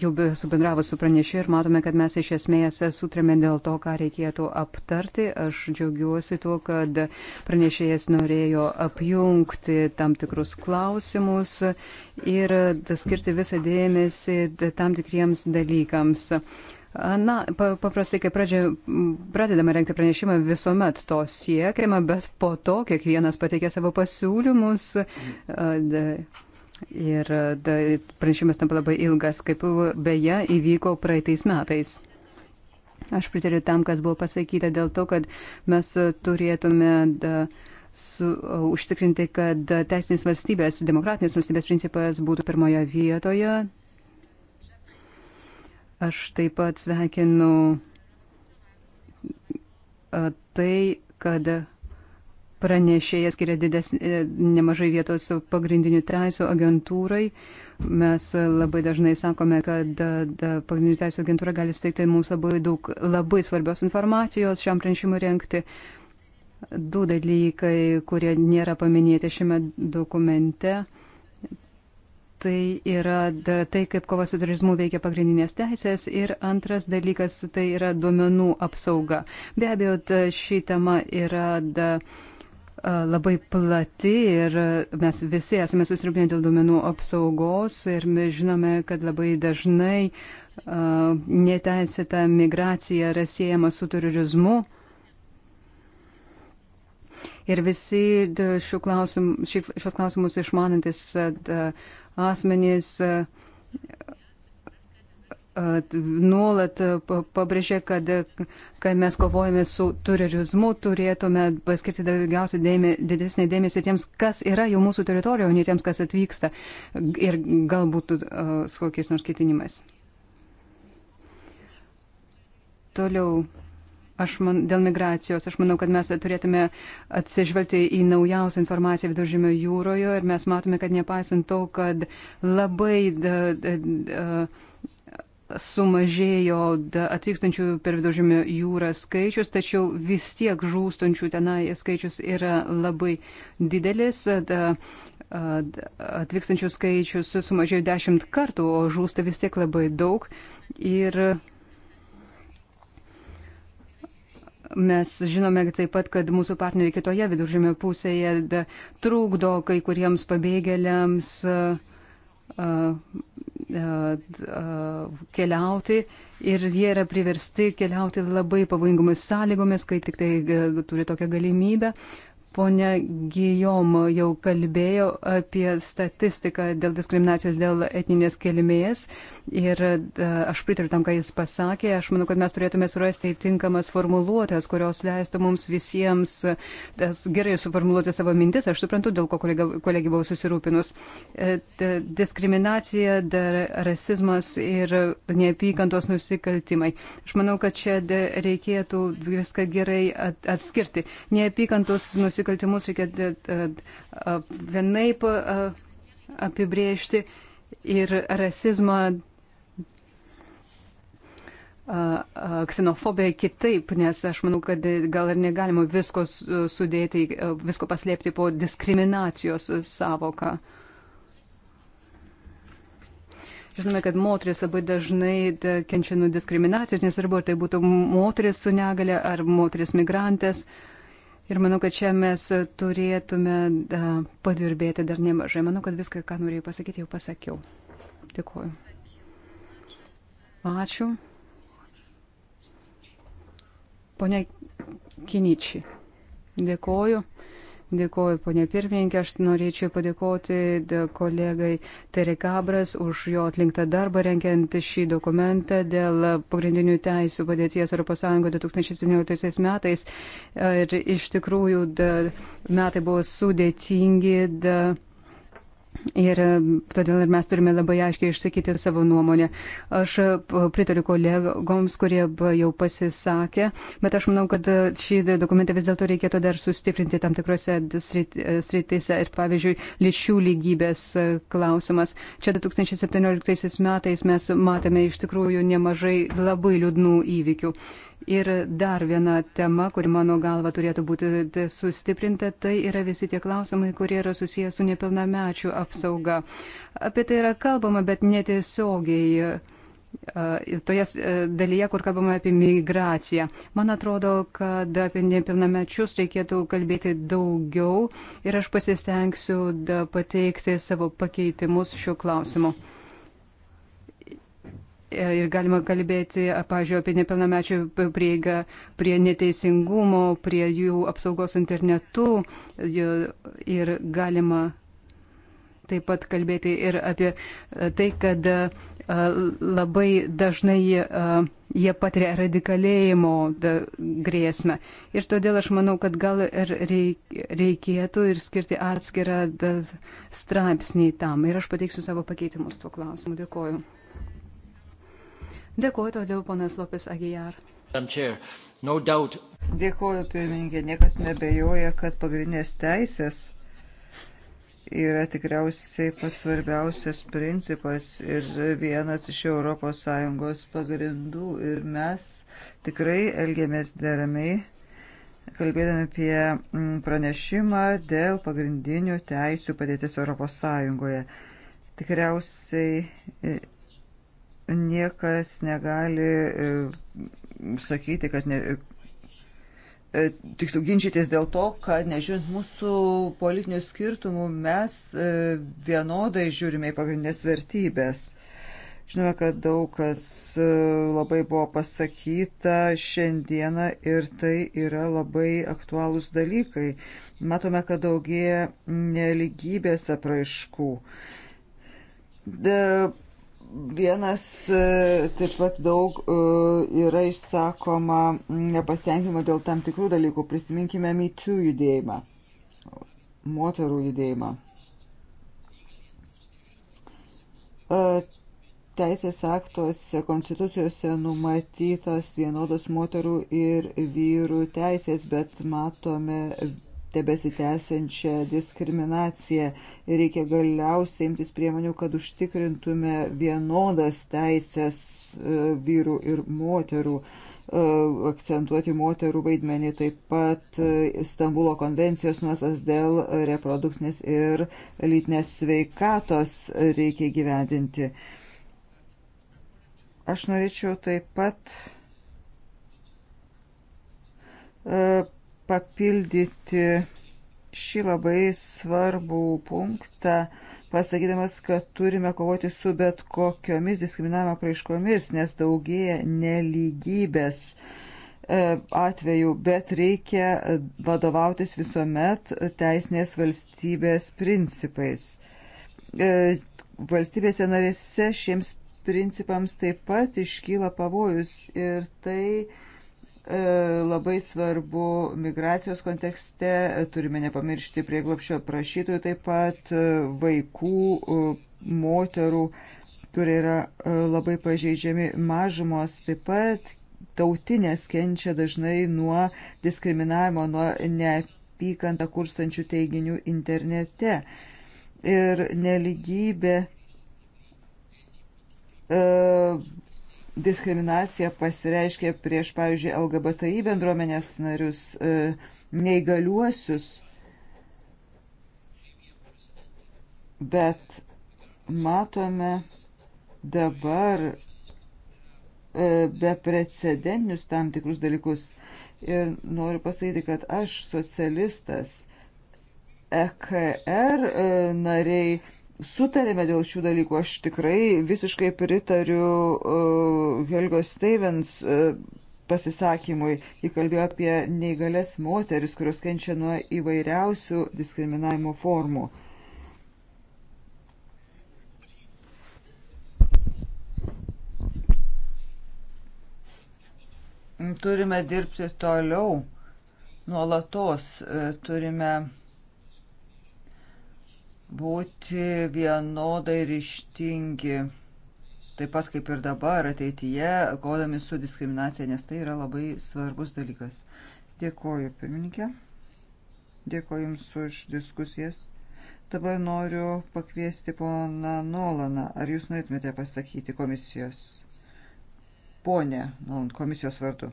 jau subendravau su pranešiu ir matome, kad mes iš esmės sutrėme dėl to, ką reikėtų aptarti. Aš džiaugiuosi tuo, kad pranešėjas norėjo apjungti tam tikrus klausimus ir skirti visą dėmesį tam tikriems dalykams. Na, paprastai, kai pradžia, pradedame renkti pranešimą, visuomet to siekiama, bet po to kiekvienas pateikia savo pasiūlymus. Mm. Ir pranešimas tampa labai ilgas, kaip beje įvyko praeitais metais. Aš pritariu tam, kas buvo pasakyta dėl to, kad mes turėtume da, su, uh, užtikrinti, kad teisinės valstybės, demokratinės valstybės principas būtų pirmoje vietoje. Aš taip pat sveikinu uh, tai, kad pranešėjas skiria dides, e, nemažai vietos pagrindinių teisų agentūrai. Mes labai dažnai sakome, kad da, da, pagrindinių teisų agentūra gali steigti mums labai daug labai svarbios informacijos šiam pranešimui renkti. Du dalykai, kurie nėra paminėti šiame dokumente. Tai yra da, tai, kaip kova su turizmu veikia pagrindinės teisės ir antras dalykas tai yra duomenų apsauga. Be abejo, da, ši tema yra da, uh, E, labai plati ir mes visi esame susirūpinę dėl duomenų apsaugos ir mes žinome, kad labai dažnai e, neteisėta migracija yra siejama su terorizmu. Ir visi šios klausimus, šios klausimus išmanantis e, asmenys nuolat e, pabrėžė, kad, kad mes kovojame su terorizmu, turėtume paskirti daugiausiai dėmė, didesnį dėmesį tiems, kas yra jau mūsų teritorijoje, o ne tiems, kas atvyksta ir galbūt uh, su kokiais nors ketinimais. Toliau. Aš man, dėl migracijos, aš manau, kad mes turėtume atsižvelgti į naujausią informaciją viduržymio jūroje ir mes matome, kad nepaisant to, kad labai da, da, da, sumažėjo atvykstančių per viduržėmio jūrą skaičius, tačiau vis tiek žūstančių tenai skaičius yra labai didelis. Da, atvykstančių skaičius sumažėjo dešimt kartų, o žūsta vis tiek labai daug. Ir Mes žinome taip pat, kad mūsų partneriai kitoje viduržėmio pusėje da, trukdo kai kuriems pabėgėliams uh, keliauti ir jie yra priversti keliauti labai pavojingomis sąlygomis, kai tik tai e, turi tokią galimybę. Pone Gijom jau kalbėjo apie statistiką dėl diskriminacijos dėl etninės kilmės. Uh, Ir e, aš pritariu tam, ką jis pasakė. Aš manau, kad mes turėtume surasti tinkamas formuluotės, kurios leistų mums visiems e, gerai suformuluoti savo mintis. Aš suprantu, dėl ko kolegė buvau susirūpinus. E, diskriminacija, rasizmas ir neapykantos nusikaltimai. Aš manau, kad čia reikėtų viską gerai atskirti. Neapykantos nusikaltimus reikia vienaip apibriežti ir rasizmą ksenofobija kitaip, nes aš manau, kad gal ir negalima visko sudėti, visko paslėpti po diskriminacijos savoką. Žinome, kad moteris labai dažnai kenčia nuo diskriminacijos, nesvarbu, ar tai būtų moteris su negale ar moteris migrantės. Ir manau, kad čia mes turėtume padirbėti dar nemažai. Manau, kad viską, ką norėjau pasakyti, jau pasakiau. Dėkuoju. Ačiū. Pone Kiničiai, dėkoju. Dėkoju, ponė pirmininkė, aš norėčiau padėkoti kolegai Terekabras už jo atlinktą darbą renkiant šį dokumentą dėl pagrindinių teisų padėties Europos Sąjungoje 2017 metais. Ir iš tikrųjų da, metai buvo sudėtingi. Da, Ir e, todėl ir mes turime labai aiškiai išsakyti savo nuomonę. Aš e, pritariu kolegoms, kurie jau pasisakė, bet aš manau, kad e, šį dokumentą vis dėlto reikėtų dar sustiprinti tam tikrose sritise. Ir pavyzdžiui, lyčių lygybės klausimas. Čia 2017 metais mes matėme iš tikrųjų nemažai labai liūdnų įvykių. Ir dar viena tema, kuri mano galva turėtų būti sustiprinta, tai yra visi tie klausimai, kurie yra susijęs su nepilnamečių apsauga. Apie tai yra kalbama, bet netiesiogiai. Toje e, dalyje, kur kalbame apie migraciją. Man atrodo, kad apie nepilnamečius reikėtų kalbėti daugiau ir aš pasistengsiu pateikti savo pakeitimus šiuo klausimu. E, ir galima kalbėti, pažiūrėjau, apie nepilnamečių prieigą prie neteisingumo, prie jų apsaugos internetu. Ir galima taip pat kalbėti ir apie e, tai, kad e, labai dažnai jie patiria radikalėjimo grėsmę. Ir todėl aš manau, kad gal ir reikėtų ir skirti atskirą straipsnį tam. Ir aš pateiksiu savo pakeitimus tuo klausimu. Dėkoju. Dėkuoju todėl, ponas Lopis Agijar. Dėkuoju, pirmininkė, niekas nebejoja, kad pagrindinės teisės yra tikriausiai pats svarbiausias principas ir vienas iš ES pagrindų. Ir mes tikrai elgėmės deramai, kalbėdami apie mm, pranešimą dėl pagrindinių teisių padėtis ES. Tikriausiai e, Niekas negali e, sakyti, kad ne, e, tiksliau ginčytis dėl to, kad nežiūrint mūsų politinių skirtumų, mes e, vienodai žiūrime į pagrindinės vertybės. Žinome, kad daug kas labai buvo pasakyta šiandieną ir tai yra labai aktualūs dalykai. Matome, kad daugėja neligybės apraiškų. De Vienas e, taip pat daug e, yra išsakoma nepasitenkinimo dėl tam tikrų dalykų. Prisiminkime MeToo judėjimą, moterų judėjimą. E, teisės aktuose, konstitucijose numatytos vienodos moterų ir vyrų teisės, bet matome tebesitęsiančią diskriminaciją. Reikia galiausiai imtis priemonių, kad užtikrintume vienodas teisės e, vyrų ir moterų, e, akcentuoti moterų vaidmenį, taip pat e, Stambulo konvencijos nuosas dėl reprodukcinės ir lytinės sveikatos reikia gyvendinti. Aš norėčiau taip pat papildyti šį labai svarbų punktą, pasakydamas, kad turime kovoti su bet kokiomis diskriminavimo praiškomis, nes daugėja nelygybės e, atveju, bet reikia vadovautis visuomet teisinės valstybės principais. E, valstybėse narėse šiems principams taip pat iškyla pavojus ir tai E, labai svarbu migracijos kontekste, turime nepamiršti prieglopšio prašytojų, taip pat e, vaikų, e, moterų, kurie yra labai pažeidžiami mažumos, taip pat tautinės kenčia dažnai nuo diskriminavimo, nuo neapykantą kurstančių teiginių internete. Ir neligybė diskriminacija pasireiškia prieš, pavyzdžiui, LGBTI bendruomenės narius, e, neįgaliuosius. Bet matome dabar e, beprecedentinius tam tikrus dalykus. Ir noriu pasakyti, kad aš socialistas EKR e, nariai sutarėme dėl šių dalykų. Aš tikrai visiškai pritariu uh, Helgos Stevens uh, pasisakymui. Ji kalbėjo apie neįgalias moteris, kurios kenčia nuo įvairiausių diskriminavimo formų. Turime dirbti toliau, nuolatos uh, turime būti vienodai ryštingi, taip pat kaip ir dabar ateityje, kodami su diskriminacija, nes tai yra labai svarbus dalykas. Dėkoju, pirmininkė. Dėkoju Jums už diskusijas. Dabar noriu pakviesti poną Nolaną. Ar Jūs norėtumėte pasakyti komisijos? Pone Nolan, komisijos vardu.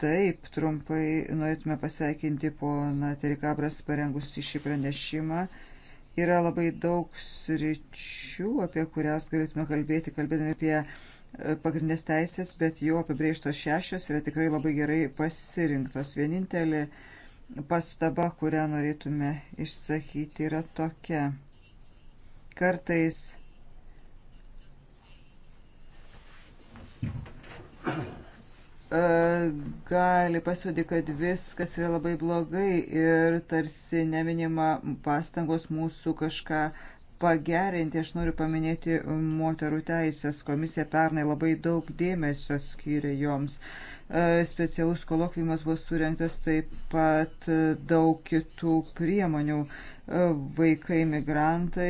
Taip, trumpai norėtume pasveikinti poną Terikabras parengusi šį pranešimą. Yra labai daug sričių, apie kurias galėtume kalbėti, kalbėdami apie e, pagrindinės teisės, bet jau apibrėžtos šešios yra tikrai labai gerai pasirinktos. Vienintelė pastaba, kurią norėtume išsakyti, yra tokia. Kartais E, gali pasiūdyti, kad viskas yra labai blogai ir tarsi neminima pastangos mūsų kažką pagerinti. Aš noriu paminėti moterų teisės. Komisija pernai labai daug dėmesio skyrė joms. E, specialus kolokvimas buvo surinktas taip pat daug kitų priemonių. E, vaikai migrantai,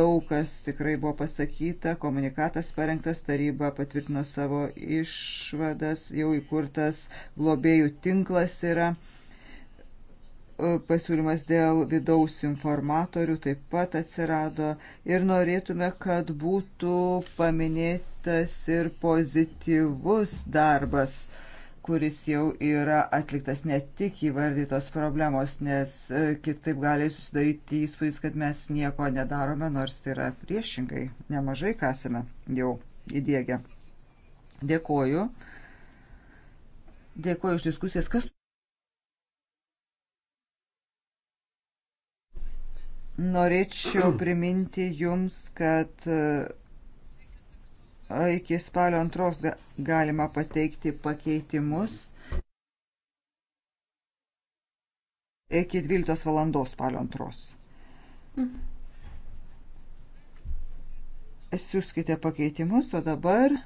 daug kas tikrai buvo pasakyta, komunikatas parengtas, taryba patvirtino savo išvadas, jau įkurtas globėjų tinklas yra pasiūlymas dėl vidaus informatorių taip pat atsirado ir norėtume, kad būtų paminėtas ir pozityvus darbas kuris jau yra atliktas ne tik įvardytos problemos, nes e, kitaip gali susidaryti įspūdis, kad mes nieko nedarome, nors tai yra priešingai, nemažai kasame jau įdėgę. Dėkoju. Dėkoju už diskusijas. Kas Norėčiau priminti jums, kad e, iki spalio antros galima pateikti pakeitimus. Iki 12 valandos spalio antros. Siūskite pakeitimus, o dabar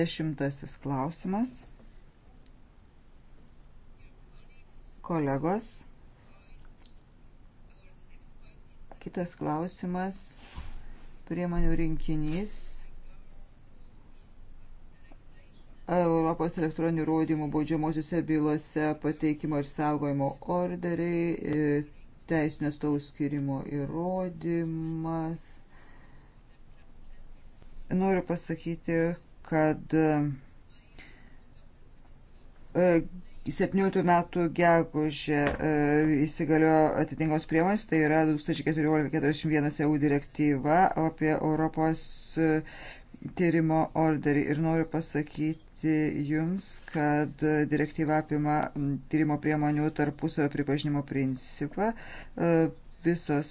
dešimtasis klausimas. Kolegos Kitas klausimas - priemonių rinkinys Europos elektroninių rodymų baudžiamosiuose bylose pateikimo ir saugojimo orderiai, e, teisinio stovų skirimo įrodymas. Noriu pasakyti, kad e, 17 metų gegužė e, įsigaliojo atitinkamos priemonės, tai yra 2014-41 EU direktyva apie Europos e, tyrimo orderį. Ir noriu pasakyti Jums, kad direktyva apima tyrimo priemonių tarpusavio pripažinimo principą. E, visos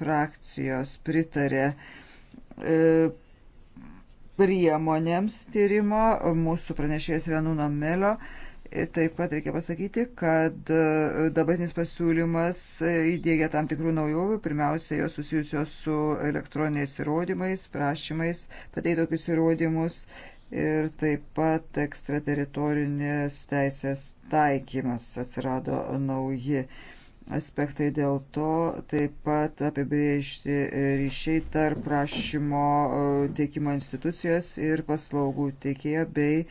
frakcijos pritarė priemonėms tyrimo. Mūsų pranešėjas yra Nuno Melio. Taip pat reikia pasakyti, kad e, dabartinis pasiūlymas e, įdėgia tam tikrų naujovių, pirmiausia, jos susijusios su elektroniniais įrodymais, prašymais pateikti tokius įrodymus ir taip pat ekstrateritorinės teisės taikymas atsirado nauji aspektai dėl to, taip pat apibriežti ryšiai tarp prašymo e, teikimo institucijos ir paslaugų teikėjo bei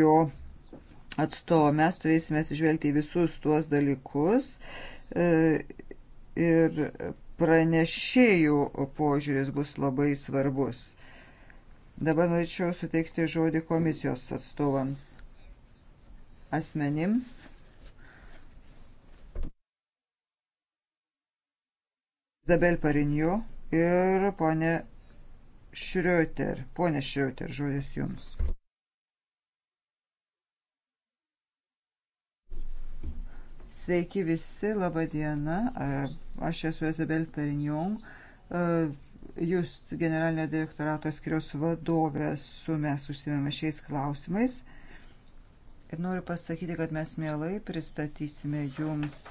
jo atstovo. Mes turėsime žvelgti visus tuos dalykus e, ir pranešėjų požiūris bus labai svarbus. Dabar norėčiau suteikti žodį komisijos atstovams asmenims. Zabel Parinjo ir ponė Šrioter. Ponė Šrioter, žodis jums. Sveiki visi, laba diena. Aš esu Izabel Perignon, jūs generalinio direktorato skiriaus vadovė, su mes užsimėme šiais klausimais. Ir noriu pasakyti, kad mes mielai pristatysime jums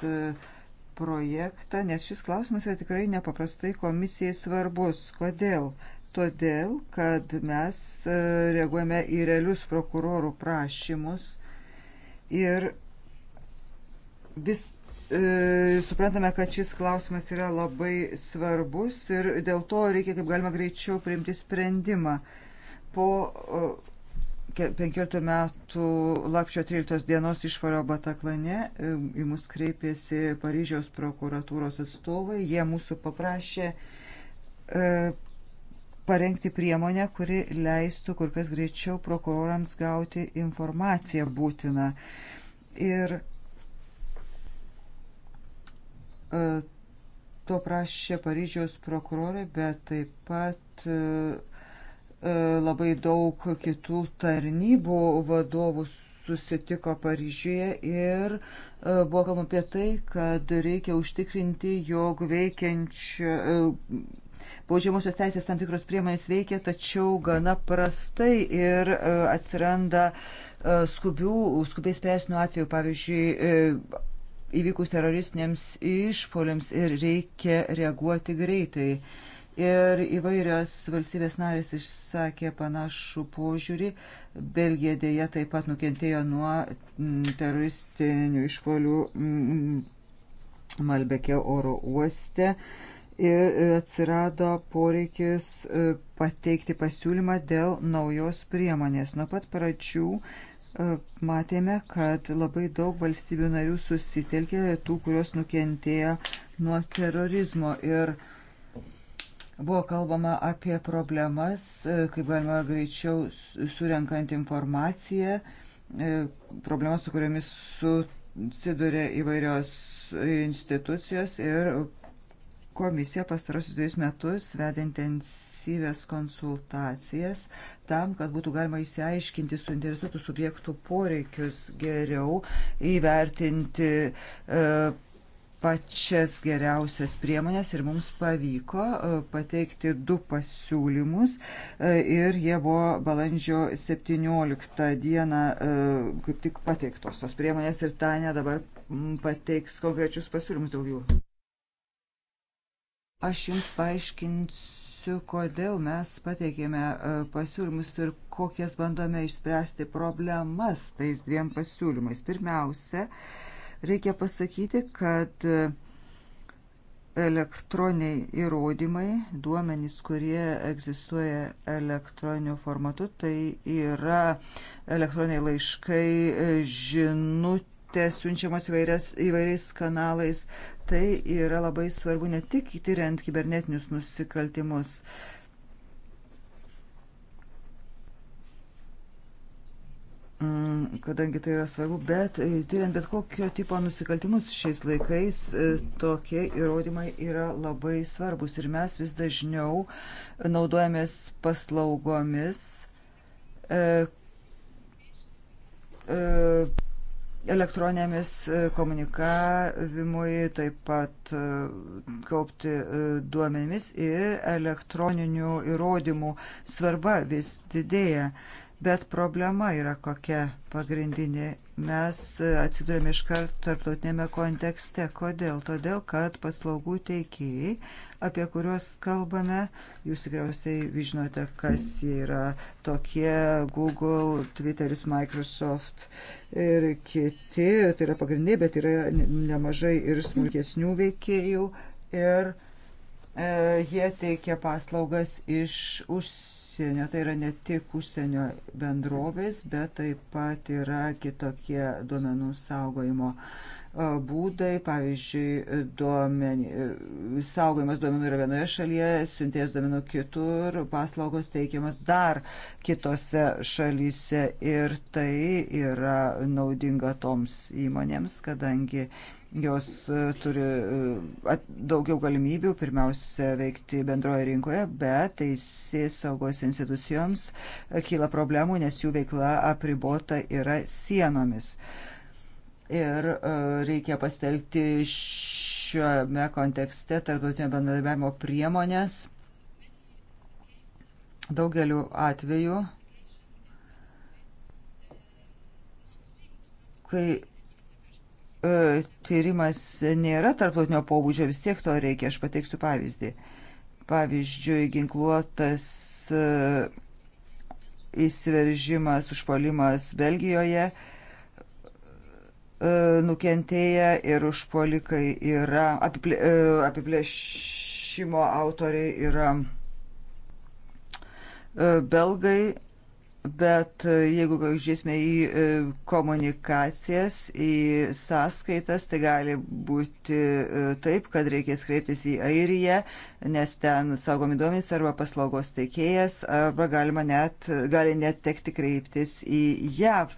projektą, nes šis klausimas yra tikrai nepaprastai komisijai svarbus. Kodėl? Todėl, kad mes reaguojame į realius prokurorų prašymus ir Vis e, suprantame, kad šis klausimas yra labai svarbus ir dėl to reikia kaip galima greičiau priimti sprendimą. Po e, 15 metų lapčio 13 dienos išvaro Bataklane e, į mus kreipėsi Paryžiaus prokuratūros atstovai. Jie mūsų paprašė e, parengti priemonę, kuri leistų kur kas greičiau prokurorams gauti informaciją būtiną. Ir e, E, to prašė Paryžiaus prokurorė, bet taip pat e, e, labai daug kitų tarnybų vadovų susitiko Paryžiuje ir buvo kalbama apie tai, kad reikia užtikrinti, jog veikiančio baudžiamosios teisės tam tikros priemonės veikia, tačiau gana prastai ir atsiranda skubių, skubiai spręsnių atveju, pavyzdžiui, įvykus teroristiniams išpoliams ir reikia reaguoti greitai. Ir įvairios valstybės narės išsakė panašų požiūrį. Belgija dėja taip pat nukentėjo nuo teroristinių išpolių Malbekė oro uoste. Ir atsirado poreikis e, pateikti pasiūlymą dėl naujos priemonės. Nuo pat pradžių E, matėme, kad labai daug valstybių narių susitelkė tų, kurios nukentėjo nuo terorizmo. Ir buvo kalbama apie problemas, e, kaip galima greičiau surenkant informaciją, e, problemas, su kuriomis susiduria įvairios institucijos ir Komisija pastarosius dviejus metus vedė intensyvės konsultacijas tam, kad būtų galima įsiaiškinti suinteresuotų subjektų poreikius geriau, įvertinti e, pačias geriausias priemonės ir mums pavyko e, pateikti du pasiūlymus e, ir jie buvo balandžio 17 dieną e, kaip tik pateiktos tos priemonės ir Tania dabar pateiks konkrečius pasiūlymus dėl jų. Aš Jums paaiškinsiu, kodėl mes pateikėme e, pasiūlymus ir kokias bandome išspręsti problemas tais dviem pasiūlymais. Pirmiausia, reikia pasakyti, kad e, elektroniniai įrodymai, duomenys, kurie egzistuoja elektroniniu formatu, tai yra elektroniniai laiškai, e, žinutės siunčiamas įvairias, įvairiais kanalais, Tai yra labai svarbu ne tik įtyriant kibernetinius nusikaltimus. Mm, kadangi tai yra svarbu, bet e, tyriant bet kokio tipo nusikaltimus šiais laikais, e, tokie įrodymai yra labai svarbus ir mes vis dažniau naudojamės paslaugomis, e, elektroninėmis e, komunikavimui, taip pat e, kaupti e, duomenimis ir elektroninių įrodymų svarba vis didėja. Bet problema yra kokia pagrindinė. Mes atsidurėme iškart tarptautinėme kontekste. Kodėl? Todėl, kad paslaugų teikėjai apie kuriuos kalbame. Jūs tikriausiai žinote, kas jie yra tokie - Google, Twitteris, Microsoft ir kiti. Tai yra pagrindiniai, bet yra nemažai ir smulkesnių veikėjų. Ir e, jie teikia paslaugas iš užsienio. Tai yra ne tik užsienio bendrovės, bet taip pat yra kitokie duomenų saugojimo. E, būdai, pavyzdžiui, duomenį, saugojimas duomenų yra vienoje šalyje, siuntėjas duomenų kitur, paslaugos teikiamas dar kitose šalyse ir tai yra naudinga toms įmonėms, kadangi jos e, turi e, daugiau galimybių pirmiausia veikti bendroje rinkoje, bet teisės saugos institucijoms e, kyla problemų, nes jų veikla apribota yra sienomis. Uh, ir e, reikia pastelgti šiame kontekste tarptautinio bendradarbiavimo priemonės. Daugeliu atveju, kai e, tyrimas nėra tarptautinio pobūdžio, vis tiek to reikia. Aš pateiksiu pavyzdį. Pavyzdžiui, ginkluotas e, įsiveržimas, užpolimas Belgijoje E, nukentėję ir užpolikai yra, e, apiplėšimo autoriai yra e, belgai Bet e, jeigu žiūrėsime į e, komunikacijas, į sąskaitas, tai gali būti e, taip, kad reikės kreiptis į Airiją, nes ten saugomi duomenys arba paslaugos teikėjas, arba galima net, gali net tekti kreiptis į JAV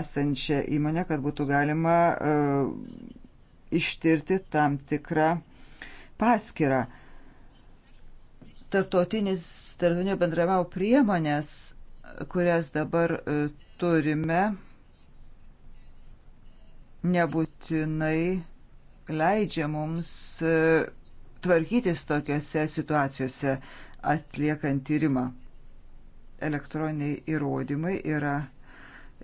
esančią įmonę, kad būtų galima uh, ištirti tam tikrą paskirą. Tarptautinis, tarptautinio bendravimo priemonės kurias dabar e, turime, nebūtinai leidžia mums e, tvarkytis tokiuose situacijose atliekant tyrimą. Elektroniniai įrodymai yra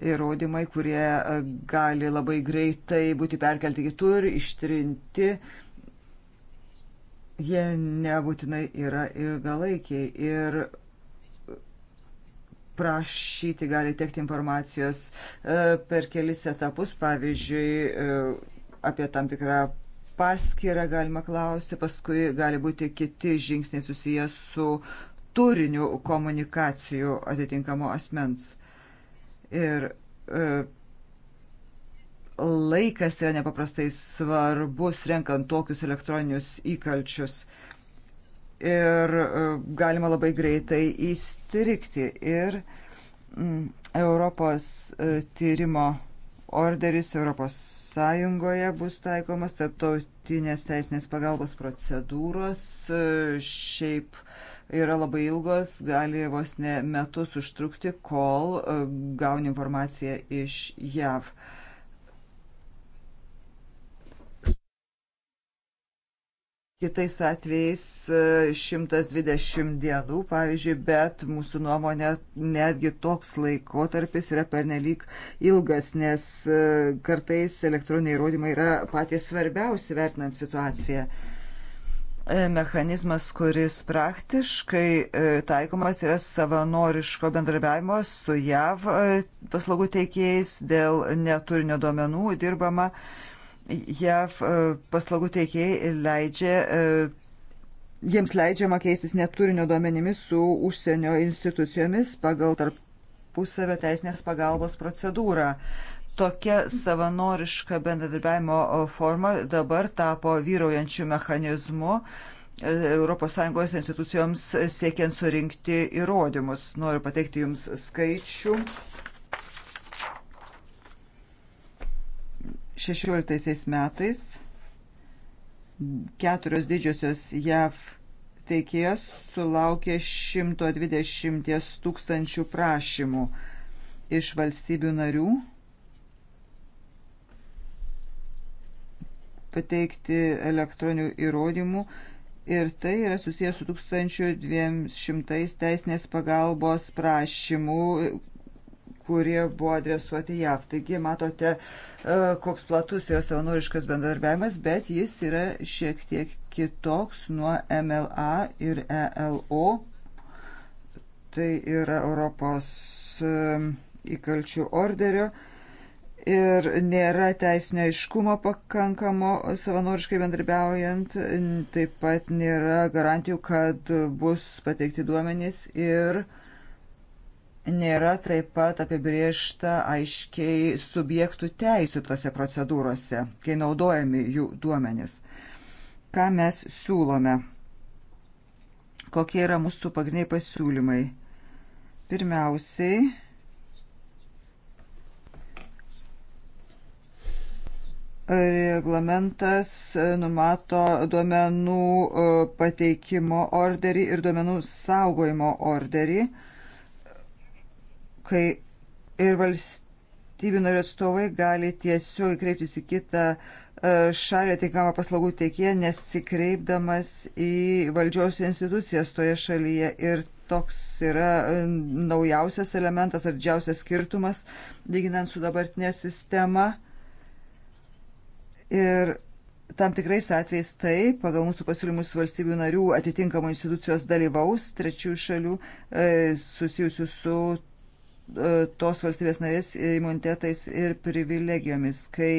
įrodymai, kurie e, gali labai greitai būti perkelti kitur, ištrinti. Jie nebūtinai yra ilgalaikiai ir prašyti gali tekti informacijos e, per kelis etapus, pavyzdžiui, e, apie tam tikrą paskyrą galima klausti, paskui gali būti kiti žingsniai susijęs su turiniu komunikacijų atitinkamo asmens. Ir e, laikas yra nepaprastai svarbus renkant tokius elektroninius įkalčius. E, ir e, galima labai greitai įstrikti. Ir mm, Europos e, tyrimo orderis Europos Sąjungoje bus taikomas tarptautinės teisinės pagalbos procedūros. E, šiaip yra labai ilgos, gali vos ne metus užtrukti, kol gauni informaciją iš JAV. Kitais atvejais 120 e, dienų, pavyzdžiui, bet mūsų nuomonė netgi toks laikotarpis yra pernelyg ilgas, nes e, kartais elektroniniai įrodymai yra patys svarbiausi vertinant situaciją. E, mechanizmas, kuris praktiškai taikomas yra savanoriško bendrabiavimo su JAV paslaugų teikėjais dėl neturinio duomenų dirbama. JAV e, paslaugų teikėjai leidžia e, jiems leidžiama keistis net turinio duomenimis su užsienio institucijomis pagal tarpusavio teisinės pagalbos procedūrą. Tokia savanoriška bendradarbiavimo forma dabar tapo vyraujančių mechanizmų. E, ES institucijoms siekiant surinkti įrodymus. Noriu pateikti Jums skaičių. 16 metais keturios didžiosios JAV teikėjos sulaukė 120 tūkstančių prašymų iš valstybių narių pateikti elektroninių įrodymų ir tai yra susijęs su 1200 teisinės pagalbos prašymų, kurie buvo adresuoti JAV. Taigi matote, e, koks platus yra savanoriškas bendradarbiavimas, bet jis yra šiek tiek kitoks nuo MLA ir ELO. Tai yra Europos e, įkalčių orderio ir nėra teisinio aiškumo pakankamo savanoriškai bendrabiaujant, taip pat nėra garantijų, kad bus pateikti duomenys ir nėra taip pat apibriešta aiškiai subjektų teisų tose procedūrose, kai naudojami jų duomenys. Ką mes siūlome? Kokie yra mūsų pagrindiniai pasiūlymai? Pirmiausiai, reglamentas numato duomenų e, pateikimo orderį ir duomenų saugojimo orderį kai ir valstybių narių atstovai gali tiesiog kreiptis į kitą e, šalį atitinkamą paslaugų teikėją, nesikreipdamas į valdžios institucijas toje šalyje. Ir toks yra e, naujausias elementas ar didžiausias skirtumas, lyginant su dabartinė sistema. Ir Tam tikrais atvejais tai, pagal mūsų pasiūlymus valstybių narių atitinkamų institucijos dalyvaus trečiųjų šalių e, susijusių su E, tos valstybės narės imunitetais ir privilegijomis, kai,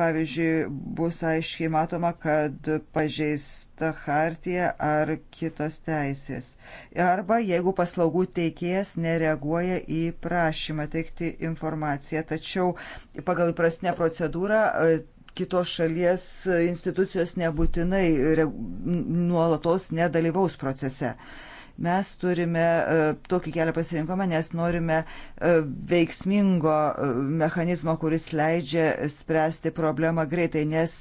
pavyzdžiui, bus aiškiai matoma, kad pažeista hartija ar kitos teisės. Arba jeigu paslaugų teikėjas nereaguoja į prašymą teikti informaciją, tačiau pagal įprastinę procedūrą e, kitos šalies institucijos nebūtinai nuolatos nedalyvaus procese. Mes turime e, tokį kelią pasirinkome, nes norime e, veiksmingo e, mechanizmo, kuris leidžia spręsti problemą greitai, nes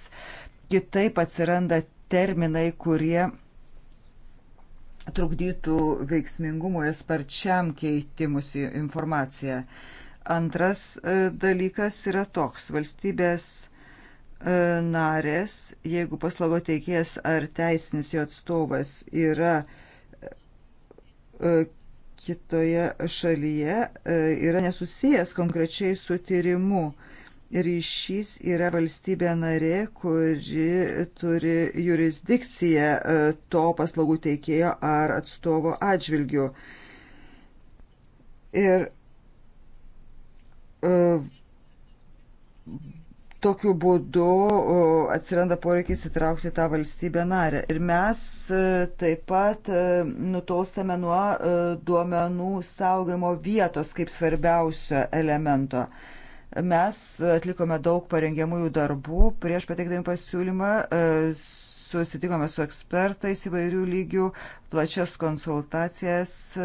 kitaip atsiranda terminai, kurie trukdytų veiksmingumui sparčiam keitimusi informaciją. Antras dalykas yra toks. Valstybės narės, jeigu paslaugos teikėjas ar teisinis jo atstovas yra uh, E, kitoje šalyje e, yra nesusijęs konkrečiai su tyrimu. Ryšys yra valstybė narė, kuri turi jurisdikciją e, to paslaugų teikėjo ar atstovo atžvilgių. Ir tokiu būdu atsiranda poreikis įtraukti tą valstybę narę. Ir mes e, taip pat e, nutolstame nuo e, duomenų saugojimo vietos kaip svarbiausio elemento. Mes atlikome daug parengiamųjų darbų prieš pateikdami pasiūlymą susitikome su ekspertais įvairių lygių, plačias konsultacijas e,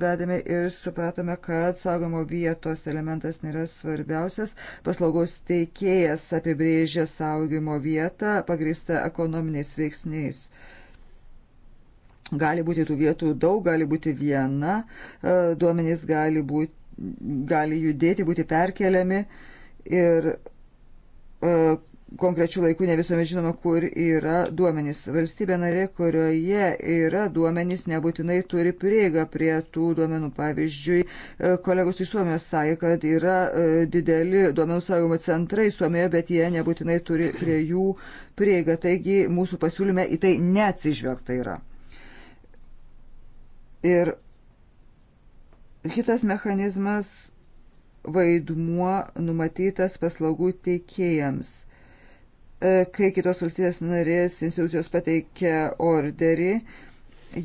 vedėme ir supratome, kad saugomo vietos elementas nėra svarbiausias. Paslaugos teikėjas apibrėžia saugimo vietą pagrįstą ekonominiais veiksniais. Gali būti tų vietų daug, gali būti viena, e, duomenys gali, būti, gali judėti, būti perkeliami ir e, konkrečių laikų ne visuomet žinoma, kur yra duomenys. Valstybė narė, kurioje yra duomenys, nebūtinai turi prieigą prie tų duomenų. Pavyzdžiui, e, kolegos iš Suomijos sakė, kad yra e, dideli duomenų saugumo centrai Suomijoje, bet jie nebūtinai turi prie jų prieigą. Taigi mūsų pasiūlyme į tai neatsižvelgta yra. Ir kitas mechanizmas vaidmuo numatytas paslaugų teikėjams – E, kai kitos valstybės narės institucijos pateikia orderį,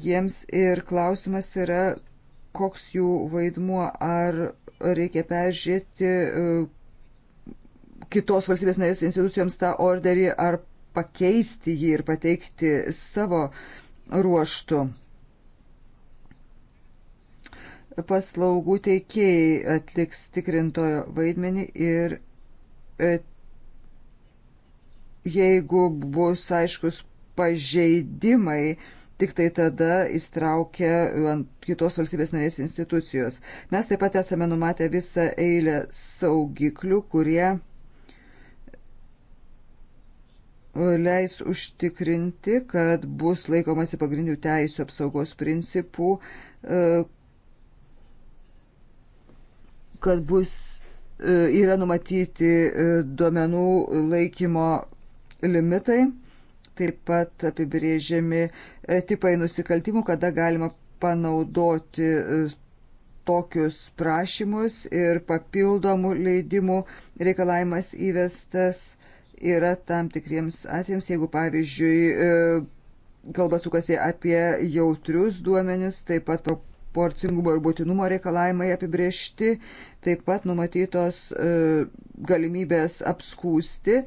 jiems ir klausimas yra, koks jų vaidmuo, ar reikia peržiūrėti e, kitos valstybės narės institucijoms tą orderį, ar pakeisti jį ir pateikti savo ruoštų paslaugų teikėjai atliks tikrintojo vaidmenį ir e, jeigu bus aiškus pažeidimai, tik tai tada įstraukia ant kitos valstybės narės institucijos. Mes taip pat esame numatę visą eilę saugiklių, kurie leis užtikrinti, kad bus laikomasi pagrindinių teisų apsaugos principų, e, kad bus e, yra numatyti e, duomenų laikymo limitai, taip pat apibrėžiami e, tipai nusikaltimų, kada galima panaudoti e, tokius prašymus ir papildomų leidimų reikalavimas įvestas yra tam tikriems atvejams, jeigu pavyzdžiui e, kalba sukasi apie jautrius duomenis, taip pat proporcingumo ir būtinumo reikalavimai apibriešti, taip pat numatytos galimybės apskūsti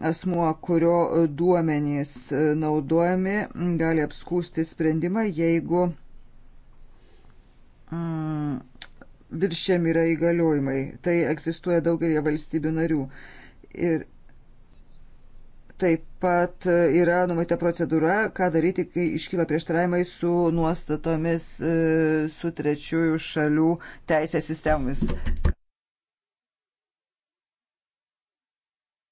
asmuo, kurio duomenys naudojami, gali apskūsti sprendimą, jeigu mm, viršėm yra įgaliojimai. Tai egzistuoja daugelie valstybių narių. Ir taip pat yra numatyta procedūra, ką daryti, kai iškyla prieštaravimai su nuostatomis e, su trečiųjų šalių teisės sistemomis.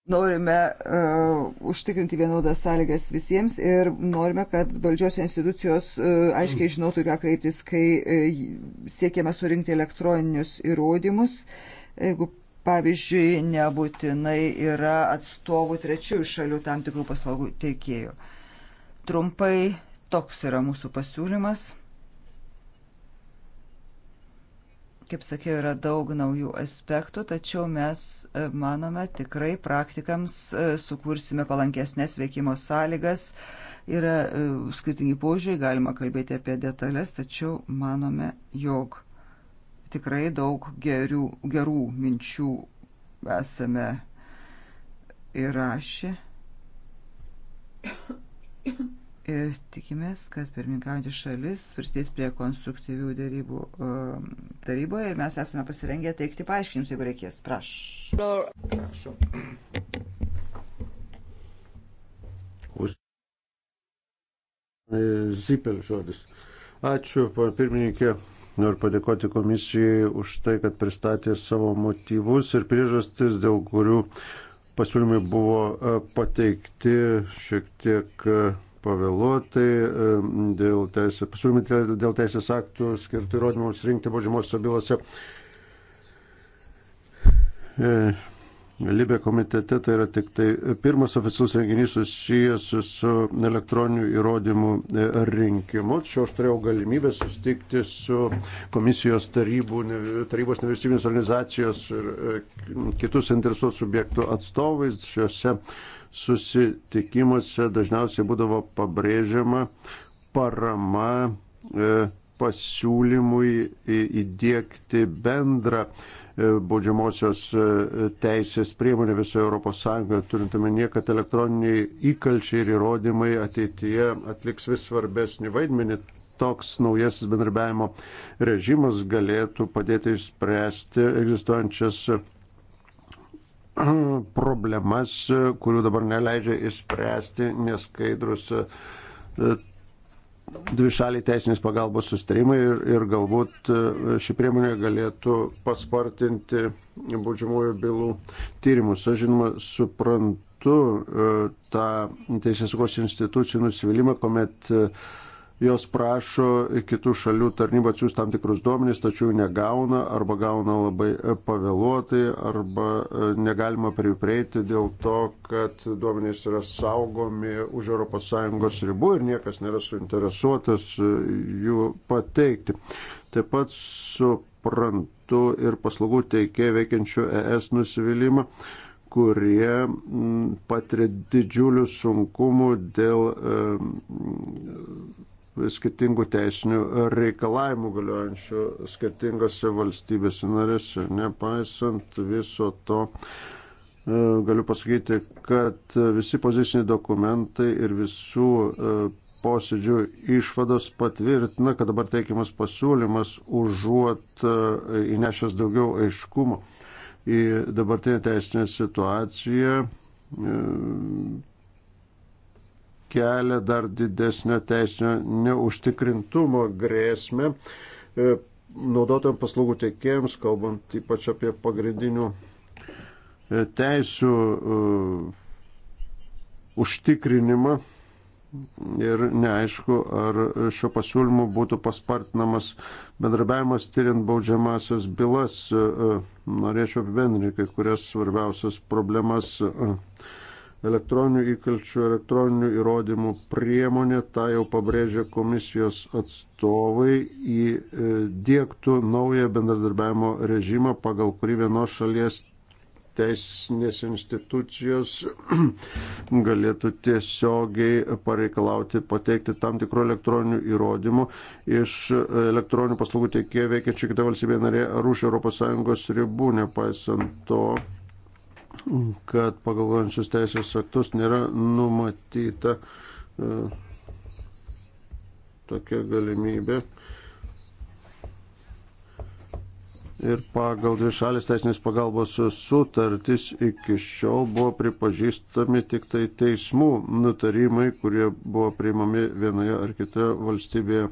norime uh, užtikrinti vienodas sąlygas visiems ir norime, kad valdžios institucijos uh, aiškiai žinotų, ką kreiptis, kai uh, e, siekiame surinkti elektroninius įrodymus. Jeigu, pavyzdžiui, nebūtinai yra atstovų trečiųjų šalių tam tikrų paslaugų teikėjų. Trumpai toks yra mūsų pasiūlymas. kaip sakiau, yra daug naujų aspektų, tačiau mes e, manome tikrai praktikams e, sukursime palankesnės veikimo sąlygas. Yra e, skirtingi požiūriai, galima kalbėti apie detalės, tačiau manome, jog tikrai daug gerių, gerų minčių esame įrašę. Ir tikimės, kad pirmininkaujantį šalis prisidės prie konstruktyvių dėrybų um, taryboje ir mes esame pasirengę teikti paaiškinimus, jeigu reikės. Prašau. Prašau. Zipel žodis. Ačiū, pirmininkė. Noriu padėkoti komisijai už tai, kad pristatė savo motyvus ir priežastis, dėl kurių pasiūlymai buvo e, pateikti šiek tiek e, pavėluotai e, dėl teisės, pasiūlymai dėl teisės aktų skirtų įrodymams rinkti baudžiamosios bylose. E, Libė komitete tai yra tik tai pirmas oficialus renginys susijęs su elektroniniu įrodymų e, rinkimu. Čia aš turėjau galimybę sustikti su komisijos tarybų, tarybos nevyriausybinės organizacijos ir kitus interesuotų subjektų atstovais šiuose susitikimuose dažniausiai būdavo pabrėžiama parama e, pasiūlymui įdėkti bendrą e, baudžiamosios e, teisės priemonė visoje Europos Sąjungoje, turint omenyje, kad elektroniniai įkalčiai ir įrodymai ateityje atliks vis svarbesnį vaidmenį. Toks naujasis bendrabiavimo režimas galėtų padėti išspręsti egzistuojančias problemas, kurių dabar neleidžia įspręsti neskaidrus e, dvišaliai teisinės pagalbos sustarimai ir, ir galbūt e, ši priemonė galėtų paspartinti baudžiamųjų bylų tyrimus. Aš žinoma suprantu e, tą teisės saugos institucijų nusivylimą, kuomet uh, jos prašo kitų šalių tarnybą atsiųsti tam tikrus duomenys, tačiau negauna arba gauna labai pavėluotai arba e, negalima prie jų prieiti dėl to, kad duomenys yra saugomi už ES ribų ir niekas nėra suinteresuotas e, jų pateikti. Taip pat suprantu ir paslaugų teikėjų veikiančių ES nusivylimą kurie patiria didžiulių sunkumų dėl e, skirtingų teisinių reikalavimų galiojančių skirtingose valstybėse narėse. Nepaisant viso to, e, galiu pasakyti, kad visi poziciniai dokumentai ir visų e, posėdžių išvados patvirtina, kad dabar teikiamas pasiūlymas užuot e, įnešęs daugiau aiškumo į dabartinę teisinę situaciją kelia dar didesnio teisinio neužtikrintumo grėsmę e, naudotojams paslaugų tiekėjams, kalbant ypač apie pagrindinių e, teisų e, užtikrinimą. Ir neaišku, ar šio pasiūlymu būtų paspartinamas bendrabiavimas tyriant baudžiamasias bylas. Norėčiau apibendrinti kai kurias svarbiausias problemas. Uh, elektroninių įkalčių, elektroninių įrodymų priemonė, tą jau pabrėžia komisijos atstovai, įdėktų e, naują bendradarbiavimo režimą, pagal kurį vienos šalies teisinės institucijos galėtų tiesiogiai pareikalauti pateikti tam tikrų elektroninių įrodymų iš elektroninių paslaugų tiekėjo veikiančių kitą valstybę narė ar už ES ribų, nepaisant to, kad pagalvojančius teisės aktus nėra numatyta e, tokia galimybė ir pagal dvi šalis teisinės pagalbos sutartis iki šiol buvo pripažįstami tik tai teismų nutarimai, kurie buvo priimami vienoje ar kitoje valstybėje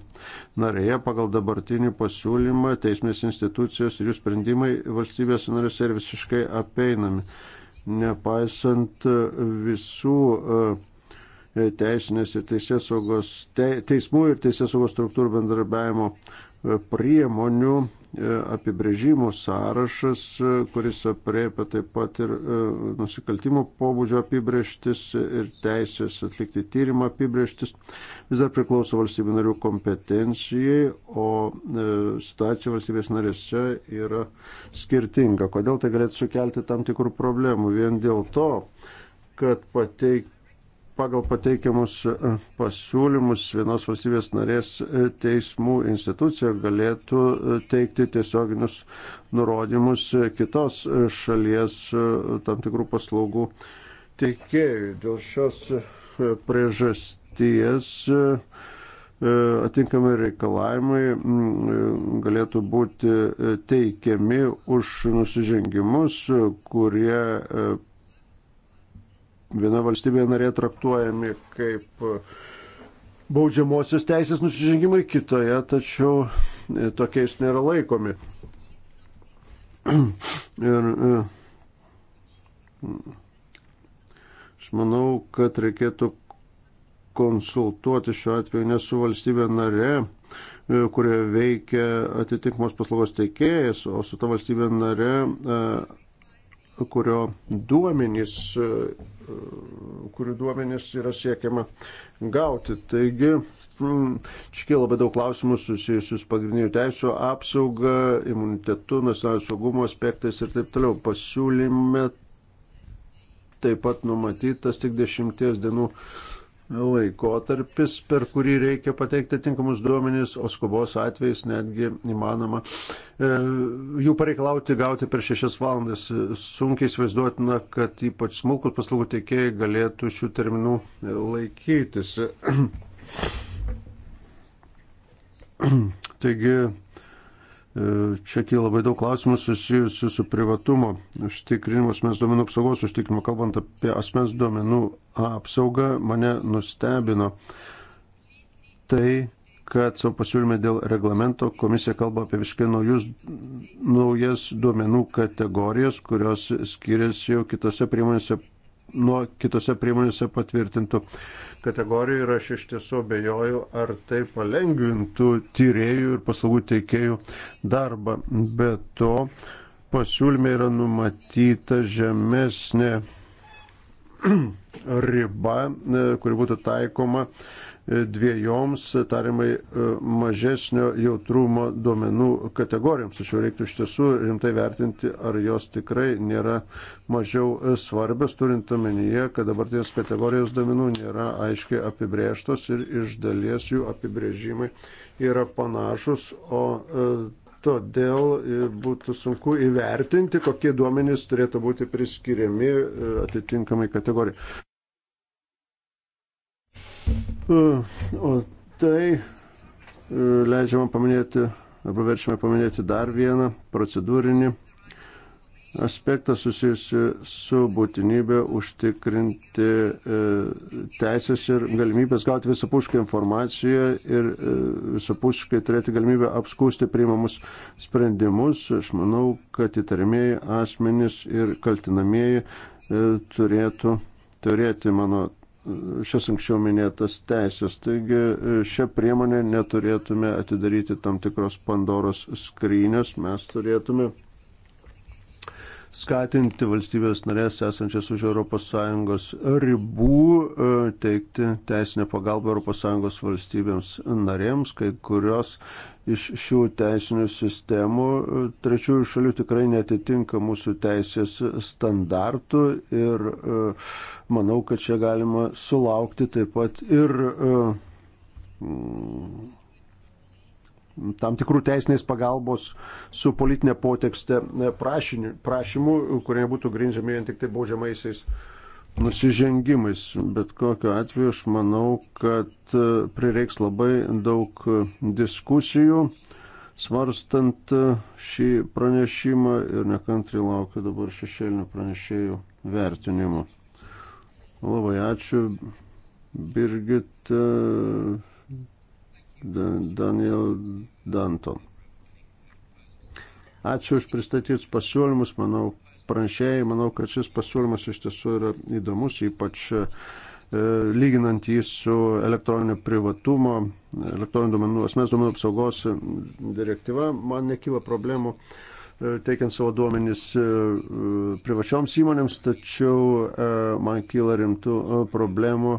narėje. Pagal dabartinį pasiūlymą teismės institucijos ir jų sprendimai valstybės narėse yra visiškai apeinami. Nepaisant visų uh, teisinės ir teisės saugos, te, teismų ir teisės saugos struktūrų bendrabiavimo e, priemonių E, apibrėžimų sąrašas, e, kuris apriepia taip pat ir e, nusikaltimo pobūdžio apibrėžtis ir teisės atlikti tyrimą apibrėžtis, vis dar priklauso valstybių narių kompetencijai, o situacija valstybės narėse yra skirtinga. Kodėl tai galėtų sukelti tam tikrų problemų? Vien dėl to, kad pateikti pagal pateikiamus e, pasiūlymus vienos valstybės narės e, teismų institucija galėtų e, teikti tiesioginius nurodymus kitos šalies tam tikrų paslaugų teikėjui. Dėl šios priežasties atinkami reikalavimai galėtų būti teikiami už nusižengimus, kurie viena valstybė narė traktuojami kaip baudžiamosios teisės nusižengimai, kitoje tačiau e, tokiais nėra laikomi. ir, e, aš manau, kad reikėtų konsultuoti šiuo atveju ne su valstybė narė, e, kurioje veikia atitinkamos paslaugos teikėjas, o su ta valstybė narė, kurio duomenys kurių duomenys yra siekiama gauti. Taigi, mm, čia kyla labai daug klausimų susijusius pagrindinių teisų apsauga, imunitetu, nacionalinio saugumo aspektais ir taip toliau. Pasiūlyme taip pat numatytas tik dešimties dienų laikotarpis, per kurį reikia pateikti tinkamus duomenys, o skubos atvejais netgi įmanoma e, jų pareikalauti gauti per šešias valandas. Sunkiai įsivaizduotina, kad ypač smulkus paslaugų teikėjai galėtų šių terminų laikytis. Taigi E, čia kyla labai daug klausimų susijusių su privatumo užtikrinimu, asmens duomenų apsaugos užtikrinimu. Kalbant apie asmens duomenų apsaugą, mane nustebino tai, kad savo pasiūlymę dėl reglamento komisija kalba apie visiškai naujus, naujas duomenų kategorijas, kurios skiriasi jau kitose priemonėse nuo kitose priemonėse patvirtintų kategorijų ir aš iš tiesų bejoju, ar tai palengvintų tyriejų ir paslaugų teikėjų darbą. Be to, pasiūlyme yra numatyta žemesnė riba, e, kuri būtų taikoma dviejoms tariamai e, mažesnio jautrumo duomenų kategorijoms. Tačiau reiktų iš tiesų rimtai vertinti, ar jos tikrai nėra mažiau e, svarbios, turint omenyje, kad dabartinės kategorijos duomenų nėra aiškiai apibrėžtos ir iš dalies jų apibrėžimai yra panašus, o e, todėl būtų sunku įvertinti, kokie duomenys turėtų būti priskiriami atitinkamai kategorijai. E, o tai e, leidžiama paminėti, arba verčiame paminėti dar vieną procedūrinį aspektą susijusi su būtinybė užtikrinti e, teisės ir galimybės gauti visapušką informaciją ir visapuškai turėti galimybę apskūsti priimamus sprendimus. Aš manau, kad įtarimieji asmenys ir kaltinamieji turėtų turėti mano šias anksčiau minėtas teisės. Taigi e, šią priemonę neturėtume atidaryti tam tikros Pandoros skrynios, mes turėtume skatinti valstybės narės esančias už ES ribų e, teikti teisinę pagalbą ES valstybėms narėms, kai kurios iš šių teisinių sistemų e, trečiųjų šalių tikrai netitinka mūsų teisės standartų ir e, manau, kad čia galima sulaukti taip pat ir tam tikrų teisinės pagalbos su politinė potekste e, prašymų, kurie būtų grindžiami vien tik tai baudžiamaisiais nusižengimais. Bet kokiu atveju aš manau, kad e, prireiks labai daug e, diskusijų svarstant šį pranešimą ir nekantriai laukiu dabar šešėlinių pranešėjų vertinimo. Labai ačiū, Birgit. Daniel Danton. Ačiū už pristatytus pasiūlymus, manau, pranešėjai, manau, kad šis pasiūlymas iš tiesų yra įdomus, ypač e, lyginant jį su elektroninio privatumo, elektroninių duomenų, asmens duomenų apsaugos direktyva, man nekyla problemų e, teikiant savo duomenys e, privačioms įmonėms, tačiau e, man kyla rimtų problemų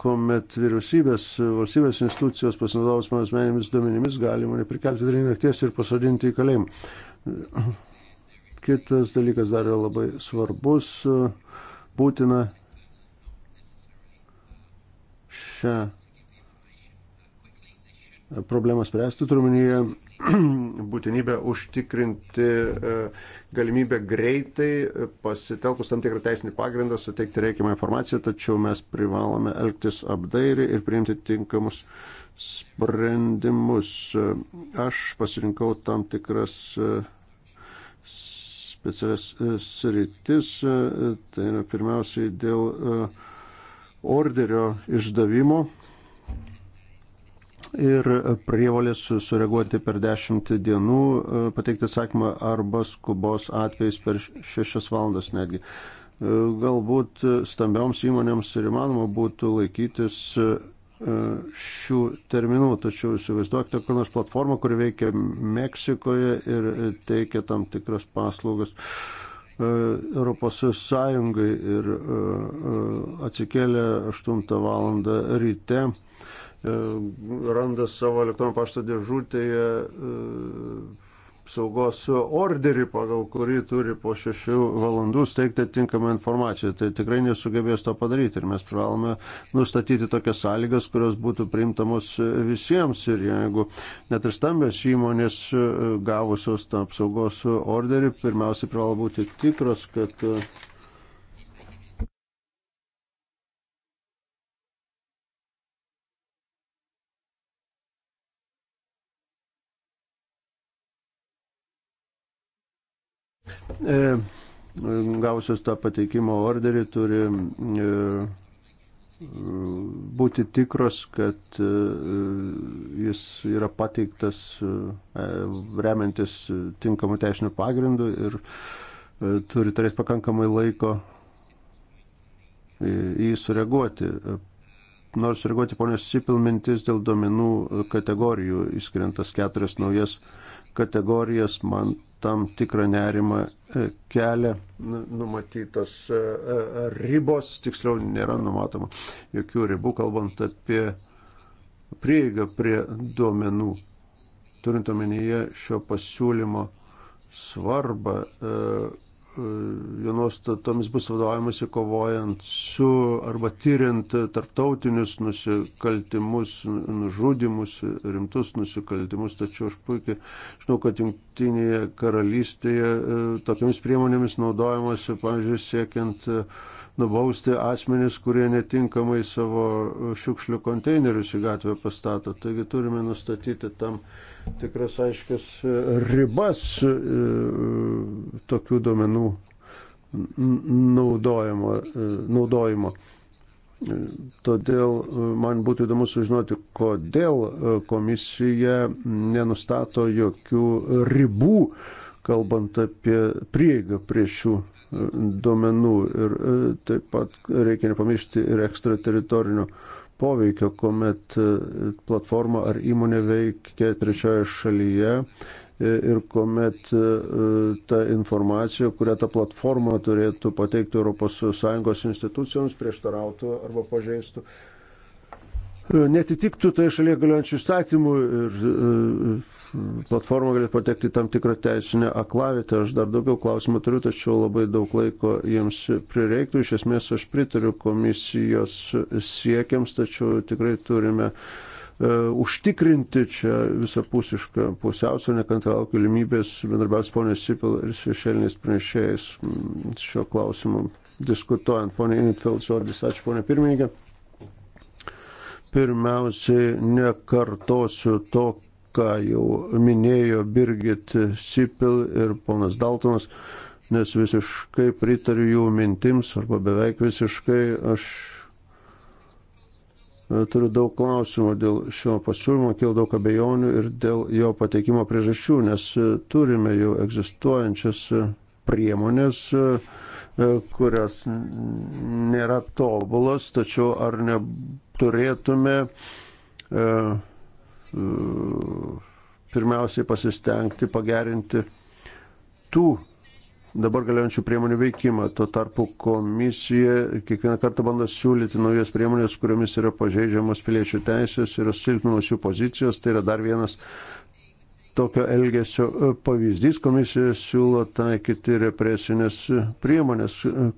kuomet vyriausybės, valstybės institucijos pasinaudojus mano asmenėmis duomenimis gali mane prikelti vidurį nakties ir pasodinti į kalėjimą. Kitas dalykas dar yra labai svarbus, būtina šią problemą spręsti, turiu minėję būtinybę užtikrinti e, galimybę greitai e, pasitelkus tam tikrą teisinį pagrindą suteikti reikiamą informaciją, tačiau mes privalome elgtis apdairiai ir priimti tinkamus sprendimus. E, aš pasirinkau tam tikras specialias sritis, tai yra pirmiausiai dėl orderio išdavimo ir prievolės sureaguoti per 10 dienų, e, pateikti sakymą arba skubos atvejais per 6 valandas netgi. E, galbūt stambioms įmonėms ir įmanoma būtų laikytis e, šių terminų, tačiau įsivaizduokite, kokią nors platformą, kuri veikia Meksikoje ir teikia tam tikras paslaugas. Europos Sąjungai ir atsikėlė 8 val. ryte E, randa savo elektroninio pašto dėžutėje e, saugos orderį, pagal kurį turi po šešių valandų steigti tinkamą informaciją. Tai tikrai nesugebės to padaryti ir mes privalome nustatyti tokias sąlygas, kurios būtų priimtamos visiems. Ir jeigu net ir stambios įmonės e, gavusios tą apsaugos orderį, pirmiausia privalo būti tikros, kad uh, E, gausios tą pateikimo orderį turi e, būti tikros, kad e, jis yra pateiktas remiantis tinkamų teisinių pagrindų ir turi turėti pakankamai laiko į jį sureaguoti. Noriu sureaguoti ponios Sipil mintis dėl domenų kategorijų, išskiriant tas keturias naujas kategorijas, man tam tikrą nerimą e, kelia numatytos e, e, ribos, tiksliau nėra numatoma jokių ribų, kalbant apie prieigą prie duomenų. Turint omenyje šio pasiūlymo svarbą, jo nuostatomis bus vadovaujamasi kovojant su arba tyrint tarptautinius nusikaltimus, nužudimus, rimtus nusikaltimus. Tačiau aš puikiai žinau, kad Junktinėje karalystėje e, tokiamis priemonėmis naudojamasi, pavyzdžiui, siekiant e, nubausti asmenis, kurie netinkamai savo šiukšlių konteinerius į gatvę pastato. Taigi turime nustatyti tam tikras aiškias e, ribas e, tokių duomenų naudojimo. E, naudojimo. Todėl man būtų įdomu sužinoti, kodėl komisija nenustato jokių ribų, kalbant apie prieigą prie šių duomenų. Ir taip pat reikia nepamiršti ir ekstrateritorinio poveikio, kuomet e, platforma ar įmonė veikia trečioje šalyje e, ir kuomet e, ta informacija, kurią ta platforma turėtų pateikti ES institucijoms, prieštarautų arba pažeistų. Netitiktų tai šalia galiojančių statymų ir platforma galėtų patekti tam tikrą teisinę aklavitę. Aš dar daugiau klausimų turiu, tačiau labai daug laiko jiems prireiktų. Iš esmės aš pritariu komisijos siekiams, tačiau tikrai turime e, užtikrinti čia visapusišką pusiausvę, nekantraukiu galimybės bendarbiauti ponės Sipil ir šešėliniais pranešėjais šio klausimu diskutuojant. Pone Initfeld, žodis, ačiū ponė pirmininkė. Pirmiausiai nekartosiu to, ką jau minėjo Birgit Sipil ir ponas Daltonas, nes visiškai pritariu jų mintims arba beveik visiškai aš e, turiu daug klausimų dėl šio pasiūlymo, kil daug abejonių ir dėl jo pateikimo priežasčių, nes e, turime jau egzistuojančias e, priemonės, kurios nėra tobulos, tačiau ar neturėtume Mm, pirmiausiai pasistengti pagerinti tų dabar galiojančių priemonių veikimą. Tuo tarpu komisija kiekvieną kartą bando siūlyti naujas priemonės, kuriomis yra pažeidžiamos piliečių teisės, yra silpnamos jų pozicijos. Tai yra dar vienas tokio elgesio e, pavyzdys. Komisija siūlo taikyti represinės e, priemonės, e,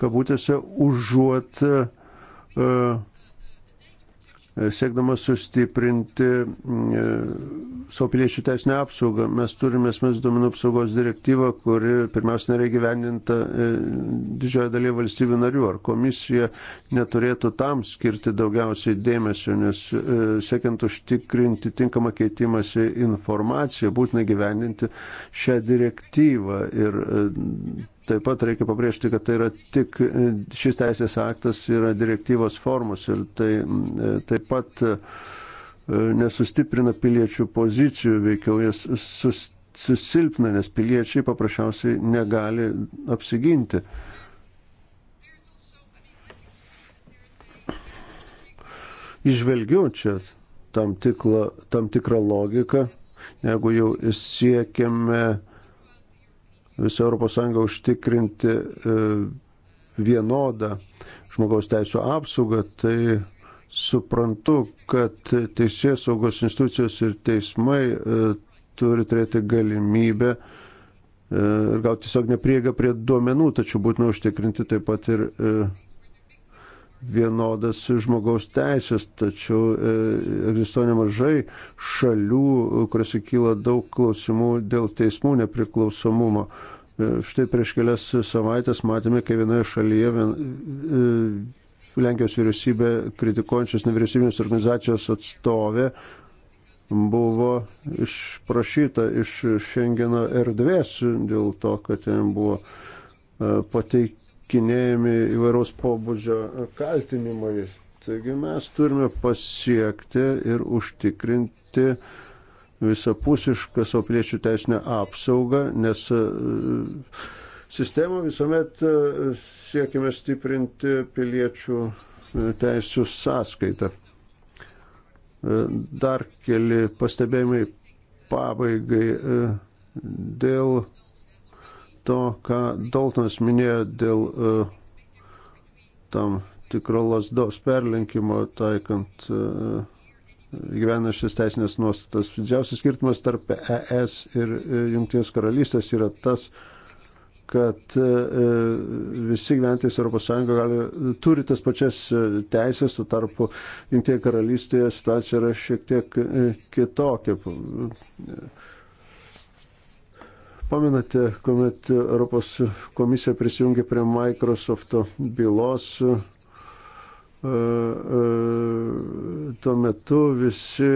kabutėse, užuot uh, E, siekdamas sustiprinti mm, e, savo piliečių teisinę apsaugą. Mes turime asmens duomenų apsaugos direktyvą, kuri pirmiausia nėra gyveninta e, didžioje dalyje valstybių narių. Ar komisija neturėtų tam skirti daugiausiai dėmesio, nes siekiant užtikrinti tinkamą keitimąsi informaciją, būtina gyveninti šią direktyvą. Ir Taip pat reikia pabrėžti, kad tai yra tik šis teisės aktas yra direktyvos formos ir tai taip pat e, nesustiprina piliečių pozicijų, veikiau jas sus, susilpna, nes piliečiai paprasčiausiai negali apsiginti. Išvelgiu čia tam, tikla, tam tikrą logiką, jeigu jau siekiame visą ES užtikrinti e, vienodą žmogaus teisų apsaugą, tai suprantu, kad teisės saugos institucijos ir teismai e, turi turėti galimybę e, ir gauti tiesiog nepriega prie duomenų, tačiau būtina užtikrinti taip pat ir vienodas žmogaus teisės, tačiau e, egzistuoja nemažai šalių, kuriuose kyla daug klausimų dėl teismų nepriklausomumo. E, štai prieš kelias savaitės matėme, kai vienoje šalyje vien, e, Lenkijos vyriausybė kritikuojančios nevyriausybinės organizacijos atstovė buvo išprašyta iš Šengeno erdvės dėl to, kad ten buvo pateikti aptikinėjami įvairaus pobūdžio kaltinimai. Taigi mes turime pasiekti ir užtikrinti visapusišką savo piliečių teisinę apsaugą, nes e, sistemą visuomet e, siekime stiprinti piliečių e, teisų sąskaitą. Dar keli pastebėjimai pabaigai dėl to, ką Daltonas minėjo dėl uh, tam tikro lasdos perlinkimo taikant uh, e, gyvena šis teisinės nuostatas. Didžiausias skirtumas tarp ES ir e, Junktinės karalystės yra tas, kad visi gyventys ES gali, turi tas pačias teisės, tuo tarpu Junktinėje karalystėje situacija yra šiek tiek kitokia. Pamenate, kuomet Europos komisija prisijungė prie Microsofto bylos, e, e, tuo metu visi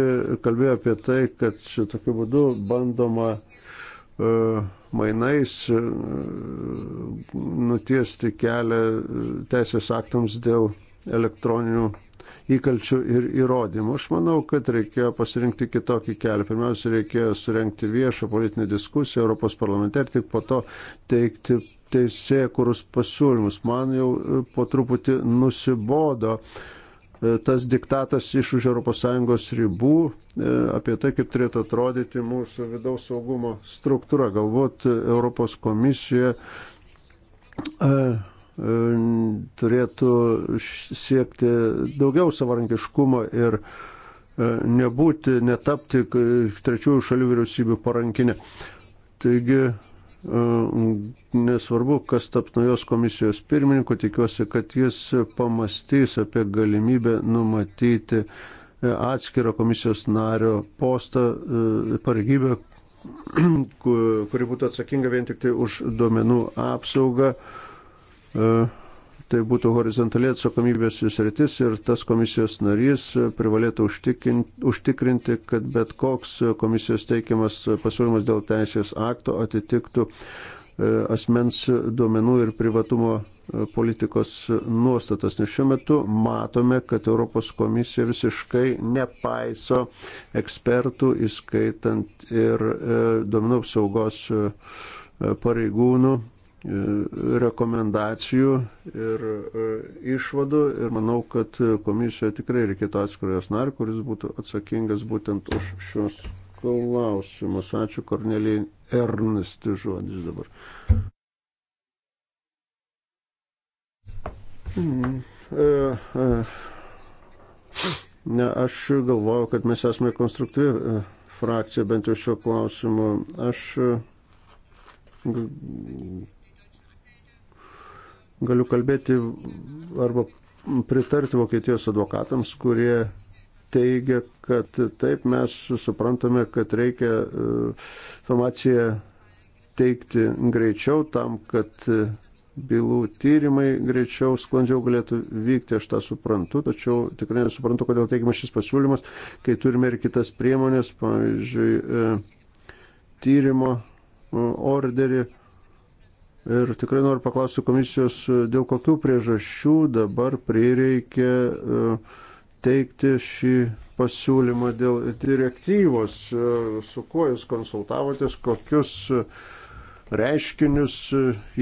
kalbėjo apie tai, kad šitokiu būdu bandoma e, mainais nutiesti kelią teisės aktams dėl elektroninių įkalčių ir įrodymų. Aš manau, kad reikėjo pasirinkti kitokį kelią. Pirmiausia, reikėjo surenkti viešą politinę diskusiją Europos parlamente ir tik po to teikti teisė, kurus pasiūlymus. Man jau e, po truputį nusibodo e, tas diktatas iš už ES ribų e, apie tai, kaip turėtų atrodyti mūsų vidaus saugumo struktūra. Galbūt Europos komisija E, turėtų siekti daugiau savarankiškumo ir e, nebūti, netapti trečiųjų šalių vyriausybių parankinė. Taigi, e, nesvarbu, kas taps naujos komisijos pirmininku, tikiuosi, kad jis pamastys apie galimybę numatyti atskirą komisijos nario postą, pareigybę, kuri būtų atsakinga vien tik tai už duomenų apsaugą E, tai būtų horizontaliai atsakomybės sritis ir tas komisijos narys privalėtų užtikrinti, kad bet koks komisijos teikiamas pasiūlymas dėl teisės akto atitiktų e, asmens duomenų ir privatumo e, politikos nuostatas. Nes šiuo metu matome, kad Europos komisija visiškai nepaiso ekspertų, įskaitant ir duomenų apsaugos pareigūnų rekomendacijų ir e, išvadų ir manau, kad komisijoje tikrai reikėtų atskiros narį, kuris būtų atsakingas būtent už šios klausimus. Ačiū Kornelijai Ernesti žodis dabar. Mm, e, e. Ne, aš galvoju, kad mes esame konstruktyvi frakcija bent jau šio klausimu. Aš Galiu kalbėti arba pritarti Vokietijos advokatams, kurie teigia, kad taip mes suprantame, kad reikia e, informaciją teikti greičiau tam, kad e, bylų tyrimai greičiau, sklandžiau galėtų vykti, aš tą suprantu, tačiau tikrai nesuprantu, kodėl teikiamas šis pasiūlymas, kai turime ir kitas priemonės, pavyzdžiui, e, tyrimo orderį, Ir tikrai noriu paklausti komisijos, dėl kokių priežasčių dabar prireikė e, teikti šį pasiūlymą dėl direktyvos, e, su kuo jūs konsultavotės, kokius e, reiškinius,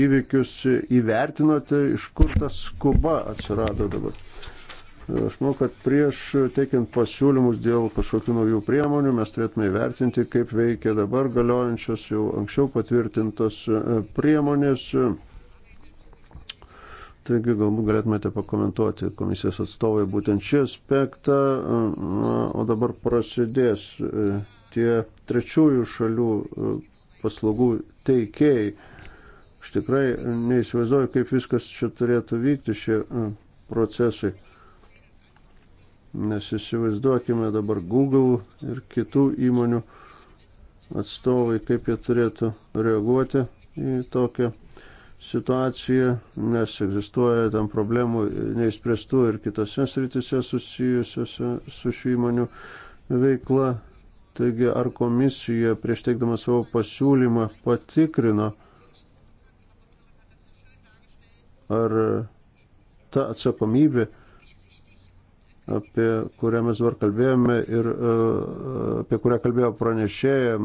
įvykius įvertinote, iš kur ta skuba atsirado dabar. Aš manau, kad prieš teikiant pasiūlymus dėl kažkokių naujų priemonių mes turėtume įvertinti, kaip veikia dabar galiojančios jau anksčiau patvirtintos e, priemonės. Taigi galbūt galėtumėte pakomentuoti komisijos atstovai būtent šį aspektą, e, o dabar prasidės e, tie trečiųjų šalių paslaugų teikėjai. Aš tikrai neįsivaizduoju, kaip viskas čia turėtų vykti šie procesai. Nes įsivaizduokime dabar Google ir kitų įmonių atstovai, kaip jie turėtų reaguoti į tokią situaciją, nes egzistuoja tam problemų neįspręstų ir kitose sritise susijusiuose su šių įmonių veikla. Taigi, ar komisija prieš teikdama savo pasiūlymą patikrino, ar ta atsakomybė, apie kurią mes dabar kalbėjome ir e, apie kurią kalbėjo pranešėja,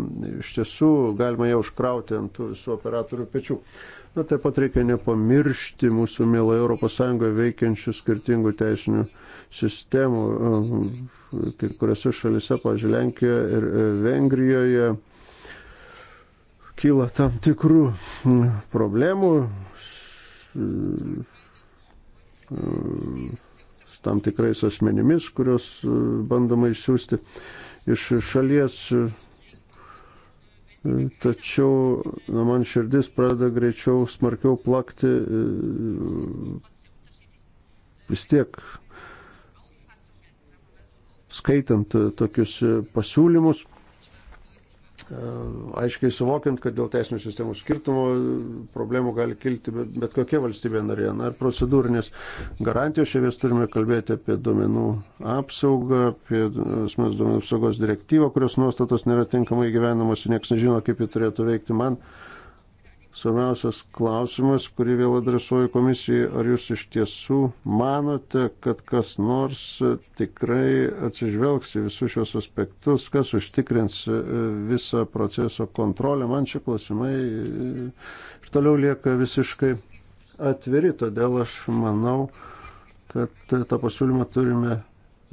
iš tiesų galima ją užkrauti ant visų operatorių pečių. Na, taip pat reikia nepamiršti mūsų mėlai ES veikiančių skirtingų teisinių sistemų. E, kai kuriuose šalise, pažiūrėjau, Lenkijoje ir e, Vengrijoje kyla tam tikrų problemų tam tikrais asmenimis, kuriuos e, bandoma išsiųsti iš šalies. E, tačiau na, man širdis pradeda greičiau, smarkiau plakti e, vis tiek skaitant tokius pasiūlymus Ehm, aiškiai suvokiant, kad dėl teisinių sistemų skirtumų problemų gali kilti bet, bet kokia valstybė narė. Na ir procedūrinės garantijos, čia vis turime kalbėti apie duomenų apsaugą, apie asmens duomenų apsaugos direktyvą, kurios nuostatos nėra tinkamai gyvenamos ir niekas nežino, kaip ji turėtų veikti man. Uh, svarbiausias klausimas, kurį vėl adresuoju komisijai, ar jūs iš tiesų manote, kad kas nors tikrai atsižvelgs į visus šios aspektus, kas užtikrins e, visą proceso kontrolę. Man čia klausimai e, ir toliau lieka visiškai atviri, todėl aš manau, kad e, tą pasiūlymą turime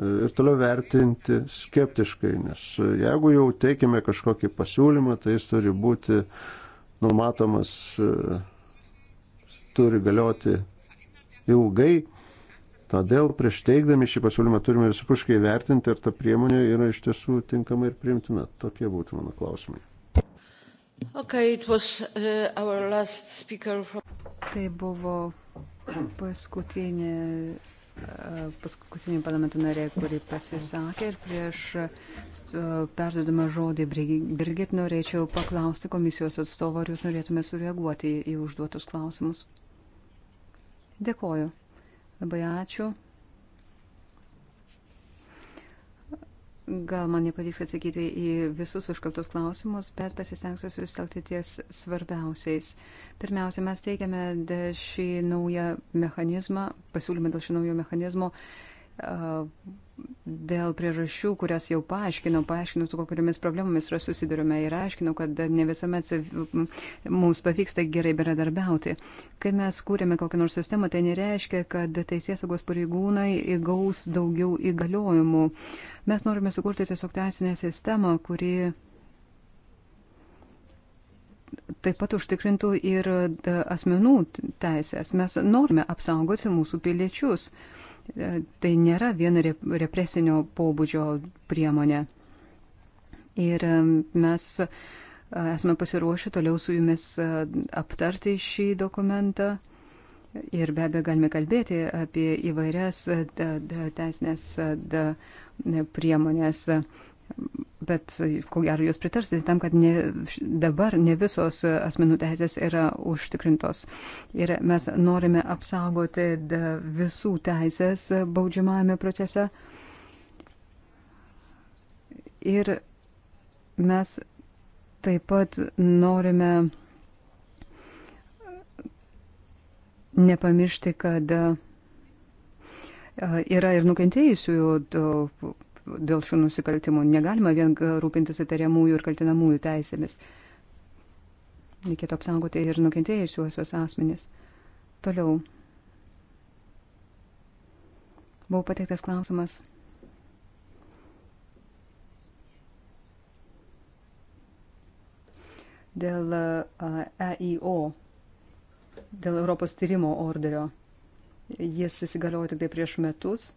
ir toliau vertinti skeptiškai, nes jeigu jau teikime kažkokį pasiūlymą, tai jis turi būti uh, numatomas e, turi galioti ilgai. Todėl prieš teikdami šį pasiūlymą turime visapuškai vertinti, ar ta priemonė yra iš tiesų tinkama ir priimtina. Tokie būtų mano klausimai. Okay, was, uh, from... Tai buvo paskutinė paskutinį parlamento narę, kuri pasisakė ir prieš e, perdodamą žodį Brigit norėčiau paklausti komisijos atstovo, ar jūs norėtume sureaguoti į užduotus klausimus. Dėkoju. Labai ačiū. Gal man nepavyks atsakyti į visus užkaltus klausimus, bet pasistengsiu susitelkti ties svarbiausiais. Pirmiausia, mes teikiame šį naują mechanizmą, pasiūlymą dėl šio naujo mechanizmo dėl priežasčių, kurias jau paaiškinau, paaiškinau, su kokiamis problemomis yra susidurime ir aiškinau, kad ne visuomet mums pavyksta gerai bendradarbiauti. Kai mes kūrėme kokią nors sistemą, tai nereiškia, kad teisės saugos pareigūnai įgaus daugiau įgaliojimų. Mes norime sukurti tiesiog teisinę sistemą, kuri taip pat užtikrintų ir asmenų teisės. Mes norime apsaugoti mūsų piliečius. Uh, E, tai nėra viena represinio pobūdžio priemonė. Ir e, mes e, esame pasiruošę toliau su jumis aptarti šį dokumentą. Ir be abejo galime kalbėti apie įvairias teisinės priemonės. Bet, ko gero, jūs pritarsite tam, kad ne, dabar ne visos asmenų teisės yra užtikrintos. Ir mes norime apsaugoti visų teisės baudžiamajame procese. Ir mes taip pat norime nepamiršti, kad yra ir nukentėjusių dėl šių nusikaltimų. Negalima vien rūpintis įtariamųjų ir kaltinamųjų teisėmis. Reikėtų apsaugoti ir nukentėjusiuosios asmenys. Toliau. Buvo pateiktas klausimas dėl EIO, dėl Europos tyrimo orderio. Jis įsigaliojo tik tai prieš metus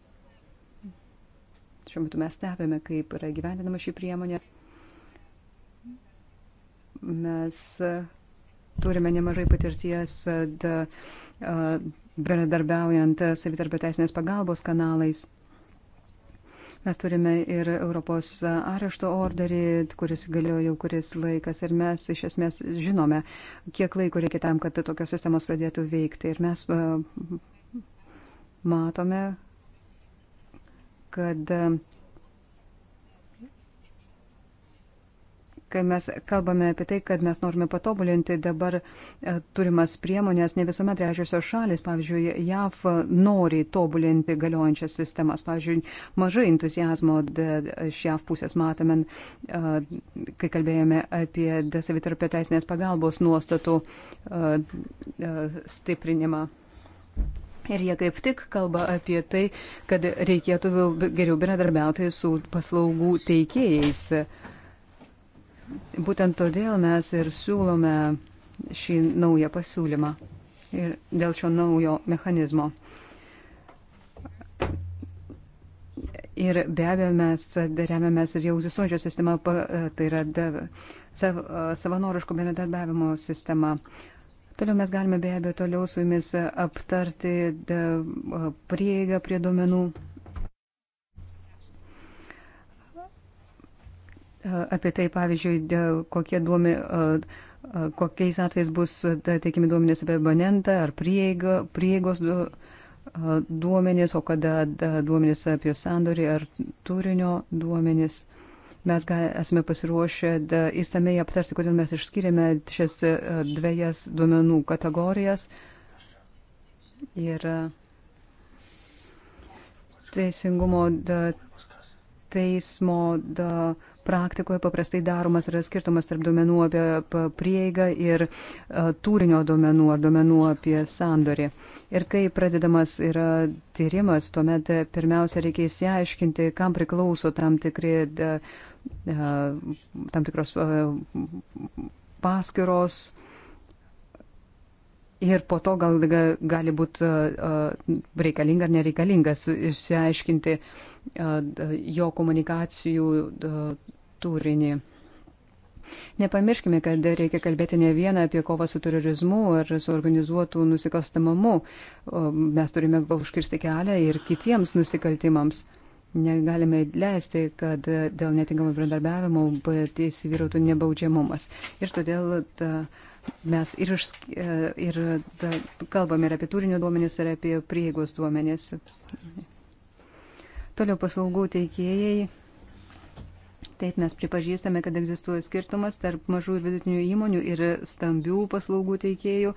Šiuo metu mes stebėme, kaip yra gyvendinama šį priemonę. Mes e, turime nemažai patirties e, e, bendradarbiaujant savitarpio teisinės pagalbos kanalais. Mes turime ir Europos arešto orderį, kuris galiojo jau kuris laikas ir mes iš esmės žinome, kiek laiko reikia tam, kad tokios sistemos pradėtų veikti. Ir mes matome, kad kai mes kalbame apie tai, kad mes norime patobulinti dabar e, turimas priemonės, ne visuomet trečiosios šalis, pavyzdžiui, JAV nori tobulinti galiojančias sistemas. Pavyzdžiui, mažai entuzijazmo iš JAV pusės matome, e, kai kalbėjome apie savitarpio teisinės pagalbos nuostatų e, stiprinimą. Ir jie kaip tik kalba apie tai, kad reikėtų geriau bendradarbiauti su paslaugų teikėjais. Būtent todėl mes ir siūlome šį naują pasiūlymą ir dėl šio naujo mechanizmo. Ir be abejo, mes remiamės ir jau egzistuojančią sistemą, tai yra savanoriško bendradarbiavimo sistema. Toliau mes galime be abejo toliau su jumis aptarti prieigą prie duomenų. Apie tai, pavyzdžiui, kokie duomi, kokiais atvejais bus teikiami duomenys apie abonentą ar prieigą, prieigos duomenys, o kada duomenys apie sandorį ar turinio duomenys mes esame pasiruošę įsamei aptarti, kodėl mes išskiriame šias e, dviejas duomenų kategorijas. Ir e, teisingumo da, teismo da, praktikoje paprastai daromas yra skirtumas tarp duomenų apie prieigą ir e, turinio duomenų ar duomenų apie sandorį. Ir kai pradedamas yra tyrimas, tuomet e, pirmiausia reikia įsiaiškinti, kam priklauso tam, tikri, e, tam tikros paskiros. Ir po to gal gali būti reikalinga ar nereikalinga išsiaiškinti jo komunikacijų turinį. Nepamirškime, kad reikia kalbėti ne vieną apie kovą su terorizmu ar su organizuotų nusikalstamamu. Mes turime užkirsti kelią ir kitiems nusikaltimams. Negalime leisti, kad dėl netinkamo bendradarbiavimo įsivyrautų nebaudžiamumas. Ir todėl ta, mes ir, iš, e, ir ta, kalbame ir apie turinio duomenis, ir apie prieigos duomenis. Toliau paslaugų teikėjai Taip mes pripažįstame, kad egzistuoja skirtumas tarp mažų ir vidutinių įmonių ir stambių paslaugų teikėjų.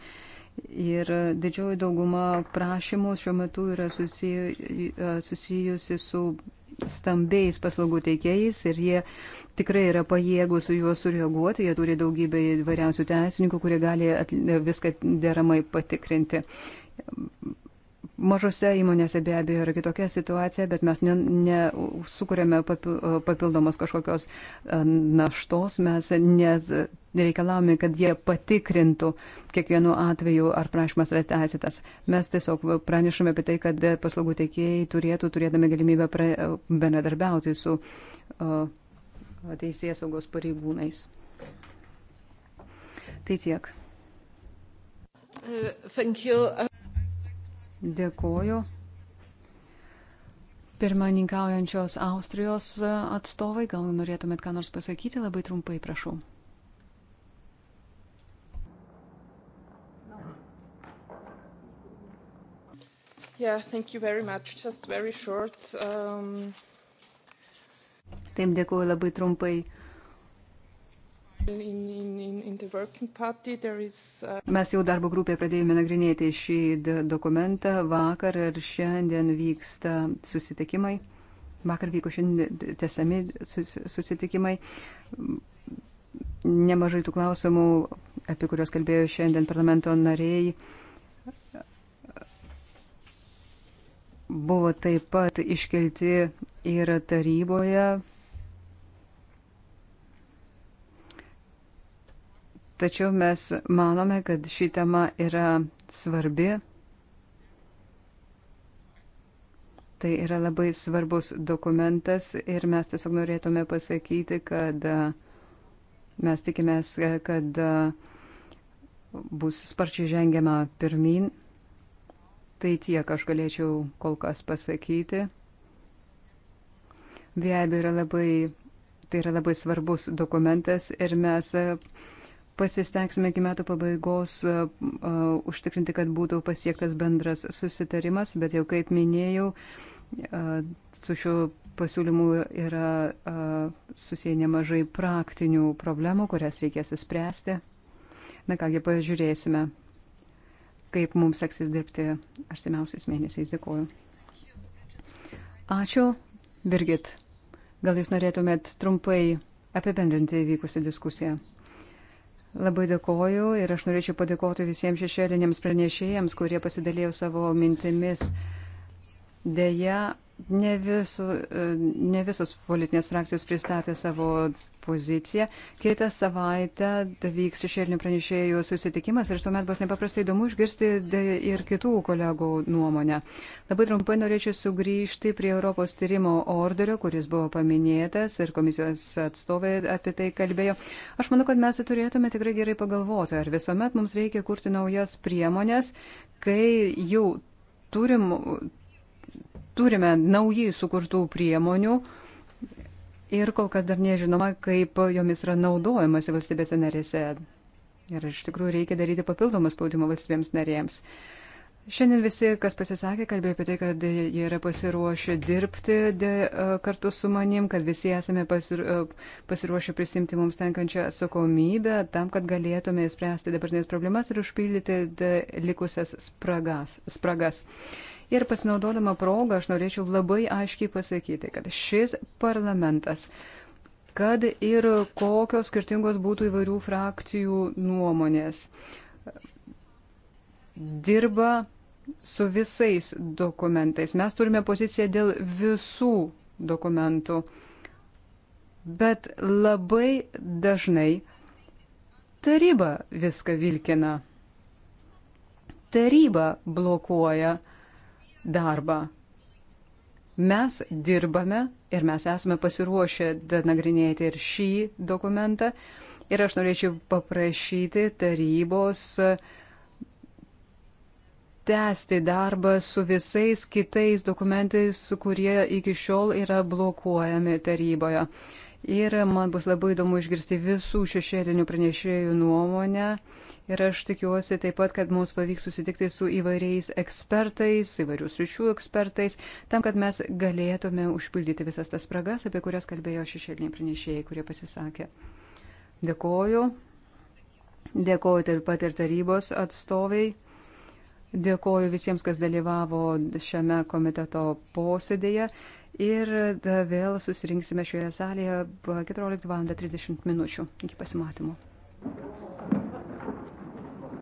Ir didžioji dauguma prašymų šiuo metu yra susijusi su stambiais paslaugų teikėjais ir jie tikrai yra pajėgus su juos sureaguoti, jie turi daugybę įvairiausių teisininkų, kurie gali viską deramai patikrinti. Mažose įmonėse be abejo yra kitokia situacija, bet mes nesukūrėme ne, ne papildomos kažkokios e, naštos, mes nereikalavome, kad jie patikrintų kiekvienu atveju, ar prašymas yra teisėtas. Mes tiesiog pranešame apie tai, kad paslaugų teikėjai turėtų, turėdami galimybę bendradarbiauti su e, teisės saugos pareigūnais. Tai tiek. Uh, Dėkoju. Pirmaninkaujančios Austrijos atstovai, gal norėtumėt ką nors pasakyti, labai trumpai prašau. Yeah, thank you very much. Just very short. Um... Taip, dėkuoju labai trumpai. Uh, Mes jau darbo grupėje pradėjome nagrinėti šį dokumentą. Vakar ir šiandien vyksta susitikimai. Vakar vyko šiandien tesami susitikimai. Nemažai tų klausimų, apie kuriuos kalbėjo šiandien parlamento nariai, buvo taip pat iškelti ir taryboje Tačiau mes manome, kad ši tema yra svarbi. Tai yra labai svarbus dokumentas ir mes tiesiog norėtume pasakyti, kad e, mes tikimės, e, kad e, bus sparčiai žengiama pirmin. Tai tiek aš galėčiau kol kas pasakyti. Vėbi yra labai, tai yra labai svarbus dokumentas ir mes pasistengsime iki metų pabaigos uh, uh, užtikrinti, kad būtų pasiektas bendras susitarimas, bet jau kaip minėjau, uh, su šiuo pasiūlymu yra uh, susiję nemažai praktinių problemų, kurias reikės įspręsti. Na kągi, pažiūrėsime, kaip mums seksis dirbti artimiausiais mėnesiais. Dėkuoju. Ačiū, Birgit. Gal jūs norėtumėt trumpai apibendrinti vykusią diskusiją? Labai dėkoju ir aš norėčiau padėkoti visiems šešėliniams pranešėjams, kurie pasidalėjo savo mintimis. Deja, Ne, visu, e, ne visos politinės frakcijos pristatė savo poziciją. Kitą savaitę vyks šešėlinių pranešėjų susitikimas ir tuomet bus nepaprastai įdomu išgirsti ir kitų kolegų nuomonę. Labai trumpai norėčiau sugrįžti prie Europos tyrimo orderio, kuris buvo paminėtas ir komisijos atstovai apie tai kalbėjo. Aš manau, kad mes turėtume tikrai gerai pagalvoti, ar visuomet mums reikia kurti naujas priemonės, kai jau turim turime naujai sukurtų priemonių ir kol kas dar nežinoma, kaip jomis yra naudojamasi valstybėse narėse. Ir iš tikrųjų reikia daryti papildomą spaudimą valstybėms narėms. Šiandien visi, kas pasisakė, kalbėjo apie tai, kad jie yra pasiruošę dirbti de, e, kartu su manim, kad visi esame pasir, e, pasiruošę prisimti mums tenkančią atsakomybę tam, kad galėtume spręsti dabartinės problemas ir užpildyti de, likusias spragas. spragas. Ir pasinaudodama progą aš norėčiau labai aiškiai pasakyti, kad šis parlamentas, kad ir kokios skirtingos būtų įvairių frakcijų nuomonės, dirba su visais dokumentais. Mes turime poziciją dėl visų dokumentų. Bet labai dažnai taryba viską vilkina. Taryba blokuoja darbą. Mes dirbame ir mes esame pasiruošę nagrinėti ir šį dokumentą. Ir aš norėčiau paprašyti tarybos tęsti darbą su visais kitais dokumentais, kurie iki šiol yra blokuojami taryboje. Ir man bus labai įdomu išgirsti visų šešėlinių pranešėjų nuomonę. Ir aš tikiuosi taip pat, kad mums pavyks susitikti su įvairiais ekspertais, įvairių sričių ekspertais, tam, kad mes galėtume užpildyti visas tas spragas, apie kurias kalbėjo šešėliniai pranešėjai, kurie pasisakė. Dėkoju. Dėkoju taip pat ir tarybos atstoviai. Dėkoju visiems, kas dalyvavo šiame komiteto posėdėje. Ir vėl susirinksime šioje salėje 14.30 min. Iki pasimatymo.